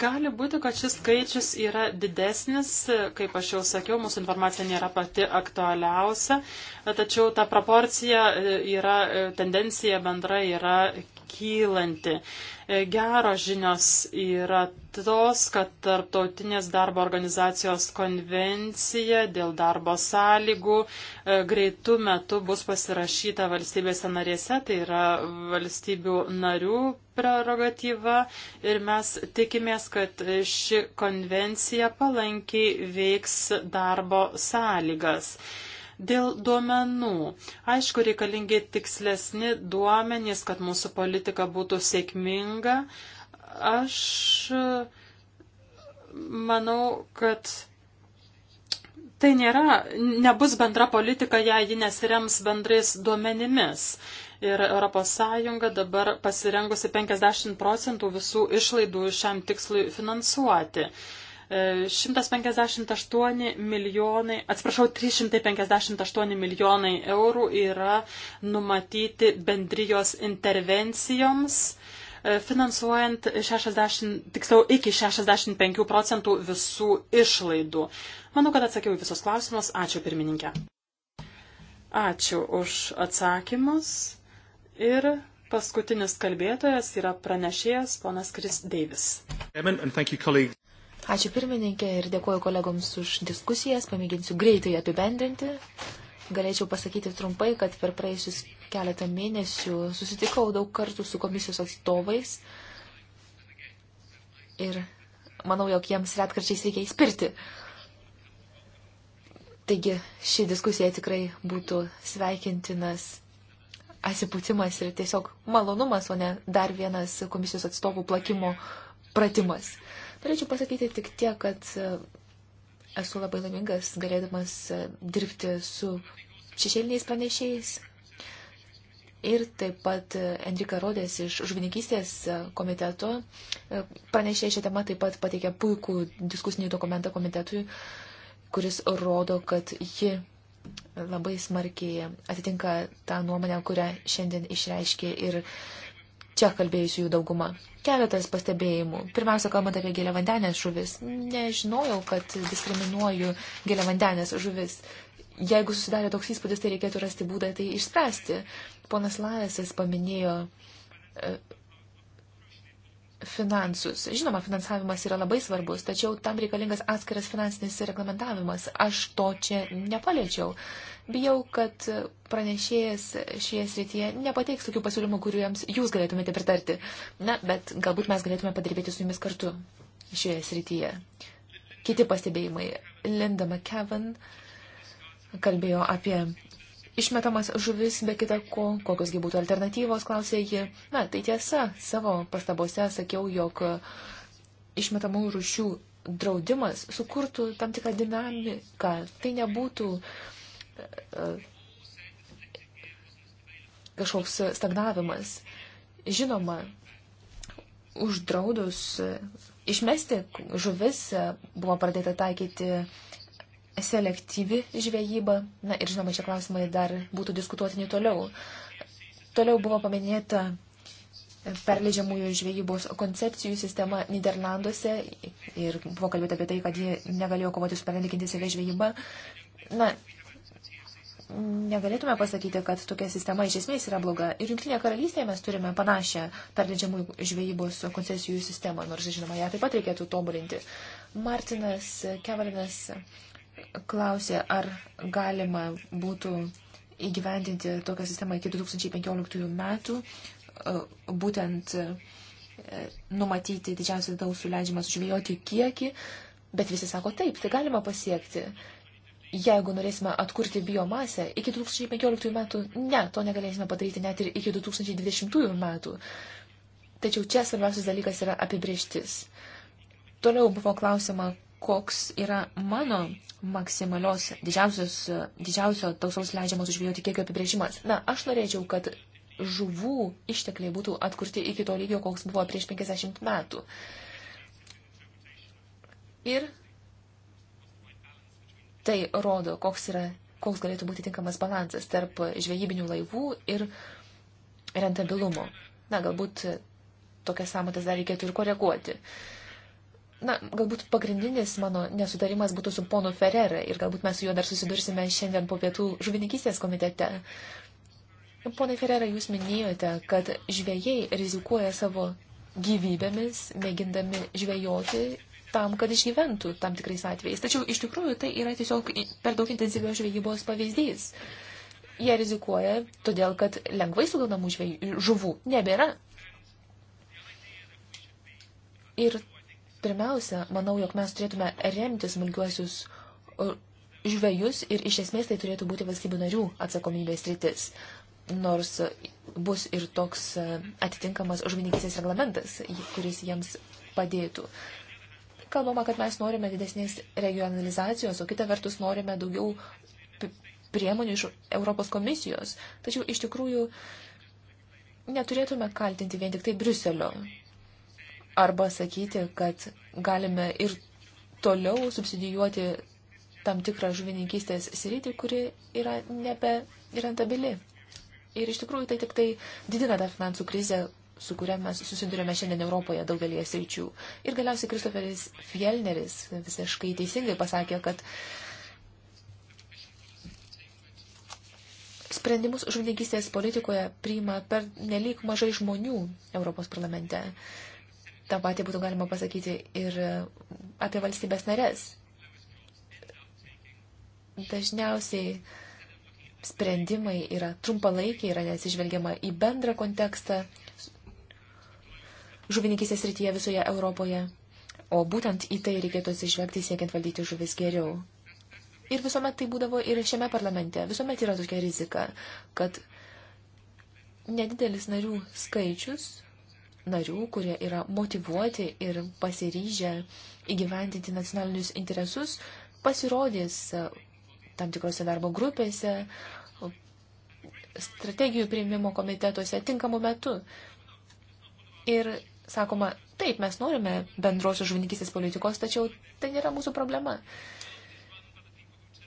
Gali būti, kad šis skaičius yra didesnis, kaip aš jau sakiau, mūsų informacija nėra pati aktualiausia, tačiau ta proporcija e, yra, e, tendencija bendra yra kylanti. E, geros žinios yra tos, kad Tarptautinės darbo organizacijos konvencija dėl darbo sąlygų e, greitų metų bus pasirašyta valstybėse narėse, tai yra valstybių narių prerogatyva ir mes tikimės, kad ši konvencija palankiai veiks darbo sąlygas. Dėl duomenų. Aišku, reikalingi tikslesni duomenys, kad mūsų politika būtų sėkminga. Aš manau, kad tai nėra, nebus bendra politika, jei ji nesirems bendrais duomenimis. Ir ES dabar pasirengusi 50 procentų visų išlaidų šiam tikslui finansuoti. 158 milijonai, atsiprašau, 358 milijonai eurų yra numatyti bendrijos intervencijoms, e, finansuojant 60, tiksliau iki 65 procentų visų išlaidų. Manau, kad atsakiau į visus klausimus. Ačiū pirmininkė. Ačiū už atsakymus. Ir paskutinis kalbėtojas yra pranešėjas ponas Kris Deivis. Ačiū pirmininkė ir dėkuoju kolegoms už diskusijas, pamėginsiu greitai apibendrinti. Galėčiau pasakyti trumpai, kad per praėjusius keletą mėnesių susitikau daug kartų su komisijos atstovais ir manau, jog jiems retkarčiais reikia įspirti. Taigi ši diskusija tikrai būtų sveikintinas asiputimas ir tiesiog malonumas, o ne dar vienas komisijos atstovų plakimo pratimas. Norėčiau pasakyti tik tiek, kad e, esu labai laimingas galėdamas e, dirbti su šešėliniais pranešėjais. Ir taip pat e, Enrika Rodės iš žuvininkystės komiteto pranešė šią temą, taip pat pateikė puikų diskusinį dokumentą komitetui, kuris rodo, kad ji labai smarkiai atitinka tą nuomonę, kurią šiandien išreiškė ir čia kalbėjusiųjų dauguma. Keletas pastebėjimų. Pirmiausia, kalbant apie gėliavandenės žuvis. Nežinojau, kad diskriminuoju gėliavandenės žuvis. Jeigu susidarė toks įspūdis, tai reikėtų rasti būdą tai išspręsti. Ponas Lavesas paminėjo e, finansus. Žinoma, finansavimas yra labai svarbus, tačiau tam reikalingas atskiras finansinis reglamentavimas. Aš to čia nepaliečiau. Bijau, kad pranešėjas šioje srityje nepateiks tokių pasiūlymų, kuriuoms jūs galėtumėte pritarti. Na, bet galbūt mes galėtume padirbėti su jumis kartu šioje srityje. Kiti pastebėjimai. Linda McKevin kalbėjo apie išmetamas žuvis, be kita ko, kokiosgi būtų alternatyvos, klausė ji. Na, tai tiesa, savo pastabose sakiau, jog išmetamų rūšių draudimas sukurtų tam tikrą dinamiką. Tai nebūtų uh, kažkoks stagnavimas. Žinoma, uždraudus išmesti žuvis buvo pradėta taikyti selektyvi žvejyba. Na ir žinoma, šie klausimai dar būtų diskutuotini toliau. Toliau buvo paminėta perleidžiamųjų žvejybos koncepcijų sistema Niderlanduose ir buvo kalbėta apie tai, kad ji negalėjo kovoti su pernekinti save žvejyba. Na, negalėtume pasakyti, kad tokia sistema iš esmės yra bloga. Ir Junktinėje karalystėje mes turime panašią perleidžiamų žvejybos koncesijų sistemą, nors, žinoma, ją taip pat reikėtų tobulinti. Martinas Kevalinas klausė, ar galima būtų įgyvendinti tokią sistemą iki 2015 metų, e, būtent e, numatyti didžiausią dausų leidžiamą sužvėjoti kiekį, bet visi sako taip, tai galima pasiekti jeigu norėsime atkurti biomasę iki 2015 metų, ne, to negalėsime padaryti net ir iki 2020 metų. Tačiau čia svarbiausias dalykas yra apibrieštis. Toliau buvo klausima, koks yra mano maksimalios, didžiausios, didžiausio tausos leidžiamos užvėjoti kiekio apibrėžimas. Na, aš norėčiau, kad žuvų ištekliai būtų atkurti iki to lygio, koks buvo prieš 50 metų. Ir Tai rodo, koks, yra, koks galėtų būti tinkamas balansas tarp žvejybinių laivų ir rentabilumo. Na, galbūt tokias samatas dar reikėtų ir koreguoti. Na, galbūt pagrindinis mano nesutarimas būtų su ponu Ferrera ir galbūt mes su juo dar susidursime šiandien po pietų žuvininkystės komitete. Pone Ferrera, jūs minėjote, kad žvėjai rizikuoja savo gyvybėmis, mėgindami žvejoti tam, kad išgyventų tam tikrais atvejais. Tačiau iš tikrųjų tai yra tiesiog per daug intensyvios žvejybos pavyzdys. Jie rizikuoja, todėl kad lengvai sugaunamų žuvų nebėra. Ir pirmiausia, manau, jog mes turėtume remti smulkiuosius žvejus ir iš esmės tai turėtų būti valstybių narių atsakomybės rytis nors bus ir toks e, atitinkamas žuvininkystės reglamentas, kuris jiems padėtų. Kalbama, kad mes norime didesnės regionalizacijos, o kita vertus norime daugiau priemonių iš Europos komisijos. Tačiau iš tikrųjų neturėtume kaltinti vien tik tai Briuselio. Arba sakyti, kad galime ir toliau subsidijuoti tam tikrą žuvininkystės sritį, kuri yra nebe rentabili. Ir iš tikrųjų tai tik tai didina tą finansų krizę, su kuria mes susidurėme šiandien Europoje daugelie sričių. Ir galiausiai Kristoferis Fjellneris visiškai teisingai pasakė, kad sprendimus žudygystės politikoje priima per nelik mažai žmonių Europos parlamente. Ta patį būtų galima pasakyti ir apie valstybės narės. Dažniausiai sprendimai yra trumpalaikiai, yra neatsižvelgiama į bendrą kontekstą, žuvininkysės rytyje visoje Europoje. O būtent į tai reikėtų atsižvelgti siekiant valdyti žuvis geriau. Ir visuomet tai būdavo ir šiame parlamente. Visuomet yra tokia rizika, kad nedidelis narių skaičius, narių, kurie yra motivuoti ir pasiryžę įgyvendinti nacionalinius interesus, pasirodys e, tam tikrose darbo grupėse, strategijų priimimo komitetuose tinkamu metu. Ir sakoma, taip, mes norime bendrosios žuvininkystės politikos, tačiau tai nėra mūsų problema.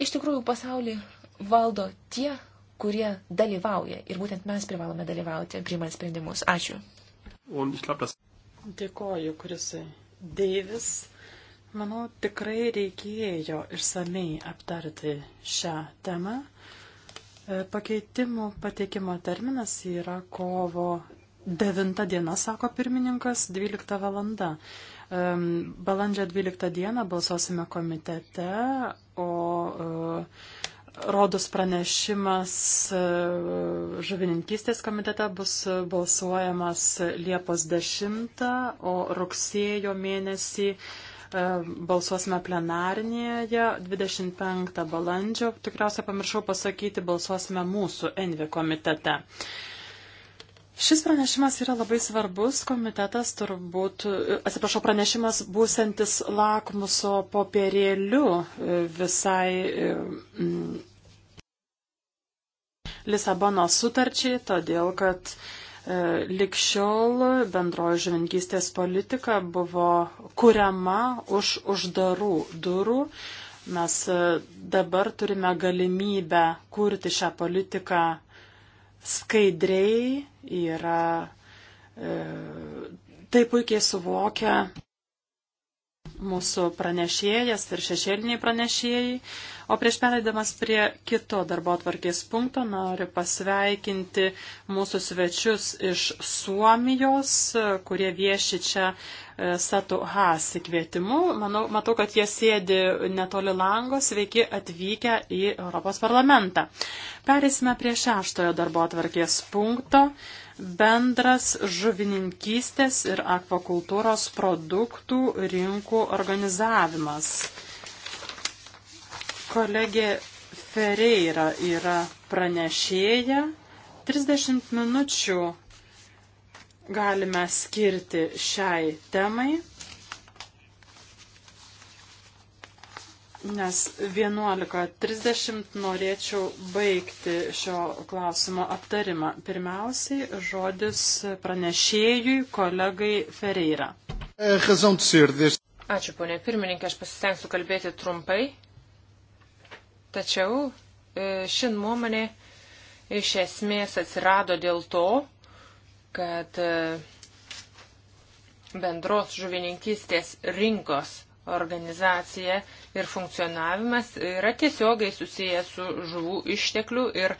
Iš tikrųjų, pasaulį valdo tie, kurie dalyvauja ir būtent mes privalome dalyvauti, priimant sprendimus. Ačiū. Dėkoju, Krisai. Deivis, manau, tikrai reikėjo išsamei aptarti šią temą. E, pakeitimų pateikimo terminas yra kovo 9 diena, sako pirmininkas, 12 valanda. Balandžio 12 dieną balsuosime komitete, o e, rodus pranešimas e, žuvininkystės komitete bus balsuojamas Liepos 10, o rugsėjo mėnesį e, balsuosime plenarinėje 25 balandžio. Tikriausiai pamiršau pasakyti, balsuosime mūsų Envi komitete. Šis pranešimas yra labai svarbus, komitetas turbūt, atsiprašau, pranešimas būsantis lakmuso popierėliu e, visai e, mm, Lisabono sutarčiai, todėl kad e, likščiol bendroji žuvininkystės politika buvo kuriama už uždarų durų. Mes dabar turime galimybę kurti šią politiką skaidriai, yra, e, tai puikiai suvokia mūsų pranešėjas ir šešėliniai pranešėjai. O prieš perėdamas prie kito darbo atvarkės punkto noriu pasveikinti mūsų svečius iš Suomijos, kurie vieši čia e, Satu Hasi kvietimu. Manau, matau, kad jie sėdi netoli lango, sveiki atvykę į Europos parlamentą. Perėsime prie šeštojo darbo atvarkės punkto bendras žuvininkystės ir akvakultūros produktų rinkų organizavimas. Kolegė Ferreira yra pranešėja. 30 minučių galime skirti šiai temai. nes 11.30 norėčiau baigti šio klausimo aptarimą. Pirmiausiai žodis pranešėjui kolegai Ferreira. Ačiū, ponė pirmininkė, aš pasistengsiu kalbėti trumpai. Tačiau e, ši nuomonė iš esmės atsirado dėl to, kad e, bendros žuvininkystės rinkos organizacija ir funkcionavimas yra tiesiogiai susijęs su žuvų išteklių ir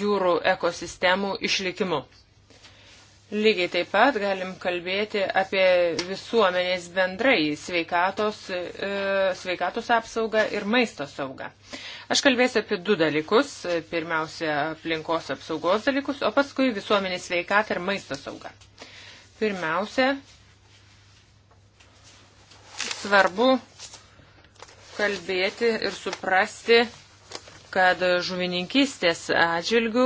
jūrų ekosistemų išlikimu. Lygiai taip pat galim kalbėti apie visuomenės bendrai sveikatos, e, sveikatos apsaugą ir maisto saugą. Aš kalbėsiu apie du dalykus. Pirmiausia, aplinkos apsaugos dalykus, o paskui visuomenės sveikatą ir maisto saugą. Pirmiausia, svarbu kalbėti ir suprasti, kad žuvininkystės atžvilgių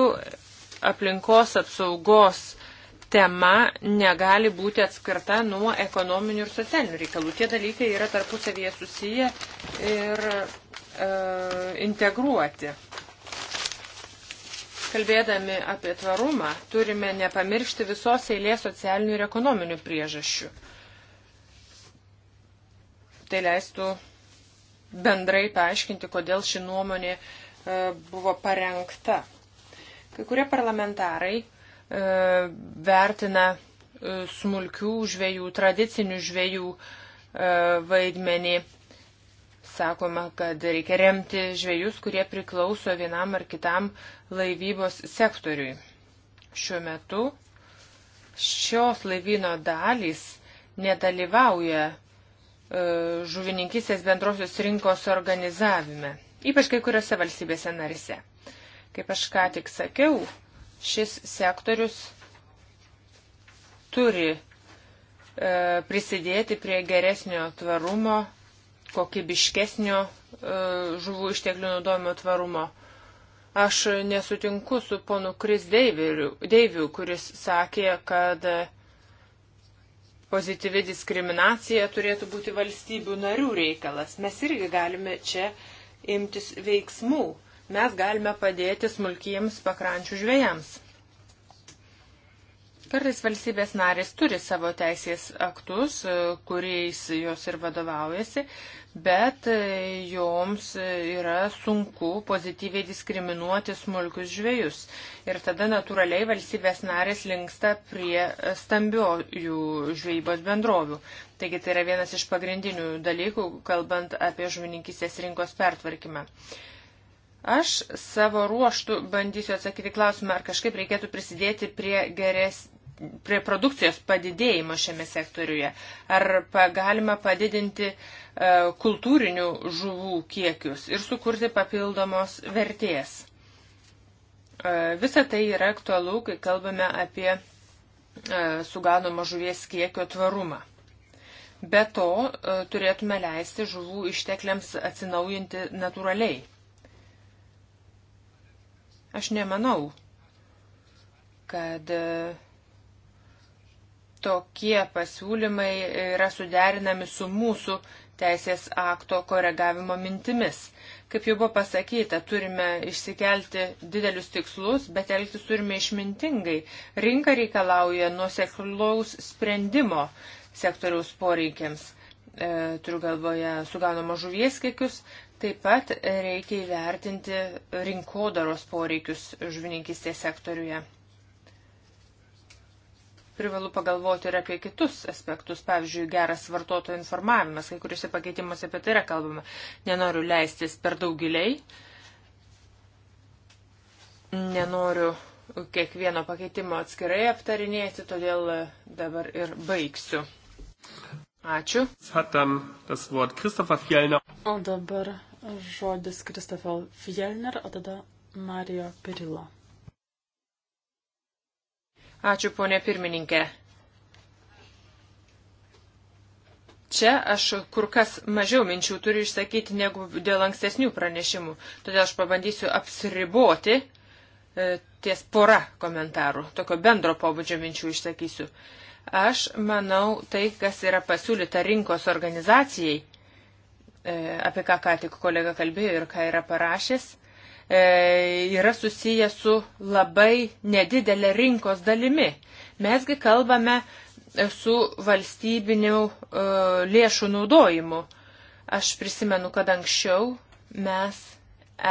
aplinkos apsaugos tema negali būti atskirta nuo ekonominių ir socialinių reikalų. Tie dalykai yra tarpusavėje susiję ir e, integruoti. Kalbėdami apie tvarumą, turime nepamiršti visos eilės socialinių ir ekonominių priežasčių. Tai leistų bendrai paaiškinti, kodėl ši nuomonė e, buvo parengta. Kai kurie parlamentarai e, vertina e, smulkių žvėjų, tradicinių žvėjų vaidmenį. Sakoma, kad reikia remti žvėjus, kurie priklauso vienam ar kitam laivybos sektoriui. Šiuo metu šios laivyno dalys nedalyvauja E, žuvininkysės bendrosios rinkos organizavime, ypač kai kuriuose valstybėse narise. Kaip aš ką tik sakiau, šis sektorius turi e, prisidėti prie geresnio tvarumo, kokybiškesnio e, žuvų išteklių naudojimo tvarumo. Aš nesutinku su ponu Kris Deiviu, kuris sakė, kad e, pozityvi diskriminacija turėtų būti valstybių narių reikalas. Mes irgi galime čia imtis veiksmų. Mes galime padėti smulkiems pakrančių žvėjams. Kartais valstybės narės turi savo teisės aktus, e, kuriais jos ir vadovaujasi, bet e, joms yra sunku pozityviai diskriminuoti smulkius žvėjus. Ir tada natūraliai valstybės narės linksta prie stambiojų žvejybos bendrovių. Taigi tai yra vienas iš pagrindinių dalykų, kalbant apie žuvininkystės rinkos pertvarkymą. Aš savo ruoštų bandysiu atsakyti klausimą, ar kažkaip reikėtų prisidėti prie geres, prie produkcijos padidėjimo šiame sektoriuje? Ar pa, galima padidinti e, kultūrinių žuvų kiekius ir sukurti papildomos vertės? E, visa tai yra aktualu, kai kalbame apie e, suganomą žuvies kiekio tvarumą. Be to, e, turėtume leisti žuvų ištekliams atsinaujinti natūraliai. Aš nemanau, kad e, tokie pasiūlymai yra suderinami su mūsų teisės akto koregavimo mintimis. Kaip jau buvo pasakyta, turime išsikelti didelius tikslus, bet elgtis turime išmintingai. Rinka reikalauja nuoseklaus sprendimo sektoriaus poreikiams. E, turiu galvoje sugaunamo žuvies kiekius, taip pat reikia įvertinti rinkodaros poreikius žuvininkistės sektoriuje privalu pagalvoti ir apie kitus aspektus, pavyzdžiui, geras vartotojų informavimas, kai kuriuose pakeitimuose apie tai yra kalbama. Nenoriu leistis per daug giliai, nenoriu kiekvieno pakeitimo atskirai aptarinėti, todėl dabar ir baigsiu. Ačiū. O dabar žodis Kristofel Fjellner, o tada Mario Pirilo. Ačiū, ponė pirmininkė. Čia aš kur kas mažiau minčių turiu išsakyti negu dėl ankstesnių pranešimų, todėl aš pabandysiu apsiriboti e, ties pora komentarų, tokio bendro pobūdžio minčių išsakysiu. Aš manau, tai, kas yra pasiūlyta rinkos organizacijai, e, apie ką ką tik kolega kalbėjo ir ką yra parašęs, E, yra susiję su labai nedidelė rinkos dalimi. Mesgi kalbame e, su valstybiniu e, lėšų naudojimu. Aš prisimenu, kad anksčiau mes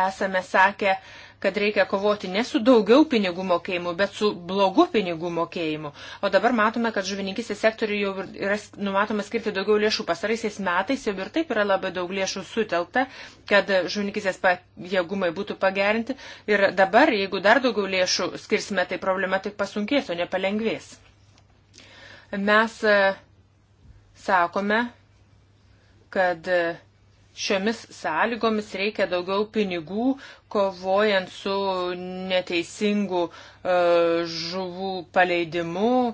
esame sakę, kad reikia kovoti ne su daugiau pinigų mokėjimu, bet su blogu pinigų mokėjimu. O dabar matome, kad žuvininkistės sektoriui jau yra numatoma skirti daugiau lėšų. Pasaraisiais metais jau ir taip yra labai daug lėšų sutelkta, kad žuvininkistės pajėgumai būtų pagerinti. Ir dabar, jeigu dar daugiau lėšų skirsime, tai problema tik pasunkės, o ne palengvės. Mes e, sakome, kad e, šiomis sąlygomis reikia daugiau pinigų, kovojant su neteisingu e, žuvų paleidimu e,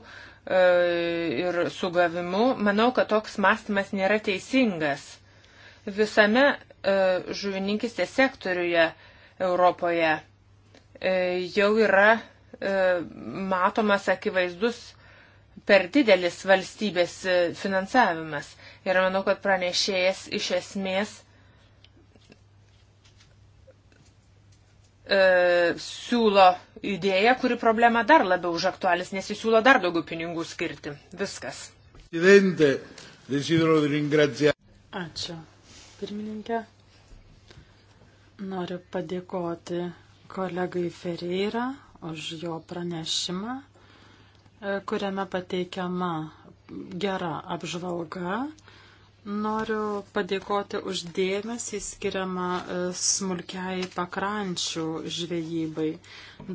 ir sugavimu. Manau, kad toks mąstymas nėra teisingas. Visame e, žuvininkistės sektoriuje Europoje jau yra matomas akivaizdus per didelis valstybės finansavimas. Ir manau, kad pranešėjas iš esmės e, siūlo idėją, kuri problemą dar labiau užaktualis, nes jis siūlo dar daugiau pinigų skirti. Viskas. Ačiū. Pirmininkė, noriu padėkoti kolegai Ferreira už jo pranešimą, e, kuriame pateikiama gera apžvalga Noriu padėkoti uždėmesį skiriamą e, smulkiai pakrančių žvejybai.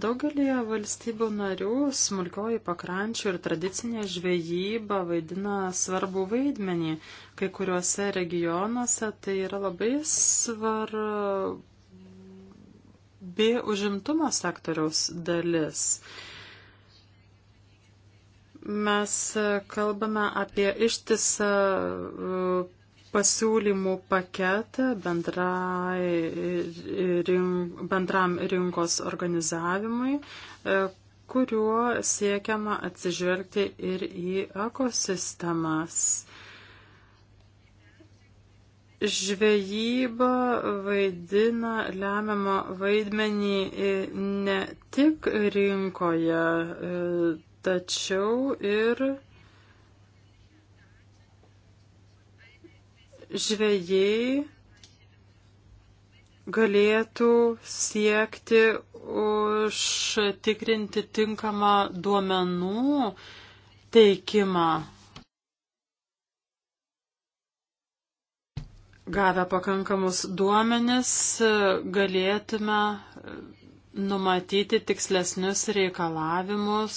Daugelėje valstybių narių smulkioji pakrančių ir tradicinė žvejyba vaidina svarbų vaidmenį. Kai kuriuose regionuose tai yra labai svarbi užimtumo sektoriaus dalis. Mes kalbame apie ištisą e, pasiūlymų paketą rink, bendram rinkos organizavimui, e, kuriuo siekiama atsižvelgti ir į ekosistemas. Žvejyba vaidina lemiamą vaidmenį e, ne tik rinkoje, tačiau ir žvėjai galėtų siekti užtikrinti tinkamą duomenų teikimą. Gavę pakankamus duomenis galėtume numatyti tikslesnius reikalavimus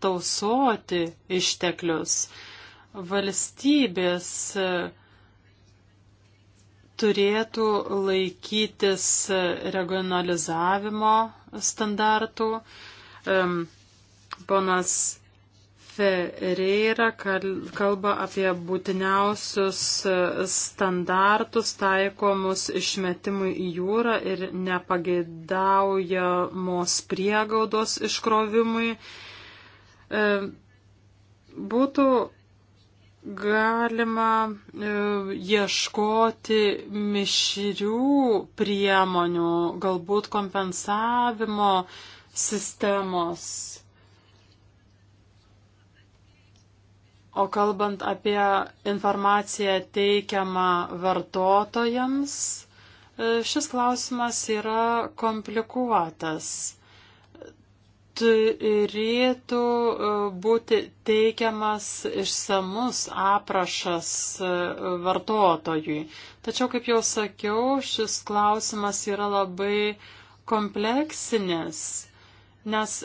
tausoti išteklius. Valstybės turėtų laikytis regionalizavimo standartų. Ponas Ferreira kalba apie būtiniausius e, standartus taikomus išmetimui į jūrą ir nepageidaujamos priegaudos iškrovimui. E, būtų galima e, ieškoti mišrių priemonių, galbūt kompensavimo sistemos O kalbant apie informaciją teikiamą vartotojams, e, šis klausimas yra komplikuotas. Turėtų e, būti teikiamas išsamus aprašas e, vartotojui. Tačiau, kaip jau sakiau, šis klausimas yra labai kompleksinis, nes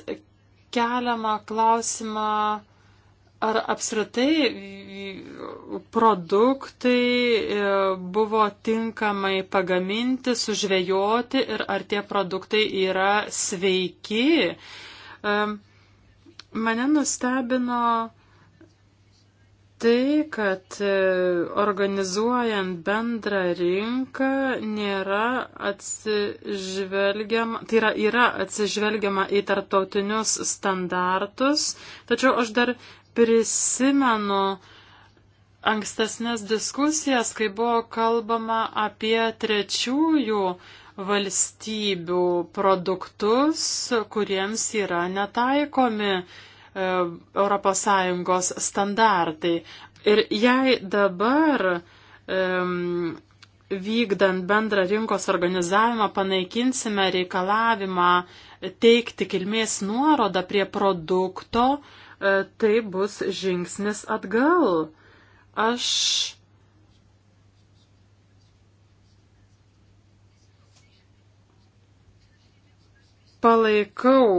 keliamą klausimą ar apskritai produktai e, buvo tinkamai pagaminti, sužvejoti ir ar tie produktai yra sveiki. E, mane nustebino tai, kad e, organizuojant bendrą rinką nėra atsižvelgiama, tai yra, yra atsižvelgiama į tarptautinius standartus, tačiau aš dar prisimenu ankstesnės diskusijas, kai buvo kalbama apie trečiųjų valstybių produktus, kuriems yra netaikomi ES standartai. Ir jei dabar um, vykdant bendrą rinkos organizavimą panaikinsime reikalavimą teikti kilmės nuorodą prie produkto, uh, E, tai bus žingsnis atgal. Aš palaikau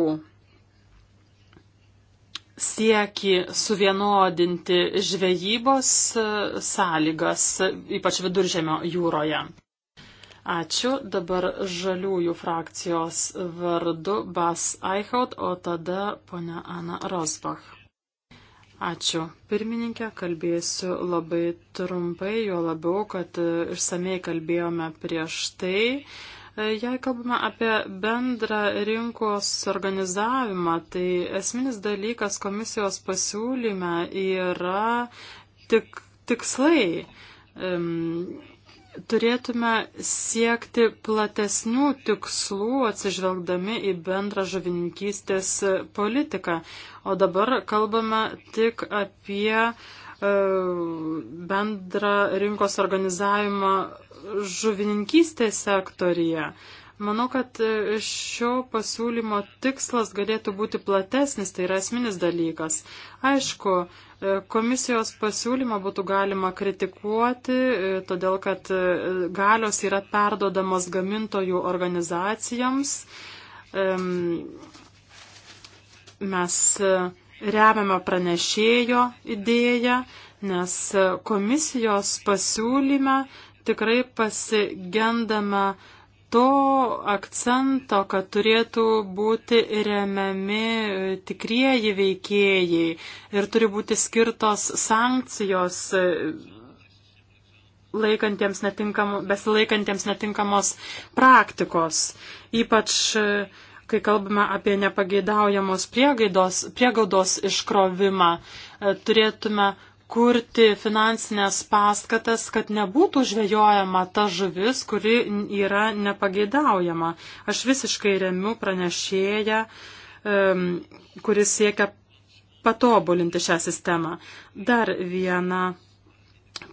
sieki suvienodinti žvejybos e, sąlygas, ypač viduržėmio jūroje. Ačiū. Dabar žaliųjų frakcijos vardu Bas Eichaut, o tada ponia Ana Rosbach. Ačiū. Pirmininkė, kalbėsiu labai trumpai, jo labiau, kad e, išsamei kalbėjome prieš tai. E, jei kalbame apie bendrą rinkos organizavimą, tai esminis dalykas komisijos pasiūlyme yra tik tikslai. Um, turėtume siekti platesnių tikslų atsižvelgdami į bendrą žuvininkystės politiką. O dabar kalbame tik apie e, bendrą rinkos organizavimą žuvininkystės sektorija. Manau, kad e, šio pasiūlymo tikslas galėtų būti platesnis, tai yra esminis dalykas. Aišku, E, komisijos pasiūlymą būtų galima kritikuoti, e, todėl kad e, galios yra perdodamos gamintojų organizacijoms. Mes remiame pranešėjo idėją, nes komisijos pasiūlyme tikrai pasigendame uh, to akcento, kad turėtų būti remiami e, tikrieji veikėjai ir turi būti skirtos sankcijos e, laikantiems netinkamo, besilaikantiems netinkamos praktikos, ypač e, kai kalbame apie nepageidaujamos priegaudos iškrovimą, turėtume kurti finansinės paskatas, kad nebūtų žvejojama ta žuvis, kuri yra nepageidaujama. Aš visiškai remiu pranešėją, kuris siekia patobulinti šią sistemą. Dar viena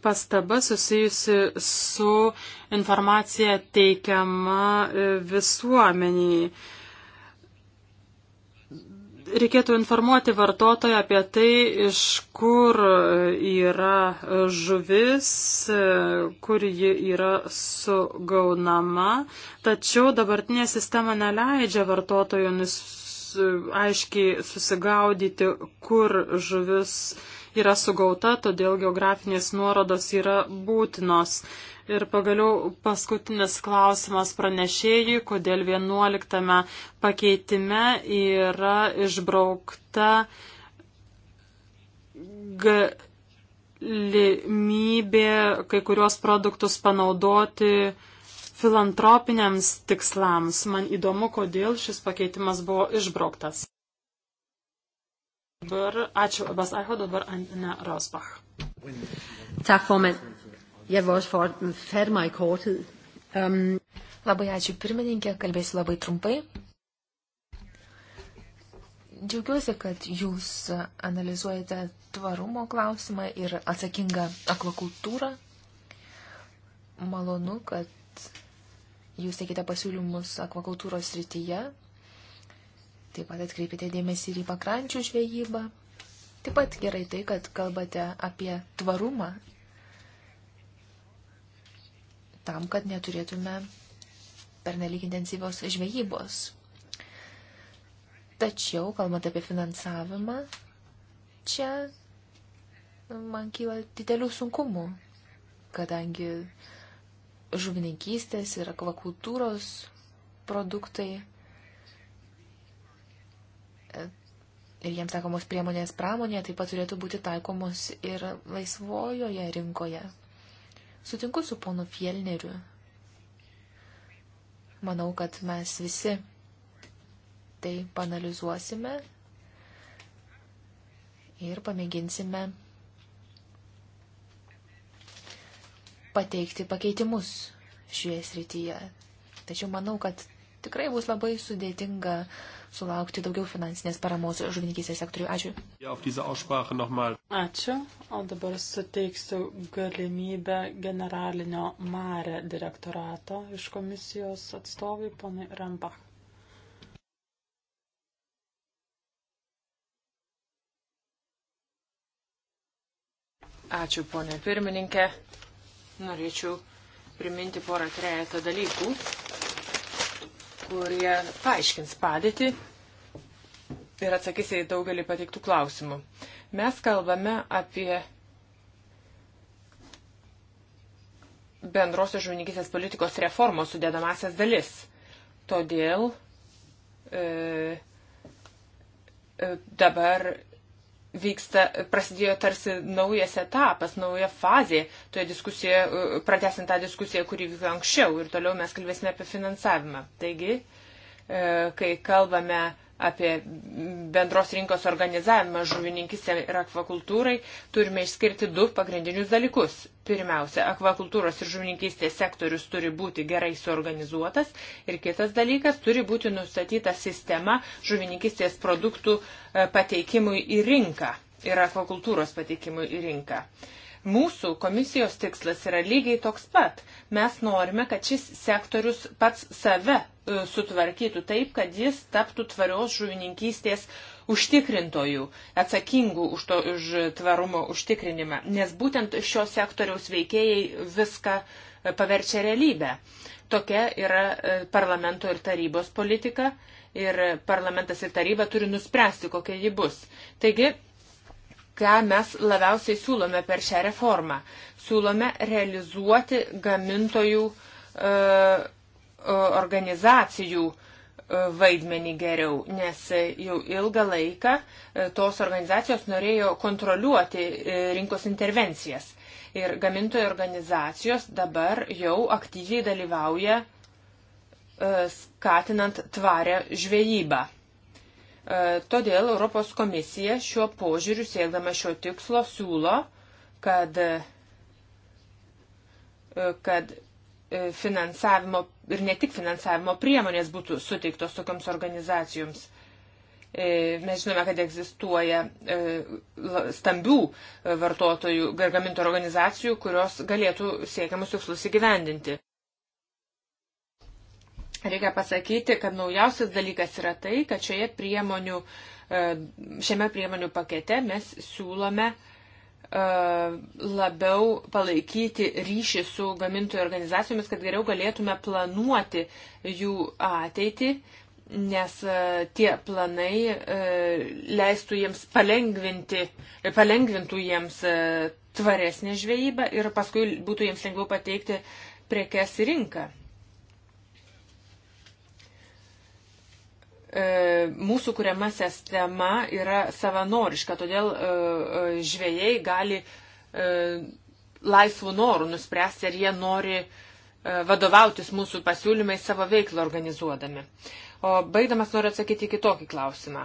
pastaba susijusi su informacija teikiama e, visuomeniai reikėtų informuoti vartotoją apie tai, iš kur yra žuvis, kur ji yra sugaunama, tačiau dabartinė sistema neleidžia vartotojų aiškiai susigaudyti, kur žuvis yra sugauta, todėl geografinės nuorodos yra būtinos. Ir pagaliau paskutinis klausimas pranešėjui, kodėl 11 pakeitime yra išbraukta galimybė kai kurios produktus panaudoti filantropiniams tikslams. Man įdomu, kodėl šis pakeitimas buvo išbrauktas. Dabar, ačiū, Abbas Aiho, dabar Antina Rosbach. Tak, moment. Jeg vil også forfatte mig i korthed. Um... Labai ačiū pirmininkė, kalbėsiu labai trumpai. Džiaugiuosi, kad jūs analizuojate tvarumo klausimą ir atsakingą akvakultūrą. Malonu, kad jūs teikite pasiūlymus akvakultūros srityje. Taip pat atkreipite dėmesį ir į pakrančių žvejybą. Taip pat gerai tai, kad kalbate apie tvarumą tam, kad neturėtume pernelyg intensyvios žvejybos. Tačiau, kalbant apie finansavimą, čia nu, man kyla didelių sunkumų, kadangi žuvininkystės ir akvakultūros produktai ir jiems taikomos priemonės pramonėje taip pat turėtų būti taikomos ir laisvojoje rinkoje. Sutinku su ponu Fielneriu. Manau, kad mes visi tai panalizuosime ir pamėginsime pateikti pakeitimus šioje srityje. Tačiau manau, kad tikrai bus labai sudėtinga uh, sulaukti daugiau finansinės paramos žuvininkystės sektoriui. Ačiū. Ačiū. O dabar suteiksiu galimybę generalinio Mare direktorato iš komisijos atstovai, ponai Rambach. Ačiū, ponė pirmininkė. Norėčiau priminti porą trejata dalykų, kurie paaiškins padėtį ir atsakys į daugelį pateiktų klausimų. Mes kalbame apie bendrosios žuvininkistės politikos reformos sudėdamasias dalis. Todėl e, e dabar vyksta, prasidėjo tarsi naujas etapas, nauja fazė toje diskusijoje, pratesant tą diskusiją, kuri vyko anksčiau ir toliau mes kalbėsime apie finansavimą. Taigi, e, kai kalbame apie bendros rinkos organizavimą žuvininkistė ir akvakultūrai, turime išskirti du pagrindinius dalykus. Pirmiausia, akvakultūros ir žuvininkistės sektorius turi būti gerai suorganizuotas ir kitas dalykas turi būti nustatyta sistema žuvininkistės produktų e, pateikimui į rinką ir akvakultūros pateikimui į rinką. Uh, Mūsų komisijos tikslas yra lygiai toks pat. Mes norime, kad šis sektorius pats save e, sutvarkytų taip, kad jis taptų tvarios žuvininkystės užtikrintojų, atsakingų už, to, už tvarumo užtikrinimą, nes būtent šio sektoriaus veikėjai viską e, paverčia realybę. Tokia yra e, parlamento ir tarybos politika ir parlamentas ir taryba turi nuspręsti, kokia ji bus. Taigi, ką mes labiausiai siūlome per šią reformą. Siūlome realizuoti gamintojų uh, organizacijų e, vaidmenį geriau, nes jau ilgą laiką tos organizacijos norėjo kontroliuoti rinkos intervencijas. Ir gamintojų organizacijos dabar jau aktyviai dalyvauja skatinant tvarę žvejybą. E, todėl Europos komisija šiuo požiūriu siekdama šio tikslo siūlo, kad, e, kad e, finansavimo ir ne tik finansavimo priemonės būtų suteiktos tokiams organizacijoms. Mes žinome, kad egzistuoja stambių vartotojų ir gamintų organizacijų, kurios galėtų siekiamus tikslus įgyvendinti. Reikia pasakyti, kad naujausias dalykas yra tai, kad šioje priemonių, e, šiame priemonių pakete mes siūlome e, labiau palaikyti ryšį su gamintojų organizacijomis, kad geriau galėtume planuoti jų ateitį, nes e, tie planai leistų jiems palengvinti, palengvintų jiems tvaresnę žvejybą ir paskui būtų jiems lengviau pateikti prekes į rinką. E, mūsų kuriama sistema yra savanoriška, todėl e, e, žvėjai gali laisvų norų nuspręsti, ar jie nori vadovautis mūsų pasiūlymai savo veiklą organizuodami. O baigdamas noriu atsakyti į kitokį klausimą.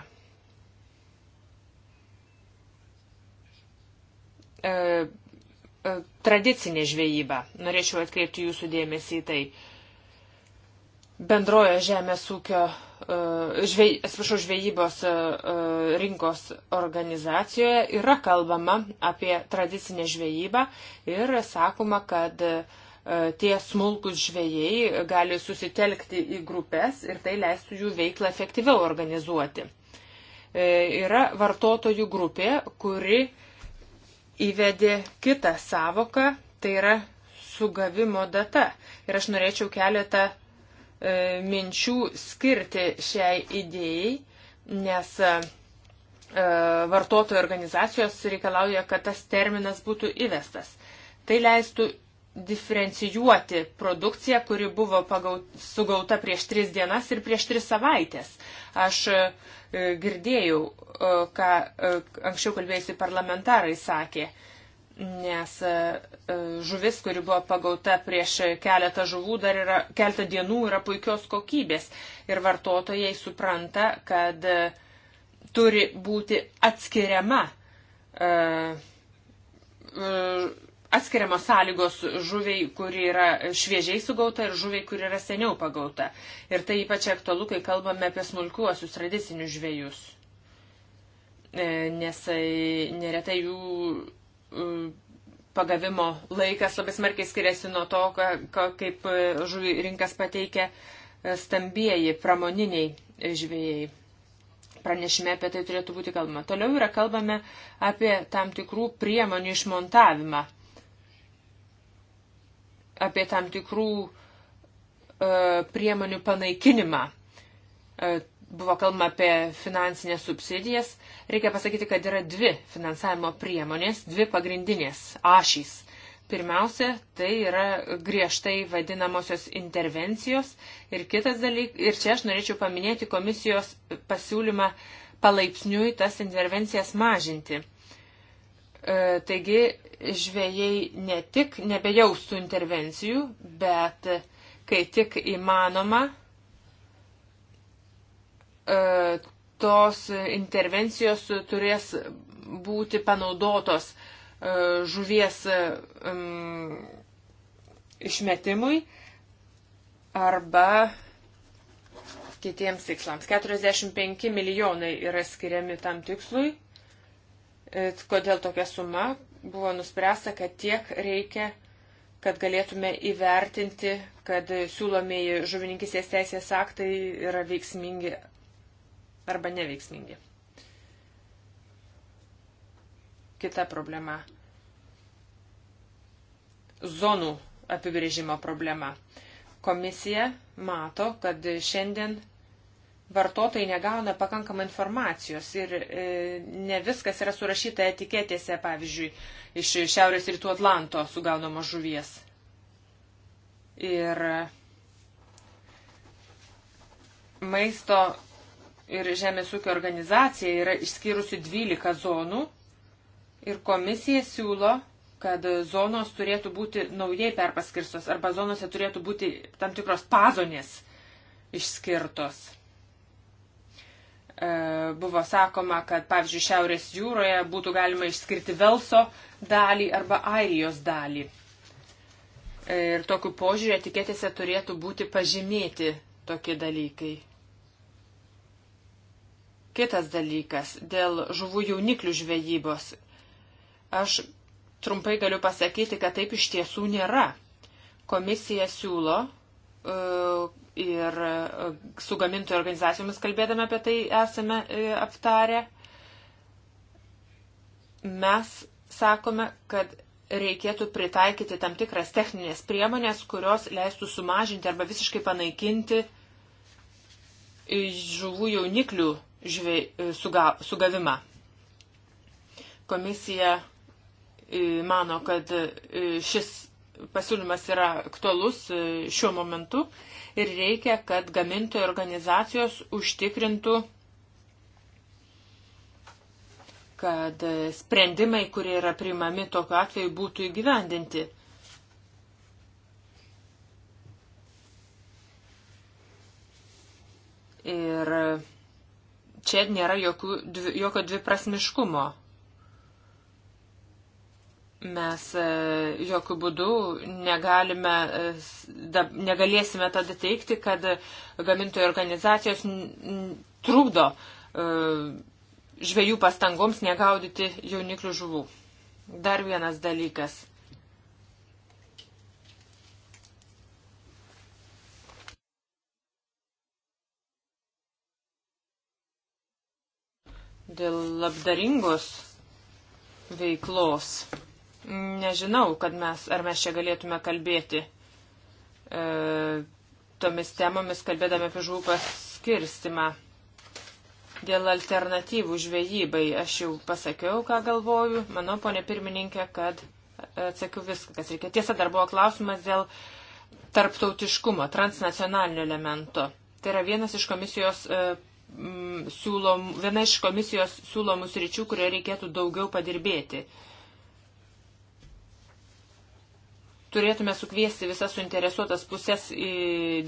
Tradicinė žvejyba. Norėčiau atkreipti jūsų dėmesį į tai. E, bendrojo žemės ūkio, e, žvej, atsiprašau, žvejybos e, e, rinkos organizacijoje yra kalbama apie tradicinę žvejybą ir sakoma, kad tie smulkus žvėjai gali susitelkti į grupės ir tai leistų jų veiklą efektyviau organizuoti. Yra vartotojų grupė, kuri įvedė kitą savoką, tai yra sugavimo data. Ir aš norėčiau keletą E, minčių skirti šiai idėjai, nes e, vartotojų organizacijos reikalauja, kad tas terminas būtų įvestas. Tai leistų diferencijuoti produkciją, kuri buvo pagaut, sugauta prieš tris dienas ir prieš tris savaitės. Aš e, girdėjau, ką anksčiau kalbėjusi parlamentarai sakė nes e, e, žuvis, kuri buvo pagauta prieš keletą žuvų, dar yra keletą dienų yra puikios kokybės ir vartotojai supranta, kad e, turi būti atskiriama, atskiriamos sąlygos žuviai, kuri yra šviežiai sugauta ir žuviai, kuri yra seniau pagauta. Ir tai ypač aktualu, kai kalbame apie smulkiuosius tradicinius žvėjus. Nes neretai jų pagavimo laikas labai smarkiai skiriasi nuo to, kaip e, žuvį rinkas pateikia e, stambieji, pramoniniai e, žvėjai. Pranešime apie tai turėtų būti kalbama. Toliau yra kalbame apie tam tikrų priemonių išmontavimą, apie tam tikrų e, priemonių panaikinimą. E, buvo kalbama apie finansinės subsidijas. E, Reikia pasakyti, kad yra dvi finansavimo priemonės, dvi pagrindinės ašys. Pirmiausia, tai yra griežtai vadinamosios intervencijos ir kitas dalykas, ir čia aš norėčiau paminėti komisijos pasiūlymą palaipsniui tas intervencijas mažinti. E, taigi žvėjai ne tik nebejaustų intervencijų, bet kai tik įmanoma, e, tos intervencijos turės būti panaudotos e, žuvies e, išmetimui arba kitiems tikslams. 45 milijonai yra skiriami tam tikslui. E, kodėl tokia suma? Buvo nuspręsta, kad tiek reikia, kad galėtume įvertinti, kad siūlomieji žuvininkisės teisės aktai yra veiksmingi arba neveiksmingi. Kita problema. Zonų apibrėžimo problema. Komisija mato, kad šiandien vartotojai negauna pakankamą informacijos ir e, ne viskas yra surašyta etiketėse, pavyzdžiui, iš Šiaurės rytų Atlanto sugaunamos žuvies. Ir maisto ir Žemės ūkio organizacija yra išskyrusi 12 zonų ir komisija siūlo, kad zonos turėtų būti naujai perpaskirstos arba zonose turėtų būti tam tikros pazonės išskirtos. E, buvo sakoma, kad pavyzdžiui Šiaurės jūroje būtų galima išskirti Velso dalį arba Airijos dalį. E, ir tokiu požiūriu etiketėse turėtų būti pažymėti tokie dalykai. Kitas dalykas - dėl žuvų jauniklių žvejybos. Aš trumpai galiu pasakyti, kad taip iš tiesų nėra. Komisija siūlo e, ir e, su gamintojų organizacijomis kalbėdami apie tai esame e, aptarę. Mes sakome, kad reikėtų pritaikyti tam tikras techninės priemonės, kurios leistų sumažinti arba visiškai panaikinti žuvų jauniklių žvė, e, suga, sugavimą. Komisija e, mano, kad e, šis pasiūlymas yra aktualus šiuo momentu ir reikia, kad gamintojų organizacijos užtikrintų, kad sprendimai, kurie yra priimami tokiu atveju, būtų įgyvendinti. Ir čia nėra jokių, jokio dviprasmiškumo. Mes e, jokių būdų negalime, e, negalėsime tada teikti, kad gamintojų organizacijos trukdo e, žvėjų pastangoms negaudyti jauniklių žuvų. Dar vienas dalykas. dėl labdaringos veiklos. Nežinau, kad mes, ar mes čia galėtume kalbėti e, tomis temomis, kalbėdami apie žuvų paskirstimą. Dėl alternatyvų žvejybai aš jau pasakiau, ką galvoju. Manau, ponė pirmininkė, kad atsakiau viską, kas reikia. Tiesa, dar buvo klausimas dėl tarptautiškumo, transnacionalinio elemento. Tai yra vienas iš komisijos e, mm, siūlom, viena iš komisijos siūlomų sričių, kurioje reikėtų daugiau padirbėti. Turėtume sukviesti visas suinteresuotas pusės į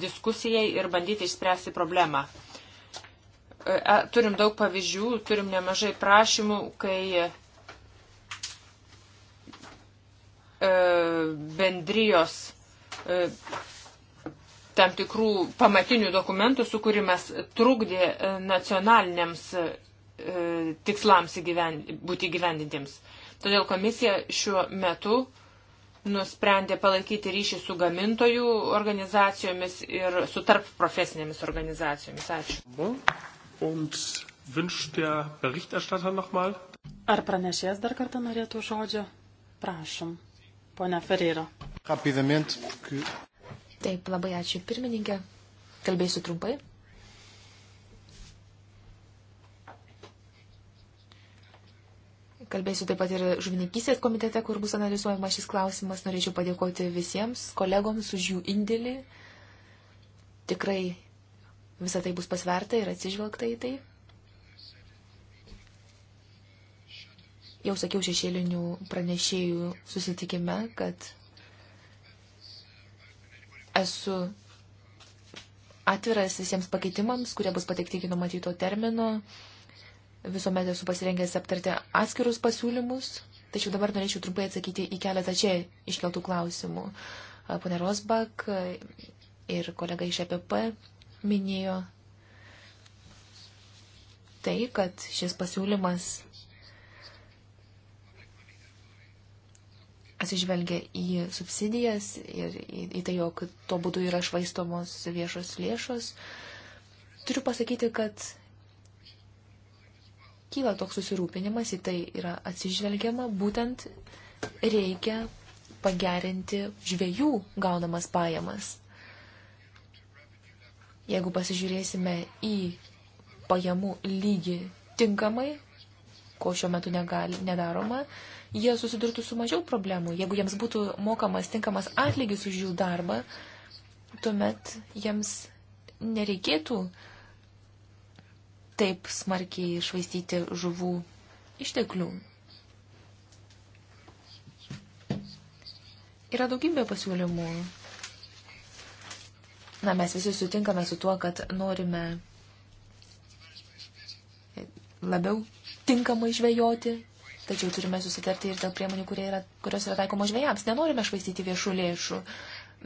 diskusijai ir bandyti išspręsti problemą. E, turim daug pavyzdžių, turim nemažai prašymų, kai e, bendrijos e, tam tikrų pamatinių dokumentų sukūrimas trukdė e, nacionaliniams e, tikslams įgyven, būti gyvendintiems. Todėl komisija šiuo metu nusprendė palaikyti ryšį su gamintojų organizacijomis ir su tarp profesinėmis organizacijomis. Ačiū. Ar pranešės dar kartą norėtų žodžio? Prašom, ponia Ferreira. Rapidamente, porque Taip, labai ačiū pirmininkė. Kalbėsiu trumpai. Kalbėsiu taip pat ir žuvininkystės komitete, kur bus analizuojama šis klausimas. Norėčiau padėkoti visiems kolegoms už jų indėlį. Tikrai visą tai bus pasverta ir atsižvelgta į tai. Jau sakiau šešėlinių pranešėjų susitikime, kad esu atviras visiems pakeitimams, kurie bus pateikti iki numatyto termino. Visuomet esu pasirengęs aptarti atskirus pasiūlymus, tačiau dabar norėčiau trumpai atsakyti į keletą čia iškeltų klausimų. Pone Rosbak ir kolega iš EPP minėjo tai, kad šis pasiūlymas atsižvelgia į subsidijas ir į, į tai, jog tuo būdu yra švaistomos viešos lėšos. Turiu pasakyti, kad kyla toks susirūpinimas, į tai yra atsižvelgiama, būtent reikia pagerinti žviejų gaunamas pajamas. Jeigu pasižiūrėsime į pajamų lygį tinkamai, ko šiuo metu negali, nedaroma, jie susidurtų su mažiau problemų. Jeigu jiems būtų mokamas tinkamas atlygis už jų darbą, tuomet jiems nereikėtų taip smarkiai išvaistyti žuvų išteklių. Yra daugybė pasiūlymų. Na, mes visi sutinkame su tuo, kad norime labiau tinkamai žvejoti, tačiau turime susitarti ir dėl priemonių, yra, kurios yra taikomos žvejams. Nenorime švaistyti viešų lėšų.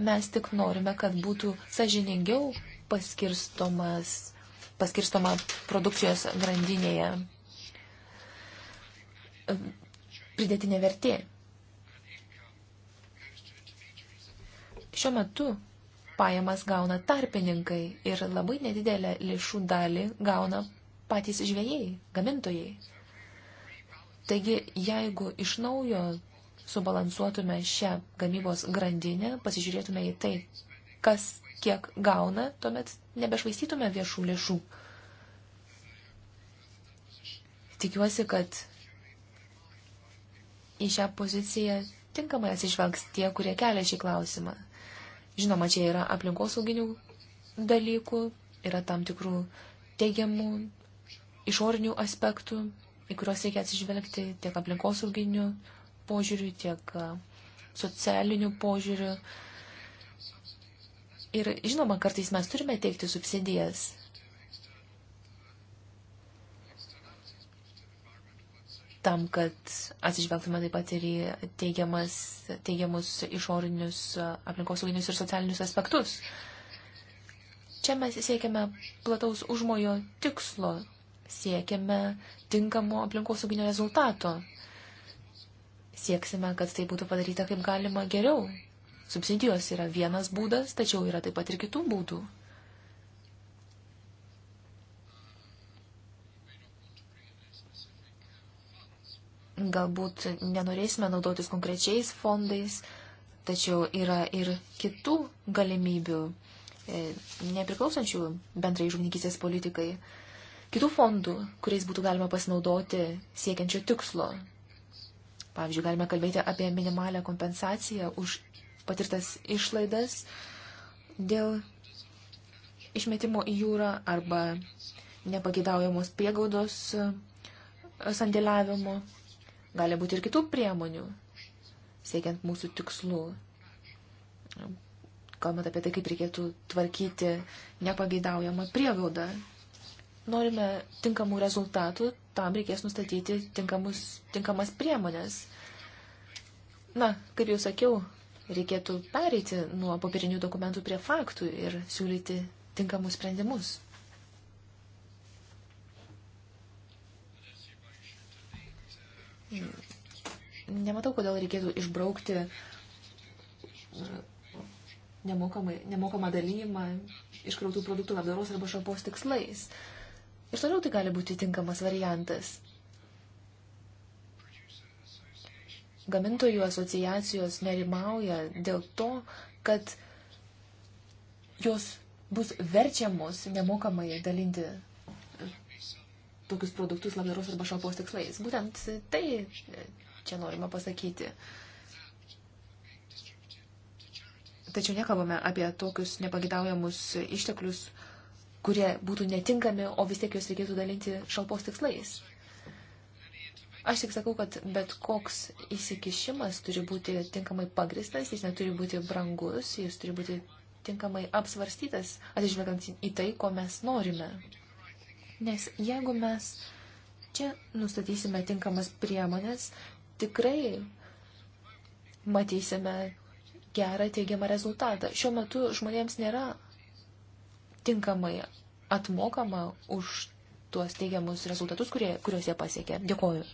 Mes tik norime, kad būtų sažiningiau paskirstomas, paskirstoma produkcijos grandinėje pridėtinė vertė. Šiuo metu pajamas gauna tarpininkai ir labai nedidelę lėšų dalį gauna patys žvėjai, gamintojai. Taigi, jeigu iš naujo subalansuotume šią gamybos grandinę, pasižiūrėtume į tai, kas kiek gauna, tuomet nebešvaistytume viešų lėšų. Tikiuosi, kad į šią poziciją tinkamai atsižvelgs tie, kurie kelia šį klausimą. Žinoma, čia yra aplinkosauginių dalykų, yra tam tikrų teigiamų išorinių aspektų, į kuriuos reikia atsižvelgti tiek aplinkosauginių požiūrių, tiek e, socialinių požiūrių. Ir žinoma, kartais mes turime teikti subsidijas. Tam, kad atsižvelgtume taip pat ir į teigiamas, teigiamus išorinius e, aplinkosauginius ir socialinius aspektus. Čia mes siekiame plataus užmojo tikslo siekiame tinkamo aplinkosauginio rezultato. Sieksime, kad tai būtų padaryta kaip galima geriau. Subsidijos yra vienas būdas, tačiau yra taip pat ir kitų būdų. Galbūt nenorėsime naudotis konkrečiais fondais, tačiau yra ir kitų galimybių, e, nepriklausančių bendrai žuvininkystės politikai kitų fondų, kuriais būtų galima pasinaudoti siekiančio tikslo. Pavyzdžiui, galime kalbėti apie minimalę kompensaciją už patirtas išlaidas dėl išmetimo į jūrą arba nepageidaujamos priegaudos e, sandėliavimo. Gali būti ir kitų priemonių, siekiant mūsų tikslų. Kalbant apie tai, kaip reikėtų tvarkyti nepageidaujamą priegaudą norime tinkamų rezultatų, tam reikės nustatyti tinkamus, tinkamas priemonės. Na, kaip jau sakiau, reikėtų pereiti nuo popierinių dokumentų prie faktų ir siūlyti tinkamus sprendimus. Nematau, kodėl reikėtų išbraukti nemokamą dalyjimą iškrautų produktų labdaros arba šalpos tikslais. Uh, Ir toliau tai gali būti tinkamas variantas. Gamintojų asociacijos nerimauja dėl to, kad jos bus verčiamos nemokamai dalinti tokius produktus labdaros arba šalpos tikslais. Būtent tai čia norima pasakyti. Tačiau nekalbame apie tokius nepagidaujamus išteklius, kurie būtų netinkami, o vis tiek juos reikėtų dalinti šalpos tikslais. Aš tik sakau, kad bet koks įsikišimas turi būti tinkamai pagristas, jis neturi būti brangus, jis turi būti tinkamai apsvarstytas, atsižvelgiant į tai, ko mes norime. Nes jeigu mes čia nustatysime tinkamas priemonės, tikrai matysime gerą teigiamą rezultatą. Šiuo metu žmonėms nėra tinkamai atmokama už tuos teigiamus rezultatus, kurie, kuriuos jie pasiekė. Dėkoju.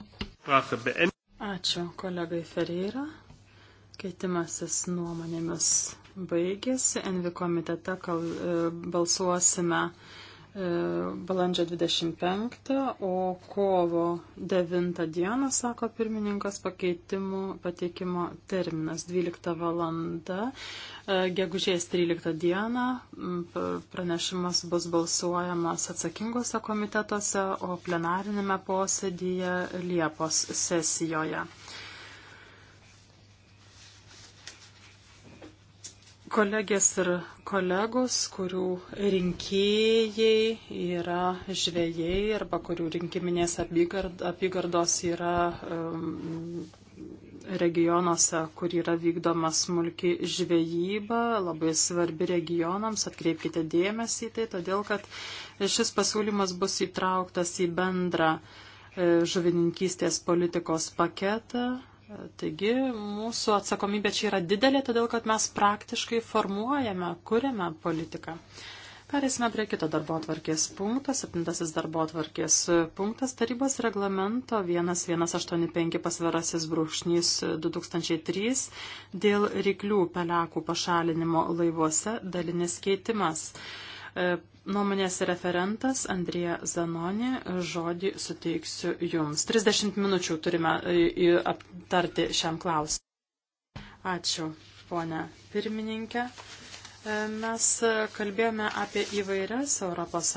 Ačiū kolegai Ferreira. Keitimasis nuomonėmis baigėsi. Envi komitete kal, e, balsuosime e, balandžio 25, o kovo 9 dieną, sako pirmininkas, pakeitimų pateikimo terminas 12 valanda. E, gegužės 13 dieną pranešimas bus balsuojamas atsakingose komitetuose, o plenarinėme posėdyje Liepos sesijoje. Kolegės ir kolegos, kurių rinkėjai yra žvėjai arba kurių rinkiminės apygard, apygardos yra um, regionuose, kur yra vykdoma smulki žvejyba, labai svarbi regionams, atkreipkite dėmesį į tai, todėl kad šis pasiūlymas bus įtrauktas į bendrą e, žuvininkystės politikos paketą. Taigi mūsų atsakomybė čia yra didelė, todėl kad mes praktiškai formuojame, kuriame politiką. Perėsime prie kito darbo atvarkės punkto, septintasis darbo atvarkės punktas, tarybos reglamento 1185 pasvirasis brūkšnys 2003 dėl ryklių pelekų pašalinimo laivuose dalinis keitimas. E, nuomonės referentas Andrija Zanonė, žodį suteiksiu Jums. 30 minučių turime e, aptarti šiam klausimui. Ačiū, ponė pirmininkė. Mes kalbėjome apie įvairias ES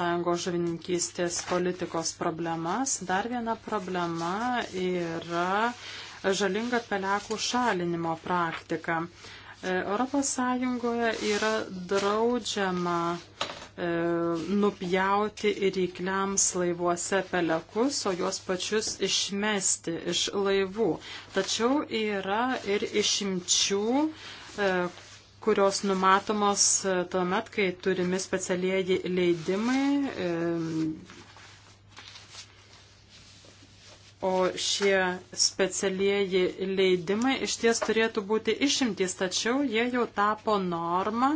žuvininkystės politikos problemas. Dar viena problema yra žalinga pelekų šalinimo praktika. ES yra draudžiama e, nupjauti rykliams laivuose pelekus, o juos pačius išmesti iš laivų. Tačiau yra ir išimčių, e, kurios numatomos e, tuomet, kai turimi specialieji leidimai. E, o šie specialieji leidimai iš ties turėtų būti išimtys, tačiau jie jau tapo norma,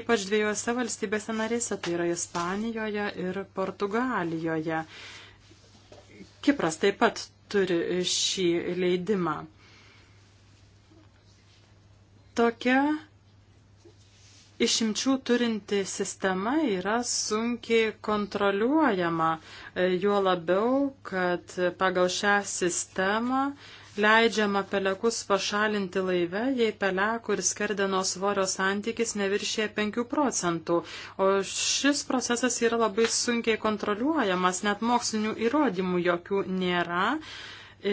ypač dviejose valstybėse narėse, tai yra Ispanijoje ir Portugalijoje. Kipras taip pat turi šį leidimą. Tokia Išimčių turinti sistema yra sunkiai kontroliuojama, e, juo labiau, kad pagal šią sistemą leidžiama pelekus pašalinti laive, jei pelekų ir skerdeno svorio santykis neviršė 5 procentų. O šis procesas yra labai sunkiai kontroliuojamas, net mokslinių įrodymų jokių nėra.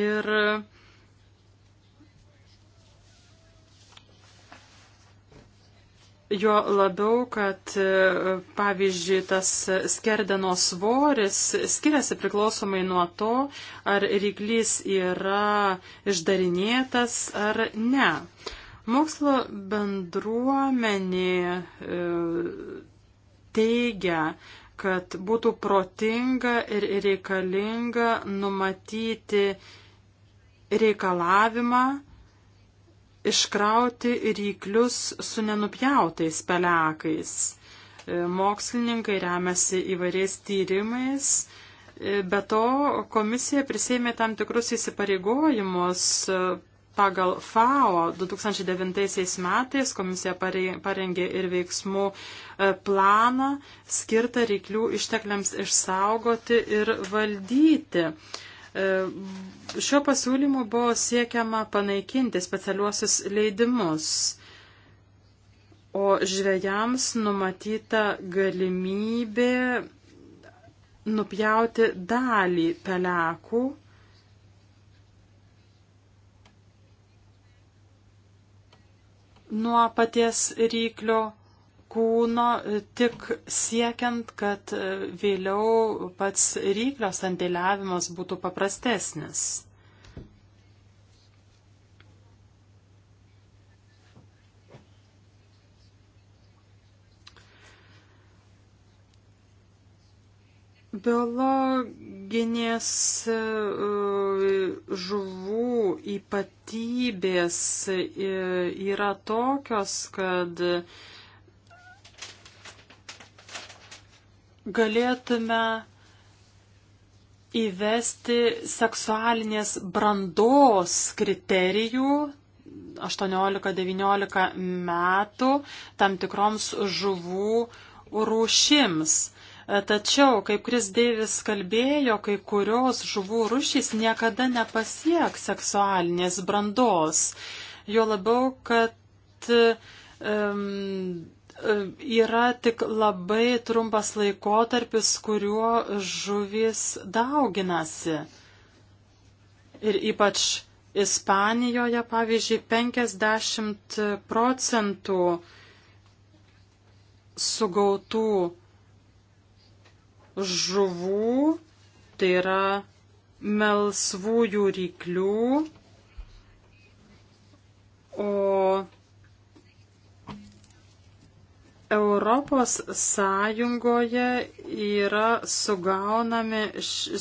Ir Jo labiau, kad e, pavyzdžiui tas skerdeno svoris skiriasi priklausomai nuo to, ar ryklys yra išdarinėtas ar ne. Mokslo bendruomenė e, teigia, kad būtų protinga ir reikalinga numatyti reikalavimą, iškrauti ryklius su nenupjautais pelekais. E, mokslininkai remiasi įvairiais tyrimais, e, be to komisija prisėmė tam tikrus įsipareigojimus e, pagal FAO 2009 metais komisija parengė ir veiksmų planą skirtą reiklių ištekliams išsaugoti ir valdyti. E, šio pasiūlymu buvo siekiama panaikinti specialiuosius leidimus, o žvėjams numatyta galimybė nupjauti dalį pelekų nuo paties ryklio kūno e, tik siekiant, kad e, vėliau pats ryklio sandėliavimas būtų paprastesnis. Biologinės e, žuvų ypatybės yra tokios, kad galėtume įvesti seksualinės brandos kriterijų 18-19 metų tam tikroms žuvų rūšims. Tačiau, kaip Kris Deivis kalbėjo, kai kurios žuvų rūšys niekada nepasieks seksualinės brandos. Jo labiau, kad um, yra tik labai trumpas laikotarpis, kuriuo žuvis dauginasi. Ir ypač Ispanijoje, pavyzdžiui, 50 procentų sugautų žuvų, tai yra melsvųjų ryklių, o Europos Sąjungoje yra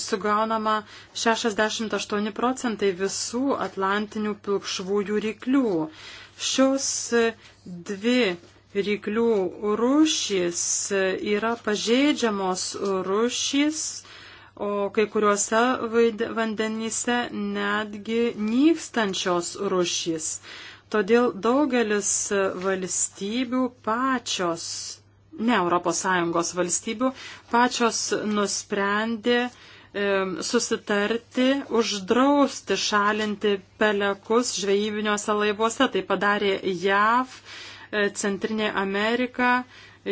sugaunama 68 procentai visų atlantinių pilkšvųjų ryklių. Šios dvi ryklių rūšys yra pažeidžiamos rūšys, o kai kuriuose vandenyse netgi nykstančios rūšys. Todėl daugelis valstybių pačios, ne ES valstybių, pačios nusprendė e, susitarti, uždrausti šalinti pelekus žvejybiniuose laivuose. Tai padarė JAV, e, Centrinė Amerika,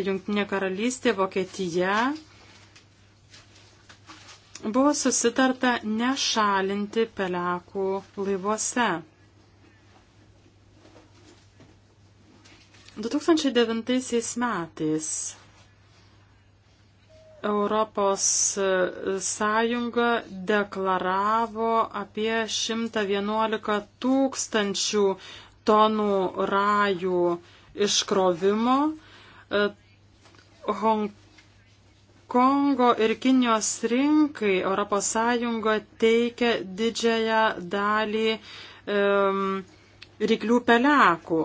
Junktinė karalystė, Vokietija. Buvo susitarta nešalinti pelekų laivuose. 2009 metais Europos e, Sąjunga deklaravo apie 111 tūkstančių tonų rajų iškrovimo. E, Honkongo ir Kinijos rinkai ES teikia didžiąją dalį um, ryklių pelekų.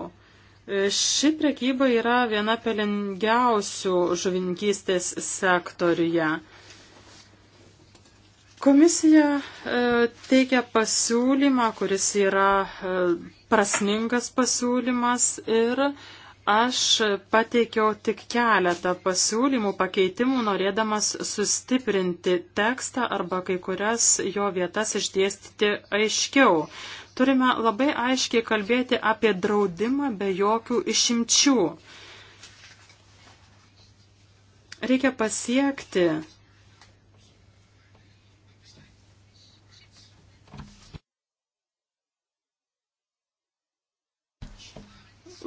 Ši prekyba yra viena pelingiausių žuvininkystės sektoriuje. Komisija e, teikia pasiūlymą, kuris yra e, prasmingas pasiūlymas ir aš pateikiau tik keletą pasiūlymų pakeitimų, norėdamas sustiprinti tekstą arba kai kurias jo vietas išdėstyti aiškiau. Turime labai aiškiai kalbėti apie draudimą be jokių išimčių. Reikia pasiekti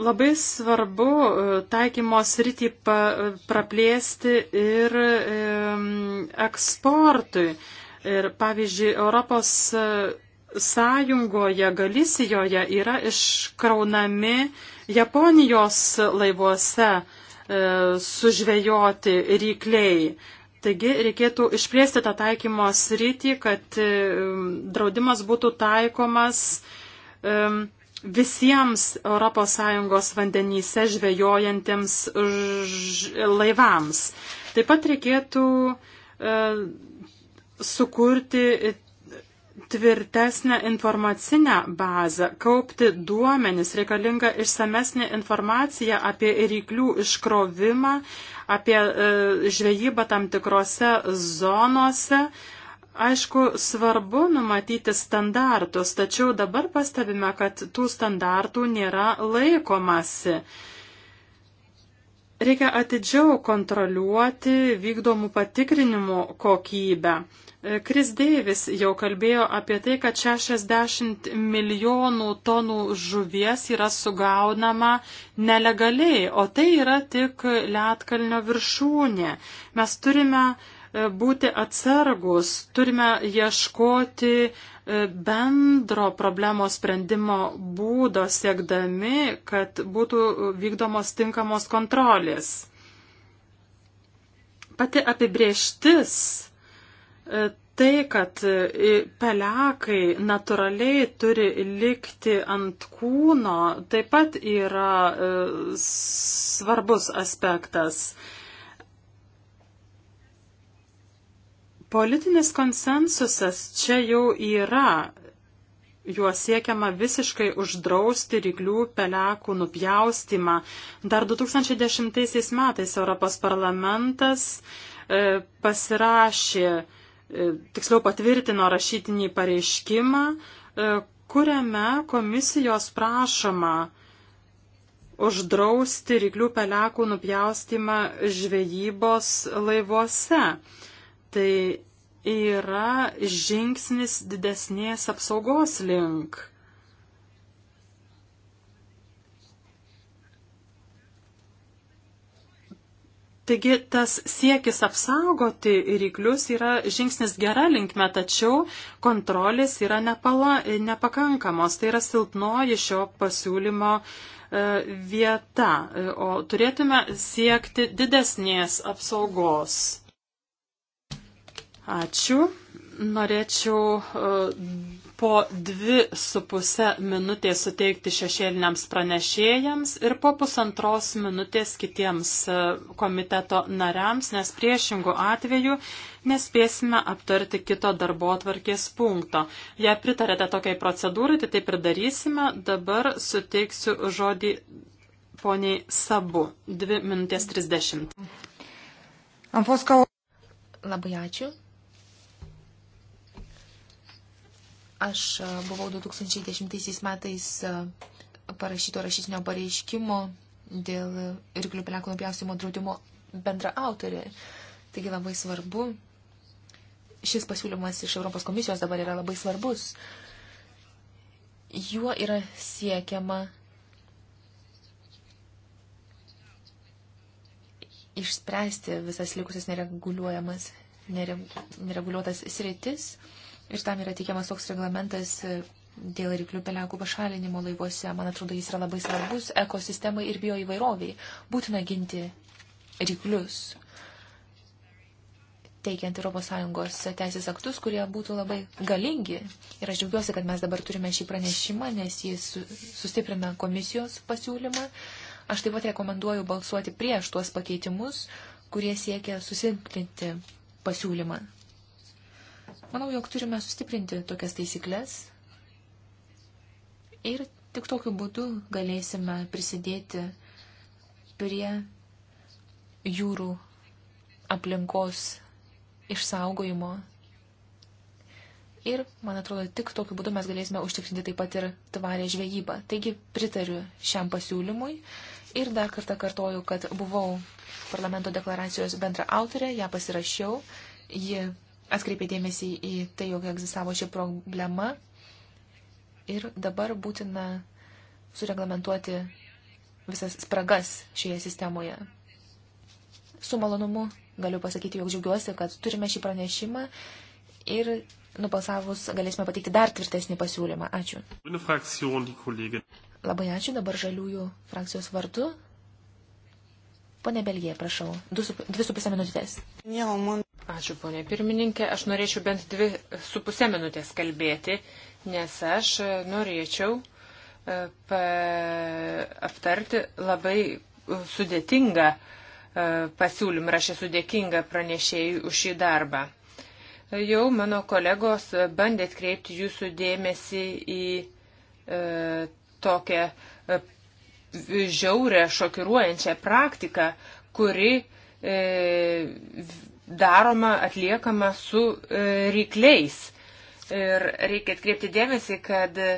labai svarbu e, taikymo sritį praplėsti ir eksportui. Ir pavyzdžiui, Europos sąjungoje Galisijoje yra iškraunami Japonijos laivuose e, sužvejoti rykliai. Taigi reikėtų išplėsti tą taikymo sritį, kad e, draudimas būtų taikomas e, visiems ES vandenyse žvejojantiems laivams. Taip pat reikėtų e, sukurti tvirtesnę informacinę bazę, kaupti duomenis, reikalinga išsamesnė informacija apie ryklių iškrovimą, apie e, žvejybą tam tikrose zonose. Aišku, svarbu numatyti standartus, tačiau dabar pastebime, kad tų standartų nėra laikomasi. Reikia atidžiau kontroliuoti vykdomų patikrinimų kokybę. Kris Deivis jau kalbėjo apie tai, kad 60 milijonų tonų žuvies yra sugaunama nelegaliai, o tai yra tik Lietkalnio viršūnė. Mes turime e, būti atsargus, turime ieškoti e, bendro problemos sprendimo būdo siekdami, kad būtų vykdomos tinkamos kontrolės. Pati apibrieštis Tai, kad e, pelekai natūraliai turi likti ant kūno, taip pat yra e, svarbus aspektas. Politinis konsensusas čia jau yra. Juo siekiama visiškai uždrausti ryklių pelekų nupjaustimą. Dar 2010 metais Europos parlamentas e, pasirašė E, tiksliau patvirtino rašytinį pareiškimą, e, kuriame komisijos prašoma uždrausti ryklių pelekų nupjaustimą žvejybos laivuose. Tai yra žingsnis didesnės apsaugos link. Taigi tas siekis apsaugoti ryklius yra žingsnis gera linkme, tačiau kontrolės yra nepala, nepakankamos. Tai yra silpnoji šio pasiūlymo e, vieta, e, o turėtume siekti didesnės apsaugos. Ačiū. Norėčiau e, po dvi su pusę minutės suteikti šešėliniams pranešėjams ir po pusantros minutės kitiems e, komiteto nariams, nes priešingų atveju nespėsime aptarti kito darbo atvarkės punkto. Jei pritarėte tokiai procedūrai, tai taip ir darysime. Dabar suteiksiu žodį poniai Sabu. 2 minutės 30. Labai ačiū. Aš e, buvau 2010 metais e, parašyto rašytinio pareiškimo dėl irklių pelekų nupjaustimo draudimo bendra autorė. Taigi labai svarbu. Šis pasiūlymas iš Europos komisijos dabar yra labai svarbus. Juo yra siekiama išspręsti visas likusias nereguliuojamas, nere, nereguliuotas sritis. Nere, Ir tam yra teikiamas toks reglamentas e, dėl ryklių pelekų pašalinimo laivuose. Man atrodo, jis yra labai svarbus ekosistemai ir bioįvairoviai. Būtina ginti ryklius, teikiant ES teisės aktus, kurie būtų labai galingi. Ir aš džiaugiuosi, kad mes dabar turime šį pranešimą, nes jis sustiprina komisijos pasiūlymą. Aš taip pat rekomenduoju balsuoti prieš tuos pakeitimus, kurie siekia susilpninti pasiūlymą. Manau, jog turime sustiprinti tokias taisyklės ir tik tokiu būdu galėsime prisidėti prie jūrų aplinkos išsaugojimo. Ir, man atrodo, tik tokiu būdu mes galėsime užtikrinti taip pat ir tvarę žvejybą. Taigi pritariu šiam pasiūlymui ir dar kartą kartoju, kad buvau parlamento deklaracijos bendra autorė, ją pasirašiau, ji atkreipė dėmesį į tai, jog egzistavo ši problema ir dabar būtina sureglamentuoti visas spragas šioje sistemoje. Su malonumu galiu pasakyti, jog džiaugiuosi, kad turime šį pranešimą ir nubalsavus galėsime pateikti dar tvirtesnį pasiūlymą. Ačiū. Labai ačiū dabar žaliųjų frakcijos vardu. Pone Belgija, prašau, 2,5 minutės. Ačiū, ponė pirmininkė. Aš norėčiau bent 2,5 minutės kalbėti, nes aš norėčiau e, aptarti labai sudėtingą e, pasiūlymą ir aš esu dėkinga pranešėjui už šį darbą. Jau mano kolegos bandė atkreipti jūsų dėmesį į e, tokią žiaurę, šokiruojančią praktiką, kuri e, daroma, atliekama su e, rykliais. Ir reikia atkreipti dėmesį, kad e,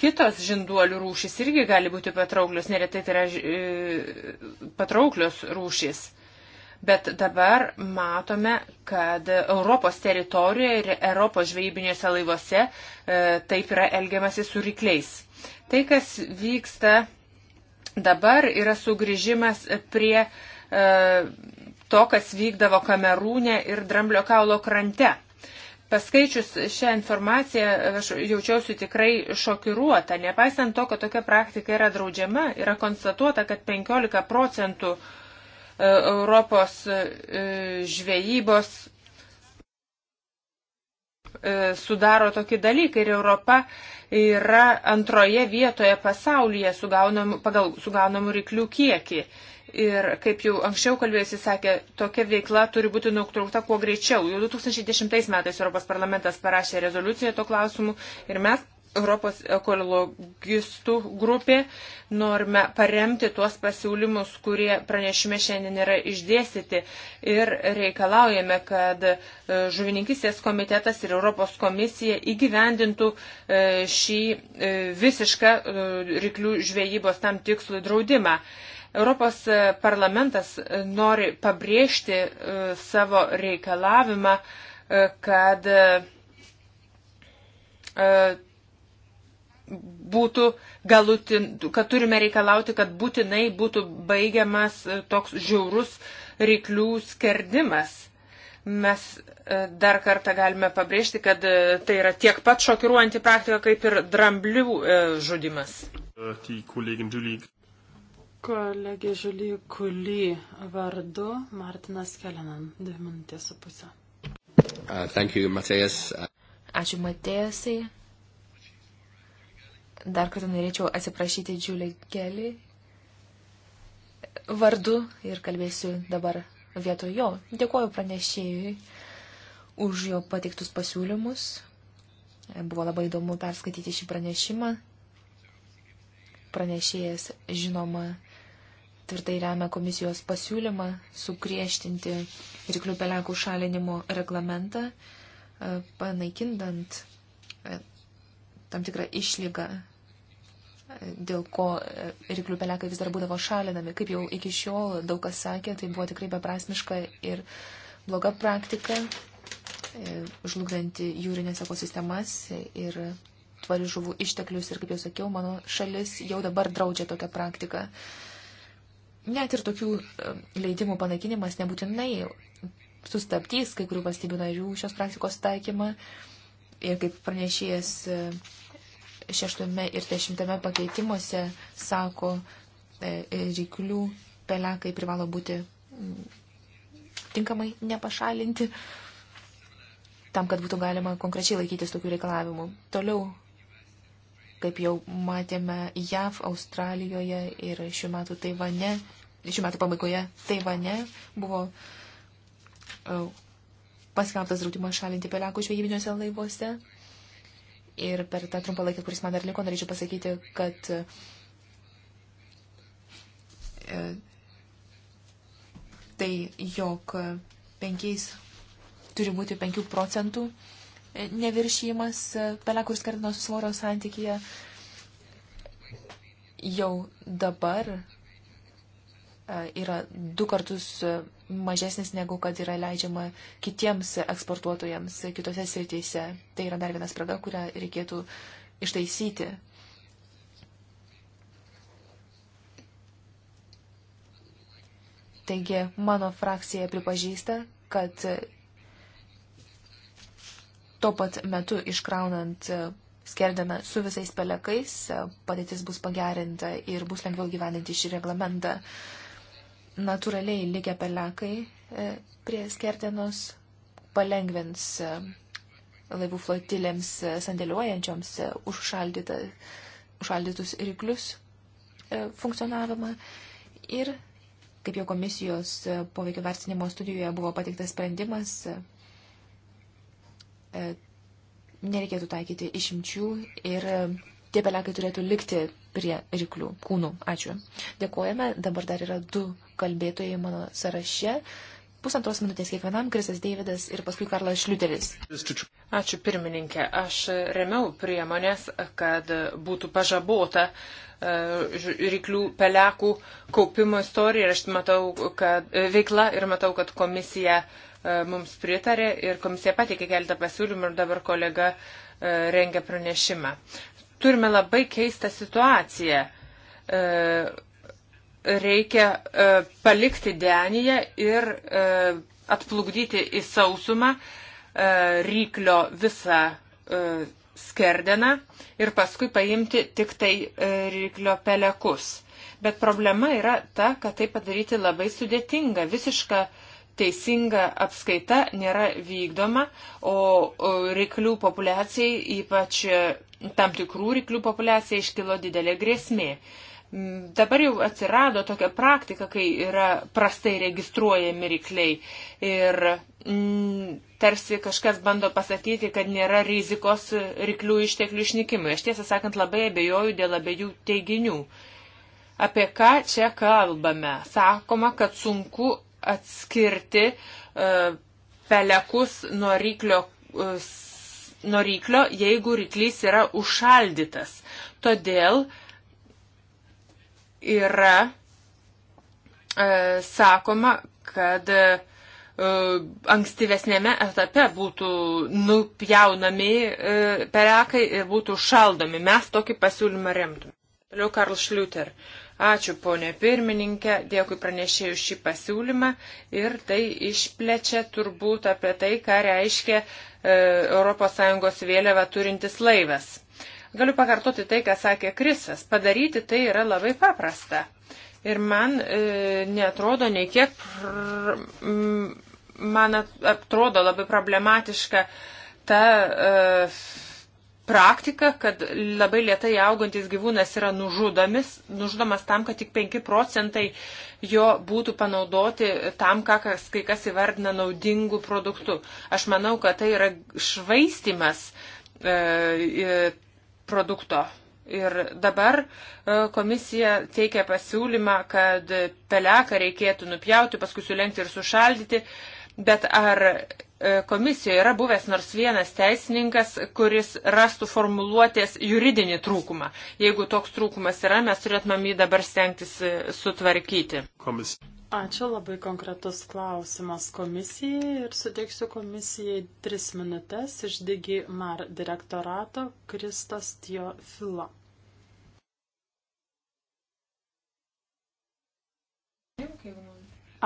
kitos žinduolių rūšys irgi gali būti patrauklios, neretai tai yra e, patrauklios rūšys. Bet dabar matome, kad Europos teritorijoje ir Europos žvejybinėse laivuose e, taip yra elgiamasi su rykliais. Tai, kas vyksta Dabar yra sugrįžimas prie e, to, kas vykdavo Kamerūne ir Dramblio kaulo krante. Paskaičius šią informaciją aš jaučiausi tikrai šokiruota. Nepaisant to, kad tokia praktika yra draudžiama, yra konstatuota, kad 15 procentų e, Europos e, žvejybos E, sudaro tokį dalyką ir Europa yra antroje vietoje pasaulyje sugaunam, pagal sugaunamų ryklių kiekį. Ir kaip jau anksčiau kalbėjusi sakė, tokia veikla turi būti nutraukta kuo greičiau. Jau 2010 metais Europos parlamentas parašė rezoliuciją to klausimu ir mes Europos ekologistų grupė. Norime paremti tuos pasiūlymus, kurie pranešime šiandien yra išdėstyti ir reikalaujame, kad e, žuvininkistės komitetas ir Europos komisija įgyvendintų e, šį e, visišką ryklių žvejybos tam tikslui draudimą. Europos parlamentas nori pabrėžti savo reikalavimą, kad būtų galutin, kad turime reikalauti, kad būtinai būtų baigiamas e, toks žiaurus ryklių skerdimas. Mes e, dar kartą galime pabrėžti, kad e, tai yra tiek pat šokiruojanti praktika, kaip ir dramblių žudimas. Kolegė Žuly Kulį vardu Martinas Kelenan, dvi minutės su pusė. Uh, you, Matėjas. Ačiū Matėjasai. Dar kartą norėčiau atsiprašyti Džiulį Kelį vardu ir kalbėsiu dabar vietoj jo. Dėkuoju pranešėjui už jo pateiktus pasiūlymus. Buvo labai įdomu perskaityti šį pranešimą. Pranešėjas, žinoma, tvirtai remia komisijos pasiūlymą sugriežtinti ryklių pelekų šalinimo reglamentą, e, panaikindant e, tam tikrą išlygą dėl ko e, ryklių pelekai vis dar būdavo šalinami. Kaip jau iki šiol daug kas sakė, tai buvo tikrai beprasmiška ir bloga praktika, e, žlugdanti jūrinės ekosistemas ir tvari žuvų išteklius. Ir kaip jau sakiau, mano šalis jau dabar draudžia tokią praktiką. Net ir tokių e, leidimų panaikinimas nebūtinai sustabdys kai kurių valstybių narių šios praktikos taikymą. Ir kaip pranešėjas šeštame ir dešimtame pakeitimuose sako, e, e, ryklių pelekai privalo būti mm, tinkamai nepašalinti, tam, kad būtų galima konkrečiai laikytis tokių reikalavimų. Toliau, kaip jau matėme JAV, Australijoje ir šiuo metu Taivane, šiuo metu pabaigoje Taivane buvo e, paskelbtas draudimas šalinti pelekų žvejybiniuose laivuose. Ir per tą trumpą laiką, kuris man dar liko, norėčiau pasakyti, kad e, tai, jog penkiais turi būti 5 procentų e, neviršymas pelekų ir skardino svorio santykyje, jau dabar E, yra du kartus mažesnis negu kad yra leidžiama kitiems eksportuotojams kitose srityse. Tai yra dar viena spraga, kurią reikėtų ištaisyti. Taigi mano frakcija pripažįsta, kad tuo pat metu iškraunant e, skerdame su visais pelekais, e, padėtis bus pagerinta ir bus lengviau gyveninti šį reglamentą. Uh, natūraliai likę pelekai e, prie skerdenos palengvins e, laivų flotilėms e, sandėliuojančioms užšaldytus ryklius funkcionavimą. Ir, kaip jau komisijos poveikio vertinimo studijoje buvo pateiktas sprendimas, nereikėtų taikyti išimčių ir tie pelenkai turėtų likti prie ryklių kūnų. Ačiū. Dėkojame. Dabar dar yra du kalbėtojai mano sąraše. Pusantros minutės kiekvienam Krisas Deividas ir paskui Karlas Šliuteris. Ačiū pirmininkė. Aš remiau priemonės, kad būtų pažabota e, ryklių pelekų kaupimo istorija ir aš matau, kad e, veikla ir matau, kad komisija e, mums pritarė ir komisija pateikė keletą pasiūlymų ir dabar kolega rengia pranešimą turime labai keistą situaciją. E, reikia e, palikti denyje ir e, atplukdyti į sausumą ryklio visą skerdeną ir paskui paimti tik tai ryklio pelekus. Bet problema yra ta, kad tai padaryti labai sudėtinga. Visiška teisinga apskaita nėra vykdoma, o ryklių populiacijai ypač tam tikrų ryklių populiacija iškilo didelė grėsmė. Dabar jau atsirado tokia praktika, kai yra prastai registruojami rykliai ir mm, tarsi kažkas bando pasakyti, kad nėra rizikos ryklių išteklių išnykimui. Aš tiesą sakant labai abejoju dėl abiejų teiginių. Apie ką čia kalbame? Sakoma, kad sunku atskirti uh, pelekus nuo ryklio uh, nuo ryklio, jeigu ryklys yra užšaldytas. Todėl yra e, sakoma, kad e, ankstyvesnėme etape būtų nupjaunami e, perekai ir būtų šaldomi. Mes tokį pasiūlymą remtume. Toliau Karl Šliuter. E, Ačiū ponė pirmininkė, dėkui pranešėjų šį pasiūlymą ir tai išplečia turbūt apie tai, ką reiškia e, ES vėliava turintis laivas. Galiu pakartoti tai, ką sakė Krisas. Padaryti tai yra labai paprasta. Ir man e, netrodo nei kiek, pr, m, man atrodo labai problematiška ta. E, praktika, kad labai lietai augantis gyvūnas yra nužudomis, nužudomas tam, kad tik 5 procentai jo būtų panaudoti tam, ką kas, kai kas įvardina naudingų produktų. Aš manau, kad tai yra švaistimas e, e produkto. Ir dabar e, komisija teikia pasiūlymą, kad peleką reikėtų nupjauti, paskui sulenkti ir sušaldyti, bet ar E, komisijoje yra buvęs nors vienas teisininkas, kuris rastų formuluotės juridinį trūkumą. Jeigu toks trūkumas yra, mes turėtumėm jį dabar stengtis e, sutvarkyti. Komis. Ačiū labai konkretus klausimas komisijai ir suteiksiu komisijai tris minutės iš Digi Mar direktorato Kristas Tio Filo.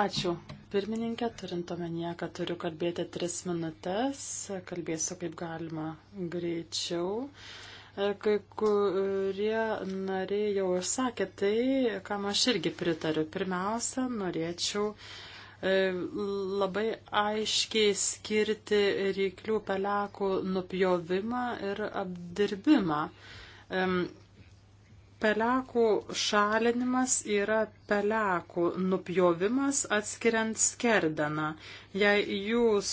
Ačiū pirmininkė, turint omenyje, kad turiu kalbėti tris minutės, kalbėsiu kaip galima greičiau. E, kai kurie nariai jau išsakė tai, kam aš irgi pritariu. Pirmiausia, norėčiau e, labai aiškiai skirti ryklių pelekų nupjovimą ir apdirbimą Pelekų šalinimas yra pelekų nupjovimas atskiriant skerdeną. Jei jūs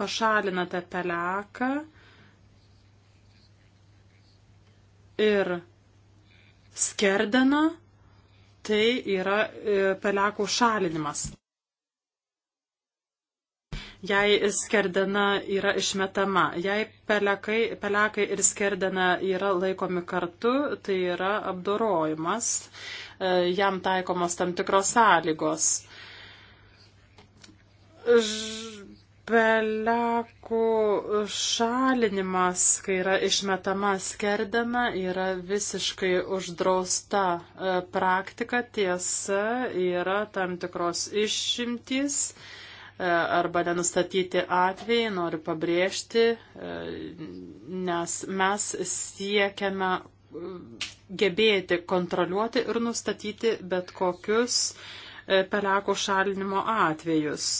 pašalinate peleką ir skerdeną, tai yra e, pelekų šalinimas jei skerdena yra išmetama. Jei pelekai, pelekai ir skerdena yra laikomi kartu, tai yra apdorojimas, e, jam taikomos tam tikros sąlygos. Ž pelekų šalinimas, kai yra išmetama skerdena, yra visiškai uždrausta e, praktika, tiesa, yra tam tikros išimtys. Iš E, arba nenustatyti atvejai, noriu pabrėžti, e, nes mes siekiame e, gebėti kontroliuoti ir nustatyti bet kokius pelekų šalinimo atvejus.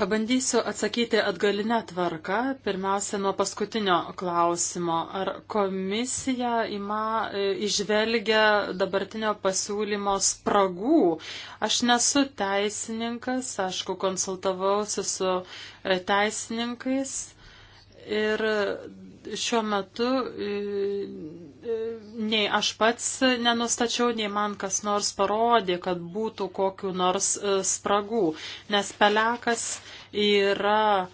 Pabandysiu atsakyti atgalinę tvarką. Pirmiausia, nuo paskutinio klausimo. Ar komisija ima, išvelgia e, dabartinio pasiūlymo spragų? Aš nesu teisininkas, aišku, konsultavausi su e, teisininkais. Ir šiuo metu e, e, nei aš pats nenustačiau, nei man kas nors parodė, kad būtų kokiu nors e, spragų, nes pelekas yra,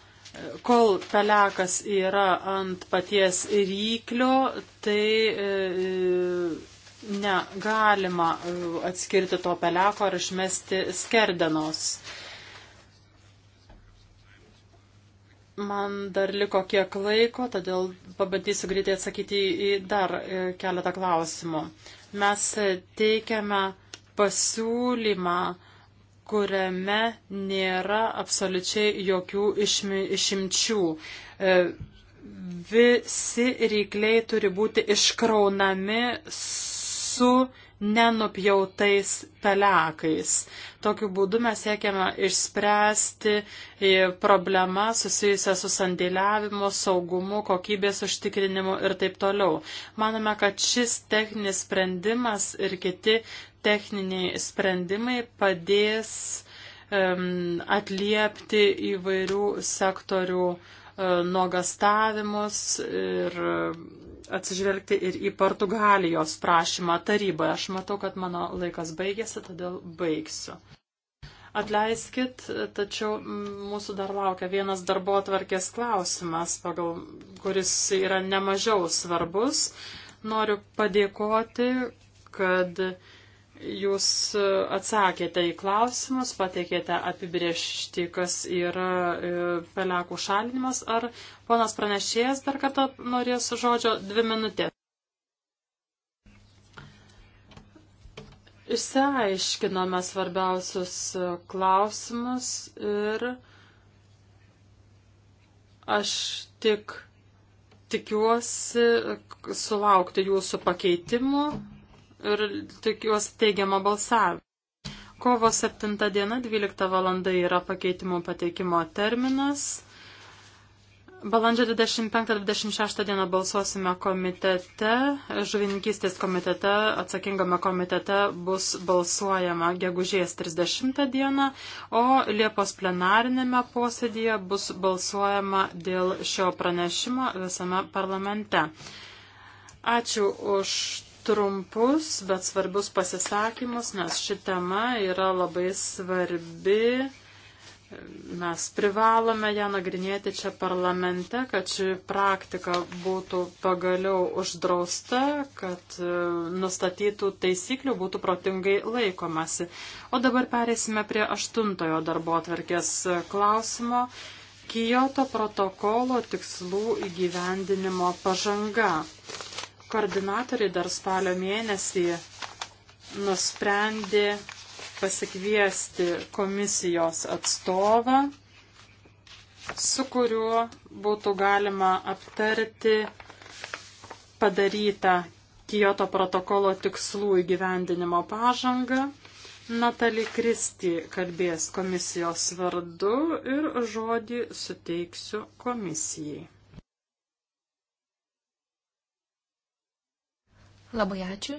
kol pelekas yra ant paties ryklio, tai negalima atskirti to peleko ar išmesti skerdenos. Man dar liko kiek laiko, todėl pabandysiu greitai atsakyti į dar e, keletą klausimų. Mes teikiame pasiūlymą, kuriame nėra absoliučiai jokių išmi, išimčių. E, visi rykliai turi būti iškraunami su nenupjautais pelekais. Tokiu būdu mes siekiame išspręsti e, problemą susijusią su sandėliavimu, saugumu, kokybės užtikrinimu ir taip toliau. Manome, kad šis techninis sprendimas ir kiti techniniai sprendimai padės um, atliepti įvairių sektorių uh, nuogastavimus ir uh, atsižvelgti ir į Portugalijos prašymą taryboje. Aš matau, kad mano laikas baigėsi, todėl baigsiu. Atleiskit, tačiau mūsų dar laukia vienas darbo atvarkės klausimas, pagal, kuris yra nemažiau svarbus. Noriu padėkoti, kad Jūs e, atsakėte į klausimus, pateikėte apibriežti, kas yra e, pelekų šalinimas. Ar ponas pranešėjas dar kartą norės žodžio dvi minutės? Išsiaiškinome svarbiausius e, klausimus ir aš tik tikiuosi sulaukti jūsų pakeitimų ir tikiuosi teigiamą balsavimą. Kovo 7 diena 12 val. yra pakeitimų pateikimo terminas. Balandžio 25-26 dieną balsuosime komitete, žuvininkystės komitete, atsakingame komitete bus balsuojama gegužės 30 dieną, o Liepos plenarinėme posėdėje bus balsuojama dėl šio pranešimo visame parlamente. Ačiū už trumpus, bet svarbius pasisakymus, nes ši tema yra labai svarbi. Mes privalome ją nagrinėti čia parlamente, kad ši praktika būtų pagaliau uždrausta, kad e, nustatytų taisyklių būtų protingai laikomasi. O dabar perėsime prie aštuntojo darbo atvarkės e, klausimo. Kijoto protokolo tikslų įgyvendinimo pažanga. Koordinatoriai dar spalio mėnesį nusprendė pasikviesti komisijos atstovą, su kuriuo būtų galima aptarti padarytą Kyoto protokolo tikslų įgyvendinimo pažangą. Natali Kristi kalbės komisijos vardu ir žodį suteiksiu komisijai. Labai ačiū.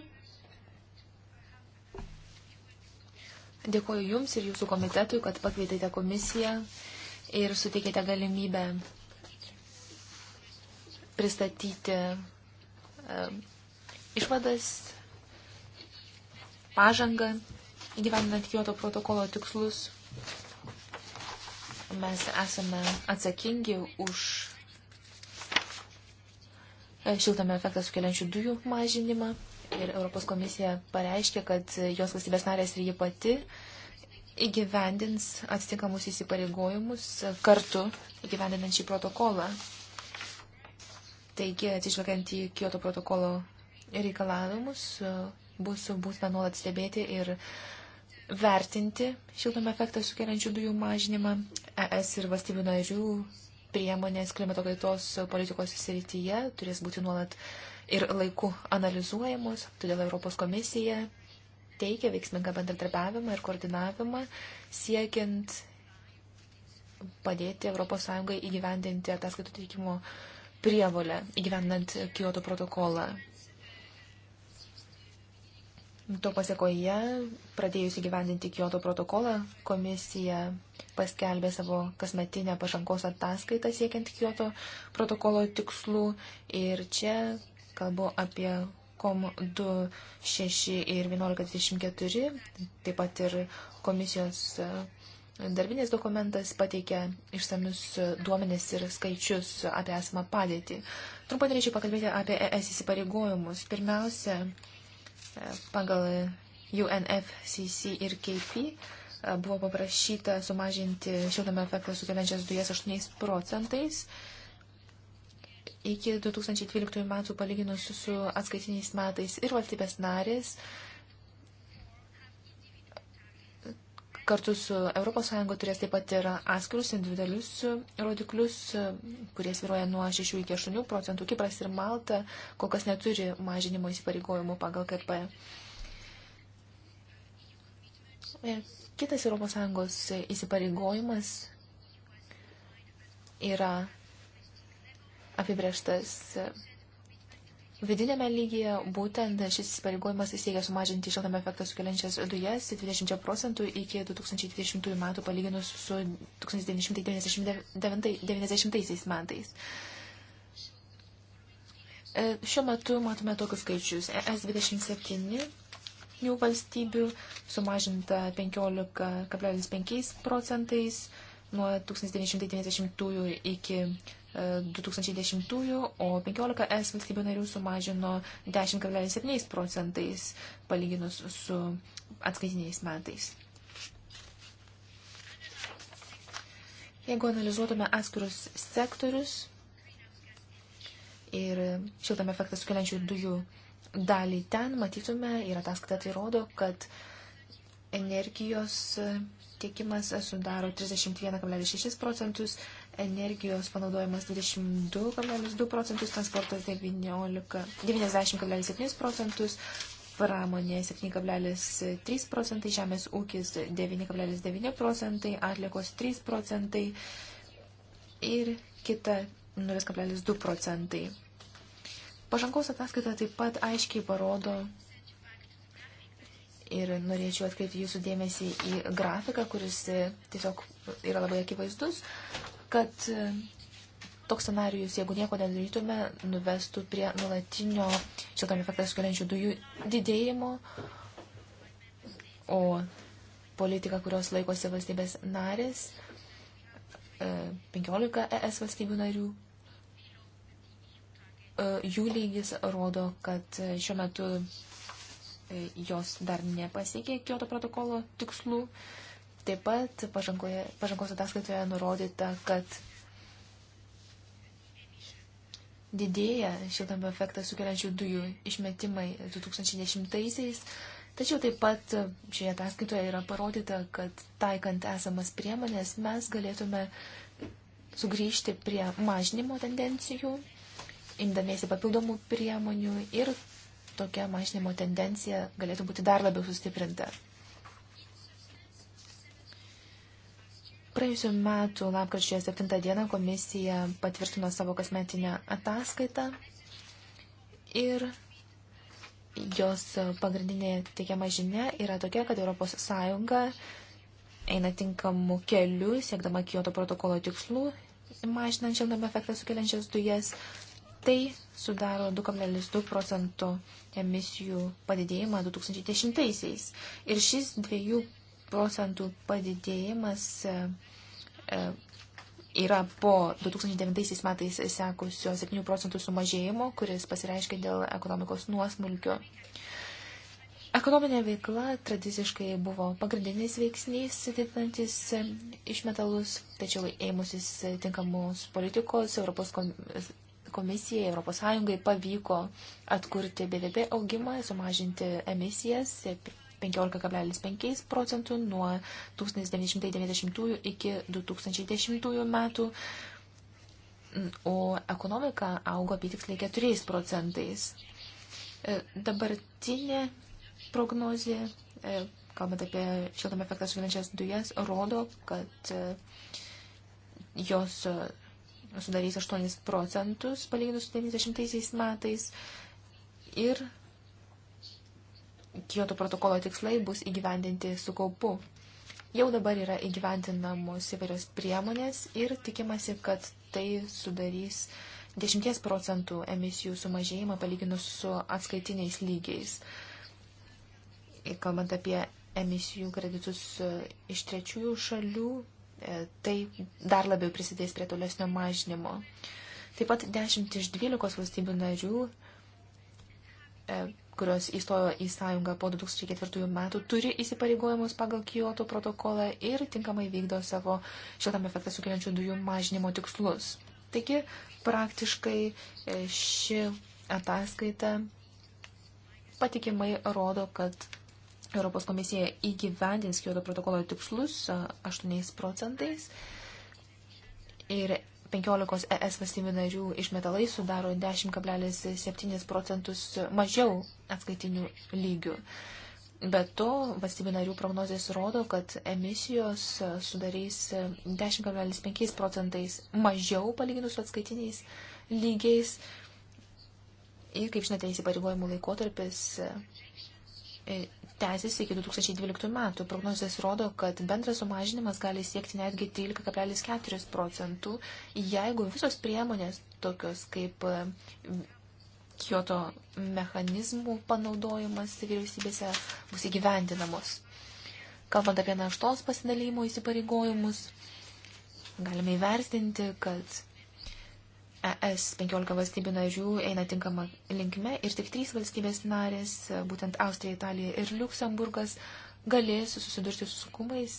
Dėkuoju Jums ir Jūsų komitetui, kad pakvietėte komisiją ir suteikėte galimybę pristatyti e, išvadas, pažangą įgyvendinant Kyoto protokolo tikslus. Mes esame atsakingi už E, šiltame efektą sukeliančių dujų mažinimą. Ir Europos komisija pareiškė, kad jos valstybės narės ir ji pati įgyvendins atitinkamus įsipareigojimus kartu įgyvendinant šį protokolą. Taigi, atsižvelgiant į Kyoto protokolo reikalavimus, bus būtina nuolat stebėti ir vertinti šiltame efektą sukeliančių dujų mažinimą. ES ir valstybių narių priemonės klimato kaitos politikos srityje turės būti nuolat ir laiku analizuojamos, todėl Europos komisija teikia veiksmingą bendradarbiavimą ir koordinavimą, siekiant padėti ES įgyvendinti ataskaitų teikimo prievolę, įgyvendinant Kyoto protokolą. To pasiekoje, pradėjus įgyvendinti Kyoto protokolą, komisija paskelbė savo kasmetinę pažangos ataskaitą siekiant Kyoto protokolo tikslų. Ir čia kalbu apie COM 2, 6 ir 1124, taip pat ir komisijos e, darbinis dokumentas pateikia išsamius duomenis ir skaičius apie esamą padėtį. Trumpai norėčiau pakalbėti apie ES įsipareigojimus. Pirmiausia, pagal UNFCC ir KP e, buvo paprašyta sumažinti šiltame efektą sukeliančias dujas 8 procentais iki 2012 metų palyginus su atskaitiniais metais ir valstybės narės Kartu su ES turės taip pat ir atskirus individualius rodiklius, kurie sviruoja nuo 6 iki 8 procentų. Kipras ir Malta kol kas neturi mažinimo įsipareigojimų pagal KP. Kitas ES įsipareigojimas yra apibrieštas Vidinėme lygyje būtent šis įsipareigojimas siekia sumažinti šiltame efektą sukeliančias dujas 20 procentų iki 2020 metų palyginus su 1990 metais. E, šiuo metu matome tokius skaičius. ES 27 jų valstybių sumažinta 15,5 procentais nuo 1990 iki 2010-ųjų, o 15 es valstybių narių sumažino 10,7 procentais palyginus su atskaitiniais metais. Jeigu analizuotume atskirus sektorius ir šiltame efektą sukeliančių dujų dalį ten, matytume ir ataskaita tai rodo, kad energijos tiekimas sudaro 31,6 procentus, energijos panaudojimas 22,2 procentus, transportas 90,7 procentus, pramonė 7,3 procentai, žemės ūkis 9,9 procentai, atlikos 3 procentai ir kita 0,2 procentai. Pažangos ataskaita taip pat aiškiai parodo ir norėčiau atkreipti jūsų dėmesį į grafiką, kuris tiesiog yra labai akivaizdus kad e, toks scenarijus, jeigu nieko nedarytume, nuvestų prie nulatinio šiltnamio efektą sukeliančių dujų didėjimo, o politika, kurios laikosi valstybės narės, 15 e, ES valstybių narių, e, jų lygis rodo, kad šiuo metu jos dar nepasiekė Kyoto protokolo tikslų. Taip pat pažangoje, pažangos ataskaitoje nurodyta, kad didėja šiltame efektą sukeliančių dujų išmetimai 2010-aisiais, tačiau taip pat šioje ataskaitoje yra parodyta, kad taikant esamas priemonės mes galėtume sugrįžti prie mažinimo tendencijų, imdamiesi papildomų priemonių ir tokia mažinimo tendencija galėtų būti dar labiau sustiprinta. Praėjusiu metu, lapkričio 7 dieną, komisija patvirtino savo kasmetinę ataskaitą ir jos pagrindinė teikiama žinia yra tokia, kad ES eina tinkamu keliu, siekdama Kyoto protokolo tikslų, mažinant šiltnamio efektą sukeliančias dujas. Tai sudaro 2,2 procentų emisijų padidėjimą 2010-aisiais. Ir šis 2 procentų padidėjimas e, e, yra po 2009 metais sekusio 7 procentų sumažėjimo, kuris pasireiškia dėl ekonomikos nuosmulkio. Ekonominė veikla tradiciškai buvo pagrindinis veiksnys didinantis išmetalus, tačiau ėmusis tinkamos politikos Europos komisijai, Europos Sąjungai pavyko atkurti BVP augimą, sumažinti emisijas 15,5 procentų nuo 1990 iki 2010 metų, o ekonomika augo apitiksliai 4 procentais. E, dabartinė prognozija, e, kalbant apie šiltame efektą sukeliančias dujas, rodo, kad e, jos sudarys 8 procentus palyginus su 90 metais ir Kyoto protokolo tikslai bus įgyvendinti su kaupu. Jau dabar yra įgyvendinamos įvairios priemonės ir tikimasi, kad tai sudarys 10 procentų emisijų sumažėjimą palyginus su atskaitiniais lygiais. Kalbant apie emisijų kreditus e, iš trečiųjų šalių, e, tai dar labiau prisidės prie tolesnio mažinimo. Taip pat 10 iš 12 valstybių narių e, kurios įstojo į sąjungą po 2004 metų, turi įsipareigojimus pagal Kyoto protokolą ir tinkamai vykdo savo šiltam efektą sukeliančių dujų mažinimo tikslus. Taigi, praktiškai e, ši ataskaita patikimai rodo, kad Europos komisija įgyvendins Kyoto protokolo tikslus 8 e, procentais ir 15 ES valstybių narių išmetalai sudaro 10,7 procentus mažiau atskaitinių lygių. Be to, valstybių narių prognozijas rodo, kad emisijos sudarys 10,5 procentais mažiau palyginus su atskaitiniais lygiais. Ir, kaip žinote, įsipareigojimų laikotarpis tęsis iki 2012 metų. Prognozijas rodo, kad bendras sumažinimas gali siekti netgi 13,4 procentų, jeigu visos priemonės, tokios kaip e, kioto mechanizmų panaudojimas vyriausybėse, bus įgyvendinamos. Kalbant apie naštos pasidalymo įsipareigojimus, galime įvertinti, kad ES 15 valstybių narių eina tinkama linkme ir tik 3 valstybės narės, būtent Austrija, Italija ir Luksemburgas, galės susidurti su sunkumais,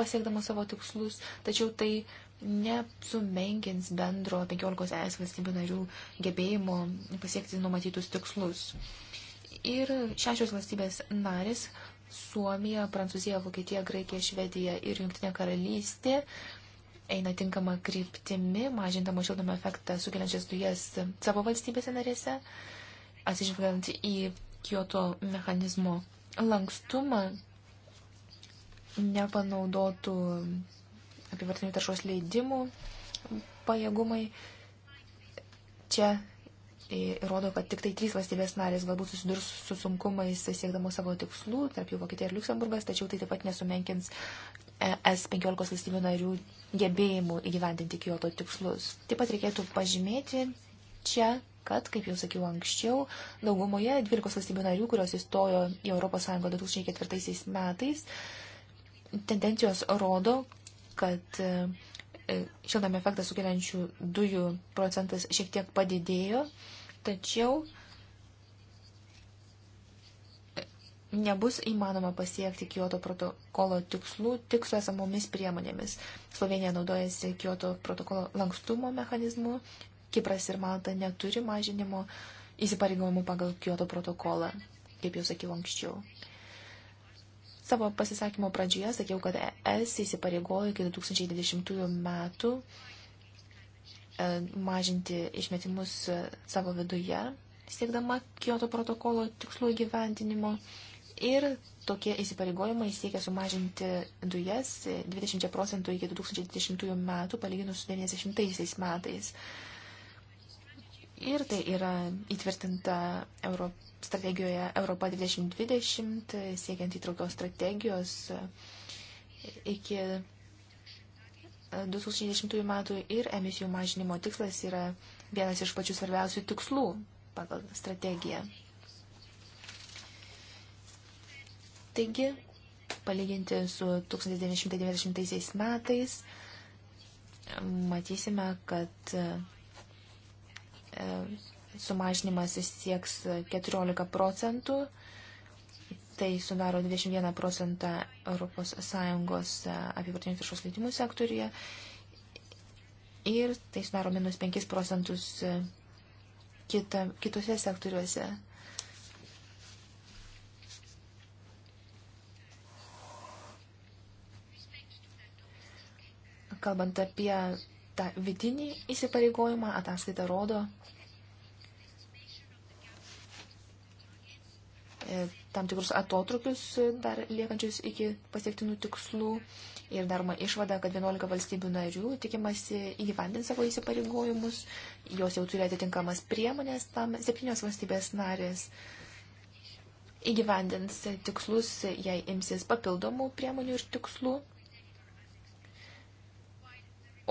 pasiekdama savo tikslus, tačiau tai nesumenkins bendro 15 ES valstybių narių gebėjimo pasiekti numatytus tikslus. Ir šešios valstybės narės - Suomija, Prancūzija, Vokietija, Graikija, Švedija ir Junktinė karalystė eina tinkama kryptimi, mažindama šildomą efektą sukeliančias dujas savo valstybėse narėse, atsižvelgiant į Kyoto mechanizmo lankstumą, nepanaudotų apivartinių taršos leidimų pajėgumai. Čia įrodo, e, kad tik tai trys valstybės narės galbūt susidurs su sunkumais siekdamos savo tikslų, tarp jų Vokietija ir Luksemburgas, tačiau tai taip pat nesumenkins ES 15 valstybių narių gebėjimų įgyvendinti Kyoto tikslus. Taip pat reikėtų pažymėti čia, kad, kaip jau sakiau anksčiau, daugumoje 12 valstybių narių, kurios įstojo į ES 2004 metais, tendencijos rodo, kad e, e, šiltame efektą sukeliančių dujų procentas šiek tiek padidėjo, tačiau nebus įmanoma pasiekti Kyoto protokolo tikslų tik su esamomis priemonėmis. Slovenija naudojasi Kyoto protokolo lankstumo mechanizmu, Kipras ir Malta neturi mažinimo įsipareigojimų pagal Kyoto protokolą, kaip jau sakiau anksčiau. Savo pasisakymo pradžioje sakiau, kad ES įsipareigojo iki 2020 metų e, mažinti išmetimus e, savo viduje, siekdama Kyoto protokolo tikslų įgyvendinimo. gyventinimo ir tokie įsipareigojimai siekia sumažinti dujas 20 procentų iki 2020 metų, palyginus su 90 metais. Ir tai yra įtvirtinta Euro, strategijoje Europa 2020, siekiant įtraukios strategijos iki 2010 metų ir emisijų mažinimo tikslas yra vienas iš pačių svarbiausių tikslų pagal strategiją. Taigi, palyginti su 1990 metais, matysime, kad e, sumažinimas sieks 14 procentų, tai sudaro 21 procentą ES apivartinių taršos leidimų sektoriuje ir tai sudaro minus 5 procentus e, kita, kitose sektoriuose. Kalbant apie tą vidinį įsipareigojimą, ataskaita rodo e, tam tikrus atotrukius dar liekančius iki pasiektinų tikslų ir daroma išvada, kad 11 valstybių narių tikimasi įgyvendinti savo įsipareigojimus, jos jau turi atitinkamas priemonės, tam septynios valstybės narės įgyvendins tikslus, jei imsis papildomų priemonių ir tikslų.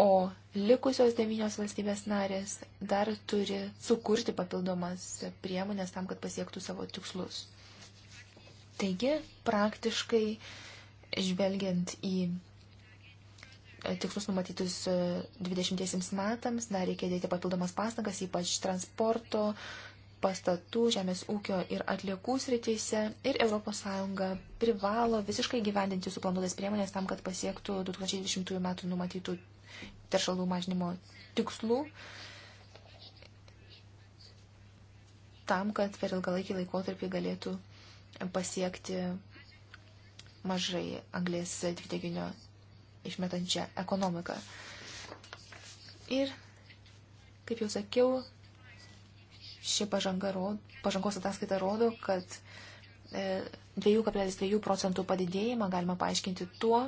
O likusios devynios valstybės narės dar turi sukurti papildomas priemonės tam, kad pasiektų savo tikslus. Taigi, praktiškai, žvelgiant į e, tikslus numatytus 20 e, metams, dar reikia dėti papildomas pastangas, ypač transporto, pastatų, žemės ūkio ir atliekų srityse. Ir ES privalo visiškai gyvendinti suplanuotas priemonės tam, kad pasiektų 2020 metų numatytų teršalų mažinimo tikslų tam, kad per ilgalaikį laikotarpį galėtų pasiekti mažai anglės dvideginio išmetančią ekonomiką. Ir, kaip jau sakiau, ši pažanga rodo, pažangos ataskaita rodo, kad 2,2 e, procentų padidėjimą galima paaiškinti tuo,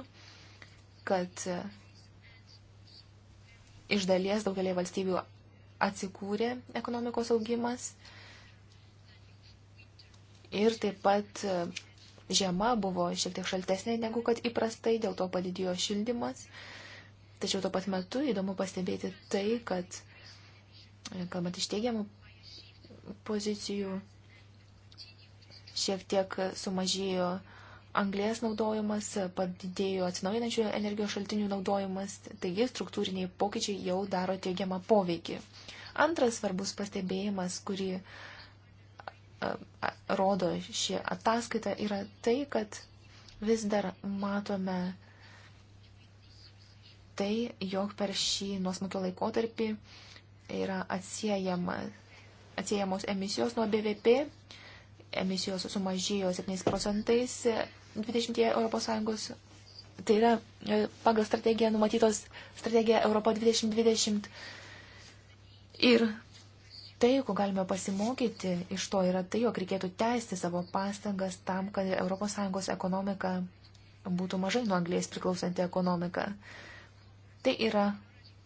kad iš dalies daugelį valstybių atsikūrė ekonomikos augimas ir taip pat e, žiema buvo šiek tiek šaltesnė negu kad įprastai, dėl to padidėjo šildymas. Tačiau tuo pat metu įdomu pastebėti tai, kad, e, kalbant iš teigiamų pozicijų, šiek tiek sumažėjo anglės naudojimas, padidėjo atsinaujinančių energijos šaltinių naudojimas, taigi struktūriniai pokyčiai jau daro teigiamą poveikį. Antras svarbus pastebėjimas, kurį rodo ši ataskaita, yra tai, kad vis dar matome tai, jog per šį nuosmukio laikotarpį yra atsiejama, atsiejamos emisijos nuo BVP, emisijos sumažėjo 7 procentais, 20 Europos Sąjungos, tai yra e, pagal strategiją numatytos strategija Europo 2020. Ir tai, ko galime pasimokyti iš to, yra tai, jog reikėtų teisti savo pastangas tam, kad ES ekonomika būtų mažai nuo anglės priklausanti ekonomika. Tai yra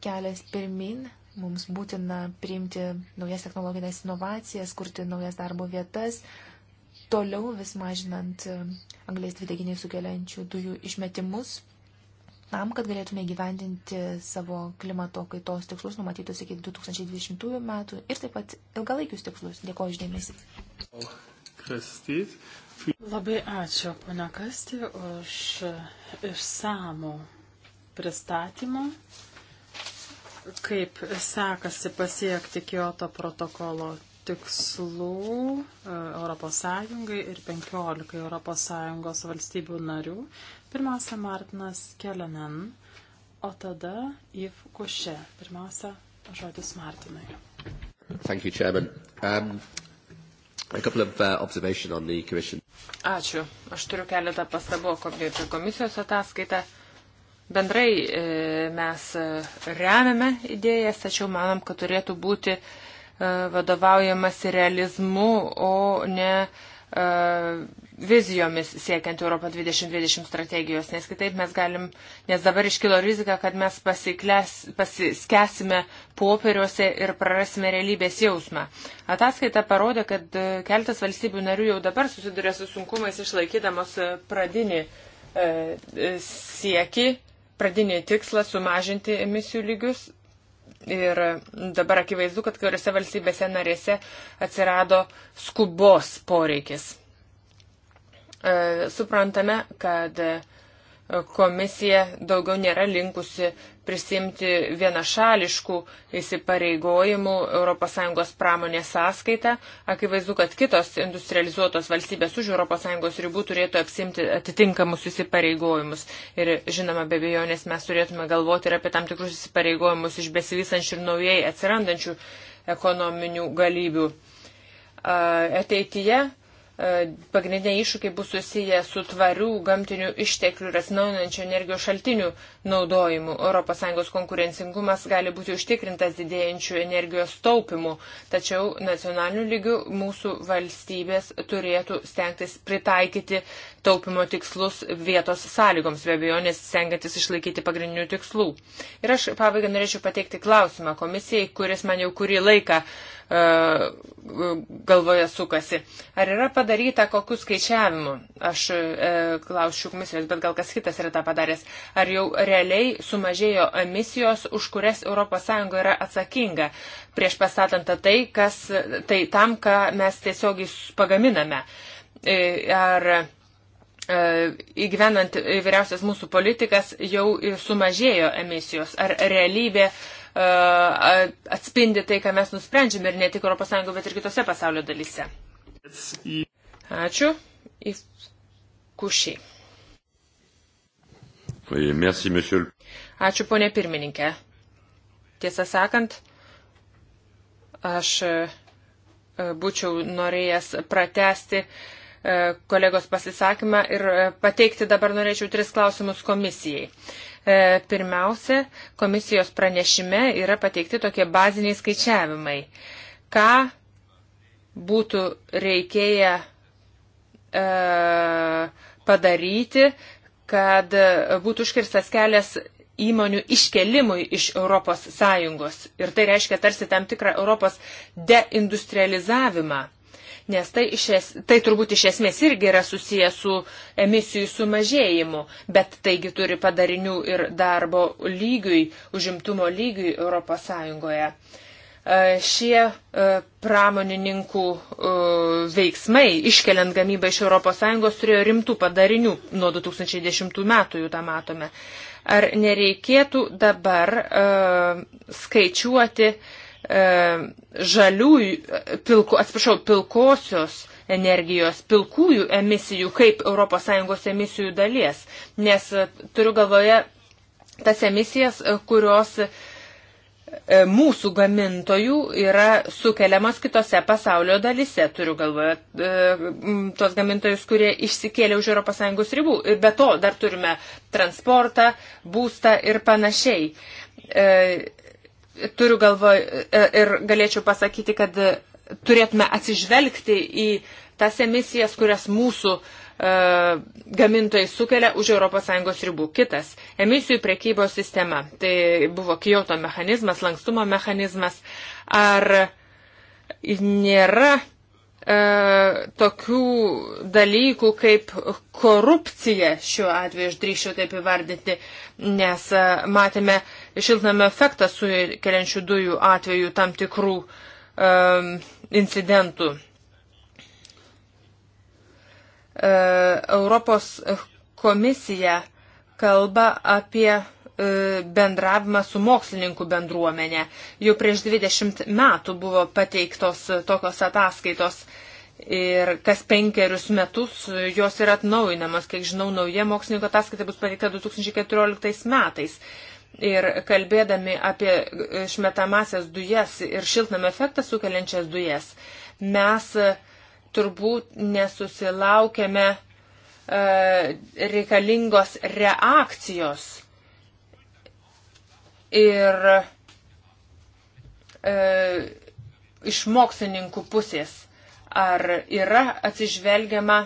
kelias pirmin, mums būtina priimti naujas technologinės inovacijas, kurti naujas darbo vietas, uh, toliau vis mažinant e, anglės dvideginį sukeliančių dujų išmetimus, tam, kad galėtume gyvendinti savo klimato kaitos tikslus numatytus iki 2020 metų ir taip pat ilgalaikius tikslus. Dėkoju išdėmesi. Labai ačiū, pana Kasti, už išsamų pristatymą, kaip sekasi pasiekti Kyoto protokolo tikslų ES ir 15 ES valstybių narių. Pirmiausia, Martinas Kelenen, o tada Yv Kuše. Pirmiausia, žodis Martinai. Thank you, Chairman. Um, a couple of uh, observations on the Commission. Ačiū. Aš turiu keletą pastabų apie komisijos ataskaitą. Bendrai e, mes e, remiame idėjas, tačiau manom, kad turėtų būti uh, E, vadovaujamasi realizmu, o ne e, vizijomis siekiant Europą 2020 strategijos, nes kitaip mes galim, nes dabar iškilo rizika, kad mes pasiskesime popieriuose ir prarasime realybės jausmą. Ataskaita parodė, kad e, keltas valstybių narių jau dabar susiduria su sunkumais išlaikydamos pradinį sieki, pradinį tikslą sumažinti emisijų lygius Ir dabar akivaizdu, kad kuriuose valstybėse narėse atsirado skubos poreikis. E, suprantame, kad e, komisija daugiau nėra linkusi prisimti vienašališkų įsipareigojimų ES pramonės sąskaita. Akivaizdu, kad kitos industrializuotos valstybės už ES ribų turėtų apsimti atitinkamus įsipareigojimus. Ir žinoma, be abejonės mes turėtume galvoti ir apie tam tikrus įsipareigojimus iš besivysančių ir naujai atsirandančių ekonominių galybių. Ateityje pagrindiniai iššūkiai bus susiję su tvarių gamtinių išteklių ir atsinaujinančių energijos šaltinių naudojimu. ES konkurencingumas gali būti užtikrintas didėjančių energijos taupimu, tačiau nacionaliniu lygiu mūsų valstybės turėtų stengtis pritaikyti taupimo tikslus vietos sąlygoms, be abejo, nes stengiantis išlaikyti pagrindinių tikslų. Ir aš pabaigai norėčiau pateikti klausimą komisijai, kuris man jau kurį laiką uh, galvoje sukasi. Ar yra padaryta kokių skaičiavimų? Aš uh, klausiu komisijos, bet gal kas kitas yra tą padaręs. Ar jau realiai sumažėjo emisijos, už kurias ES yra atsakinga, prieš pastatant tai, kas, tai tam, ką mes tiesiogiai pagaminame. E, ar e, įgyvenant įvairiausias mūsų politikas jau sumažėjo emisijos, ar realybė e, atspindi tai, ką mes nusprendžiame ir ne tik ES, bet ir kitose pasaulio dalyse. Ačiū. Į kušį. Merci, monsieur. Ačiū, ponė pirmininkė. Tiesą sakant, aš e, e, būčiau norėjęs pratesti e, kolegos pasisakymą ir pateikti dabar norėčiau tris klausimus komisijai. Pirmiausia, komisijos pranešime yra pateikti tokie baziniai skaičiavimai. Ką būtų reikėję padaryti, kad būtų užkirstas kelias įmonių iškelimui iš Europos Sąjungos. Ir tai reiškia tarsi tam tikrą Europos deindustrializavimą. Nes tai, iš es, tai turbūt iš esmės irgi yra susiję su emisijų sumažėjimu, bet taigi turi padarinių ir darbo lygiui, užimtumo lygiui Europos Sąjungoje. Uh, E, šie e, pramonininkų e, veiksmai, iškeliant gamybą iš ES, turėjo rimtų padarinių nuo 2010 metų, jų tą matome. Ar nereikėtų dabar skaičiuoti žalių, pilku, atsiprašau, pilkosios energijos, pilkųjų emisijų, kaip ES emisijų dalies. Nes turiu galvoje tas emisijas, kurios E, mūsų gamintojų yra sukeliamas kitose pasaulio dalise, turiu galvoje, e, tos gamintojus, kurie išsikėlė už ES ribų. Ir be to dar turime transportą, būstą ir panašiai. E, turiu galvoje ir galėčiau pasakyti, kad turėtume atsižvelgti į tas emisijas, kurias mūsų uh, E, gamintojai sukelia už ES ribų. Kitas - emisijų priekybos sistema. Tai buvo Kyoto mechanizmas, lankstumo mechanizmas. Ar nėra e, tokių dalykų kaip korupcija šiuo atveju, aš drįšiau taip įvardinti, nes e, matėme šiltnamio efektą sukeliančių dujų atveju tam tikrų e, incidentų. E, Europos komisija kalba apie e, bendravimą su mokslininkų bendruomenė. Jau prieš 20 metų buvo pateiktos tokios ataskaitos ir kas penkerius metus jos yra atnaujinamas. Kiek žinau, nauja mokslininko ataskaita bus pateikta 2014 metais. Ir kalbėdami apie išmetamasias dujas ir šiltnamio efektą sukeliančias dujas, mes uh, turbūt nesusilaukėme e, reikalingos reakcijos. Ir e, iš mokslininkų pusės, ar yra atsižvelgiama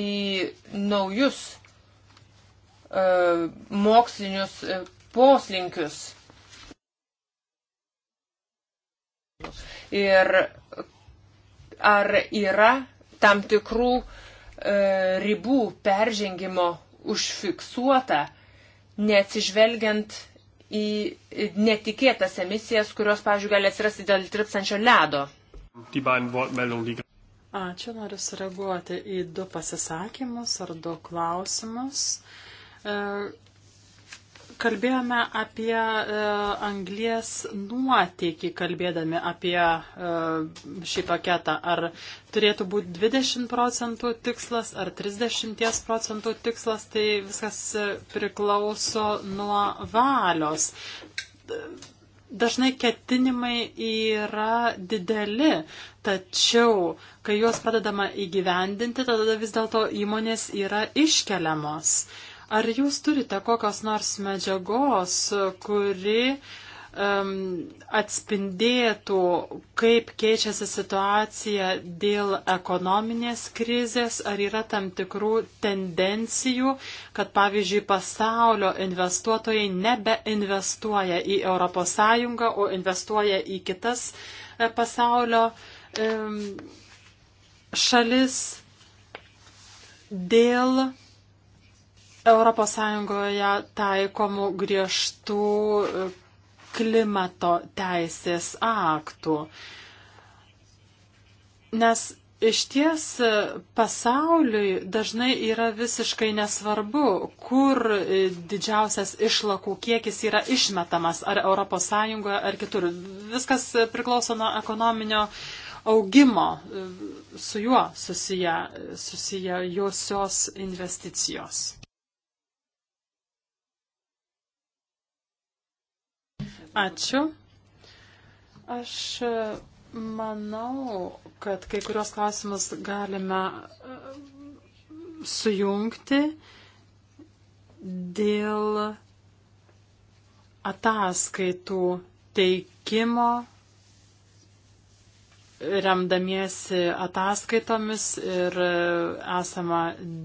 į naujus e, mokslinius e, poslinkius. Ir ar yra tam tikrų e, ribų peržengimo užfiksuota, neatsižvelgiant į netikėtas emisijas, kurios, pavyzdžiui, gali atsirasti dėl tripsančio ledo. Ačiū, noriu sureaguoti į du pasisakymus ar du klausimus. E, Kalbėjome apie e, anglies nuotėkį, kalbėdami apie e, šį paketą. Ar turėtų būti 20 procentų tikslas, ar 30 procentų tikslas, tai viskas e, priklauso nuo valios. Dažnai ketinimai yra dideli, tačiau, kai juos pradedama įgyvendinti, tada vis dėlto įmonės yra iškeliamos. E, Ar jūs turite kokios nors medžiagos, kuri um, atspindėtų, kaip keičiasi situacija dėl ekonominės krizės, ar yra tam tikrų tendencijų, kad pavyzdžiui pasaulio investuotojai nebeinvestuoja į ES, o investuoja į kitas e, pasaulio um, šalis dėl ES taikomų griežtų e, klimato teisės aktų. Nes iš ties pasauliui dažnai yra visiškai nesvarbu, kur didžiausias išlakų kiekis yra išmetamas, ar ES ar kitur. Viskas priklauso nuo ekonominio augimo, e, su juo susiję, susiję josios investicijos. Ačiū. Aš e, manau, kad kai kurios klausimus galime e, sujungti dėl ataskaitų teikimo, remdamiesi ataskaitomis ir e, esama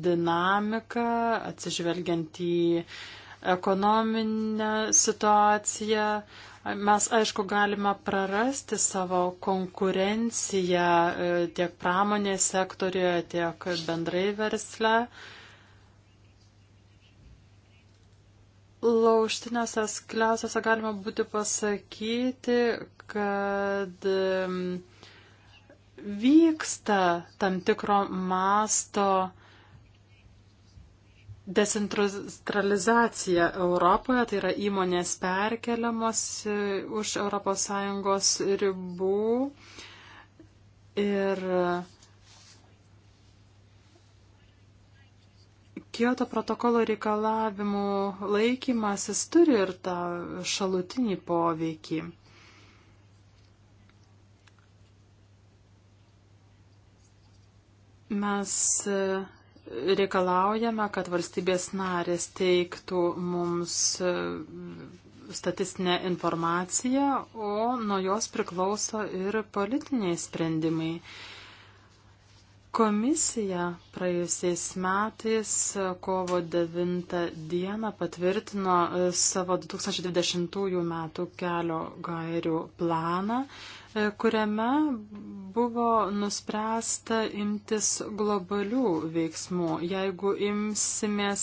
dinamika, atsižvelgiant į uh, ekonominę situaciją. Mes, aišku, galime prarasti savo konkurenciją e, tiek pramonės sektorijoje, tiek bendrai versle. Lauštinėse skliausiuose galima būti pasakyti, kad vyksta tam tikro masto Decentralizacija Europoje, tai yra įmonės perkeliamos e, už ES ribų ir e, Kyoto protokolo reikalavimų laikymasis turi ir tą šalutinį poveikį. Mes e, reikalaujame, kad valstybės narės teiktų mums e, statistinę informaciją, o nuo jos priklauso ir politiniai sprendimai. Komisija praėjusiais metais e, kovo 9 dieną patvirtino e, savo 2020 metų kelio gairių planą, E, kuriame buvo nuspręsta imtis globalių veiksmų. Jeigu imsimės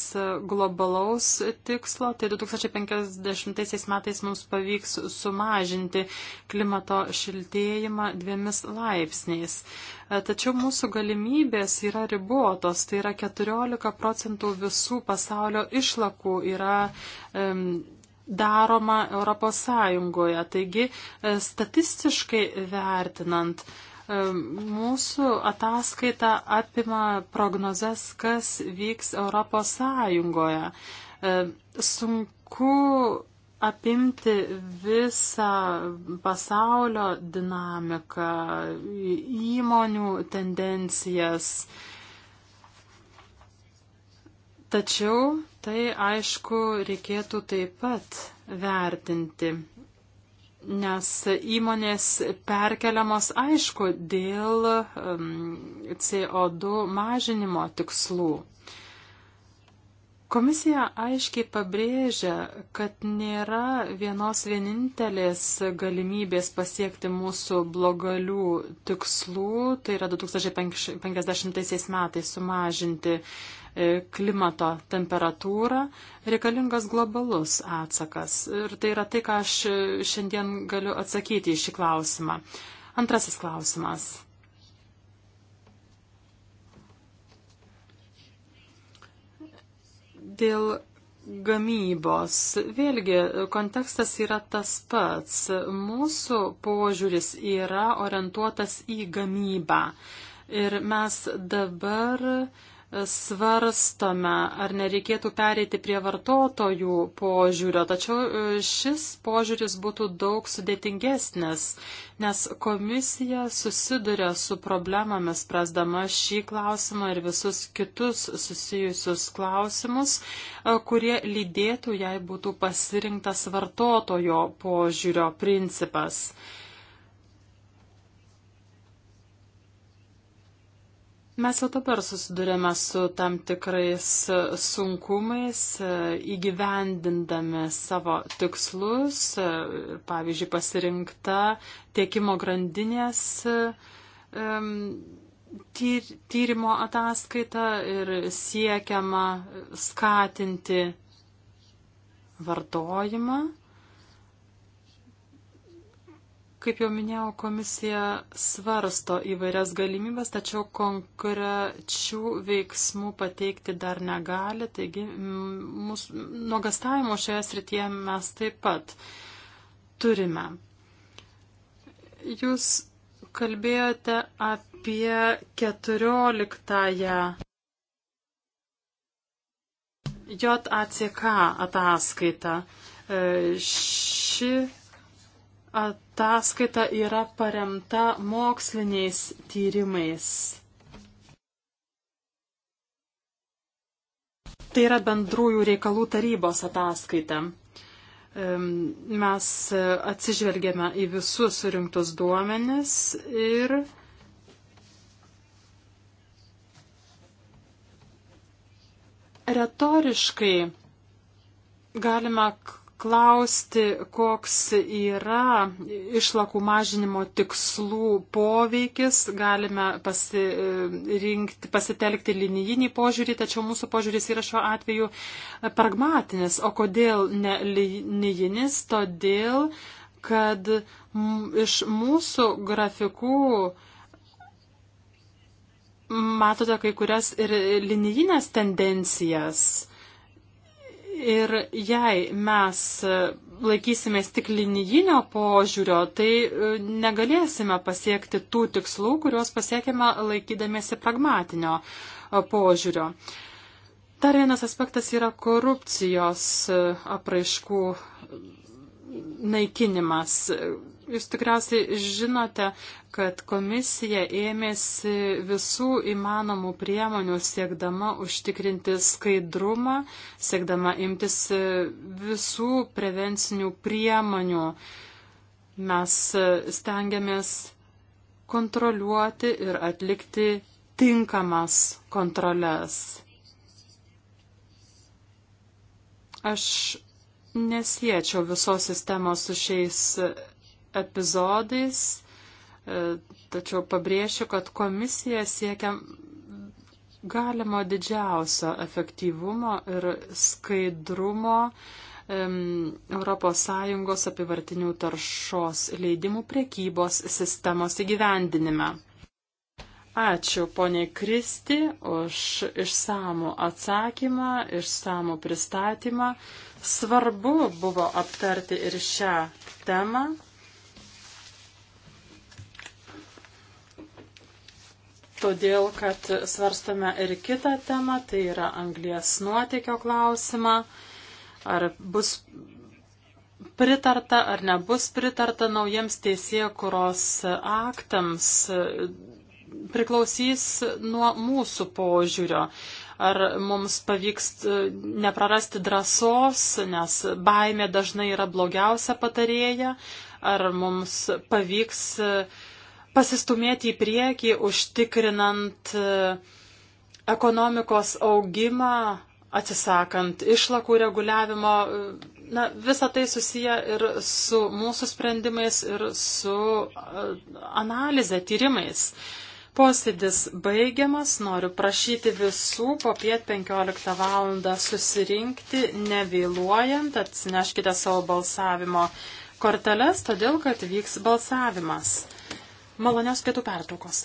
globalaus tikslo, tai 2050 metais mums pavyks sumažinti klimato šiltėjimą dviemis laipsniais. E, tačiau mūsų galimybės yra ribotos, tai yra 14 procentų visų pasaulio išlakų yra um, daroma Europos Sąjungoje. Taigi, e, statistiškai vertinant, e, mūsų ataskaita apima prognozes, kas vyks Europos Sąjungoje. E, sunku apimti visą pasaulio dinamiką, įmonių tendencijas. Tačiau Tai aišku, reikėtų taip pat vertinti, nes įmonės perkeliamos aišku dėl um, CO2 mažinimo tikslų. Komisija aiškiai pabrėžia, kad nėra vienos vienintelės galimybės pasiekti mūsų blogalių tikslų, tai yra 2050 metais sumažinti E, klimato temperatūrą, reikalingas globalus atsakas. Ir tai yra tai, ką aš šiandien galiu atsakyti į šį klausimą. Antrasis klausimas. Dėl gamybos. Vėlgi, kontekstas yra tas pats. Mūsų požiūris yra orientuotas į gamybą. Ir mes dabar uh, svarstome, ar nereikėtų pereiti prie vartotojų požiūrio, tačiau e, šis požiūris būtų daug sudėtingesnis, nes komisija susiduria su problemomis, prasdama šį klausimą ir visus kitus susijusius klausimus, e, kurie lydėtų, jei būtų pasirinktas vartotojo požiūrio principas. Mes jau dabar susidurėme su tam tikrais e, sunkumais e, įgyvendindami savo tikslus, e, pavyzdžiui, pasirinkta tiekimo grandinės tyrimo ataskaita ir siekiama skatinti vartojimą. Kaip jau minėjau, komisija svarsto įvairias galimybės, tačiau konkrečių veiksmų pateikti dar negali, taigi mūsų mm, nuogastavimo šioje srityje mes taip pat turime. Jūs kalbėjote apie 14. JACK ataskaitą. E, ši ataskaita yra paremta moksliniais tyrimais. Tai yra bendrųjų reikalų tarybos ataskaita. Mes atsižvelgėme į visus surinktus duomenis ir retoriškai galima paklausti, koks yra išlakų mažinimo tikslų poveikis. Galime pasitelkti linijinį požiūrį, tačiau mūsų požiūris yra šiuo atveju pragmatinis. O kodėl ne linijinis? Todėl, kad iš mūsų grafikų matote kai kurias ir linijinės tendencijas Ir jei mes laikysimės tik linijinio požiūrio, tai e, negalėsime pasiekti tų tikslų, kuriuos pasiekime laikydamėsi pragmatinio e, požiūrio. Dar vienas aspektas yra korupcijos e, apraiškų naikinimas. Jūs tikriausiai žinote, kad komisija ėmėsi visų įmanomų priemonių siekdama užtikrinti skaidrumą, siekdama imtis visų prevencinių priemonių. Mes stengiamės kontroliuoti ir atlikti tinkamas kontrolės. Aš nesiečiau visos sistemos su šiais epizodais, e, tačiau pabrėšiu, kad komisija siekia galimo didžiausio efektyvumo ir skaidrumo ES apivartinių taršos leidimų priekybos sistemos įgyvendinime. Ačiū poniai Kristi už išsamų atsakymą, išsamų pristatymą. Svarbu buvo aptarti ir šią temą. todėl kad svarstome ir kitą temą, tai yra anglės nuotėkio klausimą, ar bus pritarta ar nebus pritarta naujiems teisėkuros aktams priklausys nuo mūsų požiūrio. Ar mums pavyks e, neprarasti drąsos, nes baimė dažnai yra blogiausia patarėja, ar mums pavyks uh, pasistumėti į priekį, užtikrinant e, ekonomikos augimą, atsisakant išlakų reguliavimo. E, na, visa tai susiję ir su mūsų sprendimais, ir su e, analize, tyrimais. Posėdis baigiamas, noriu prašyti visų po piet 15 val. susirinkti, nevėluojant, atsineškite savo balsavimo korteles, todėl kad vyks balsavimas. Malonios pietų pertraukos.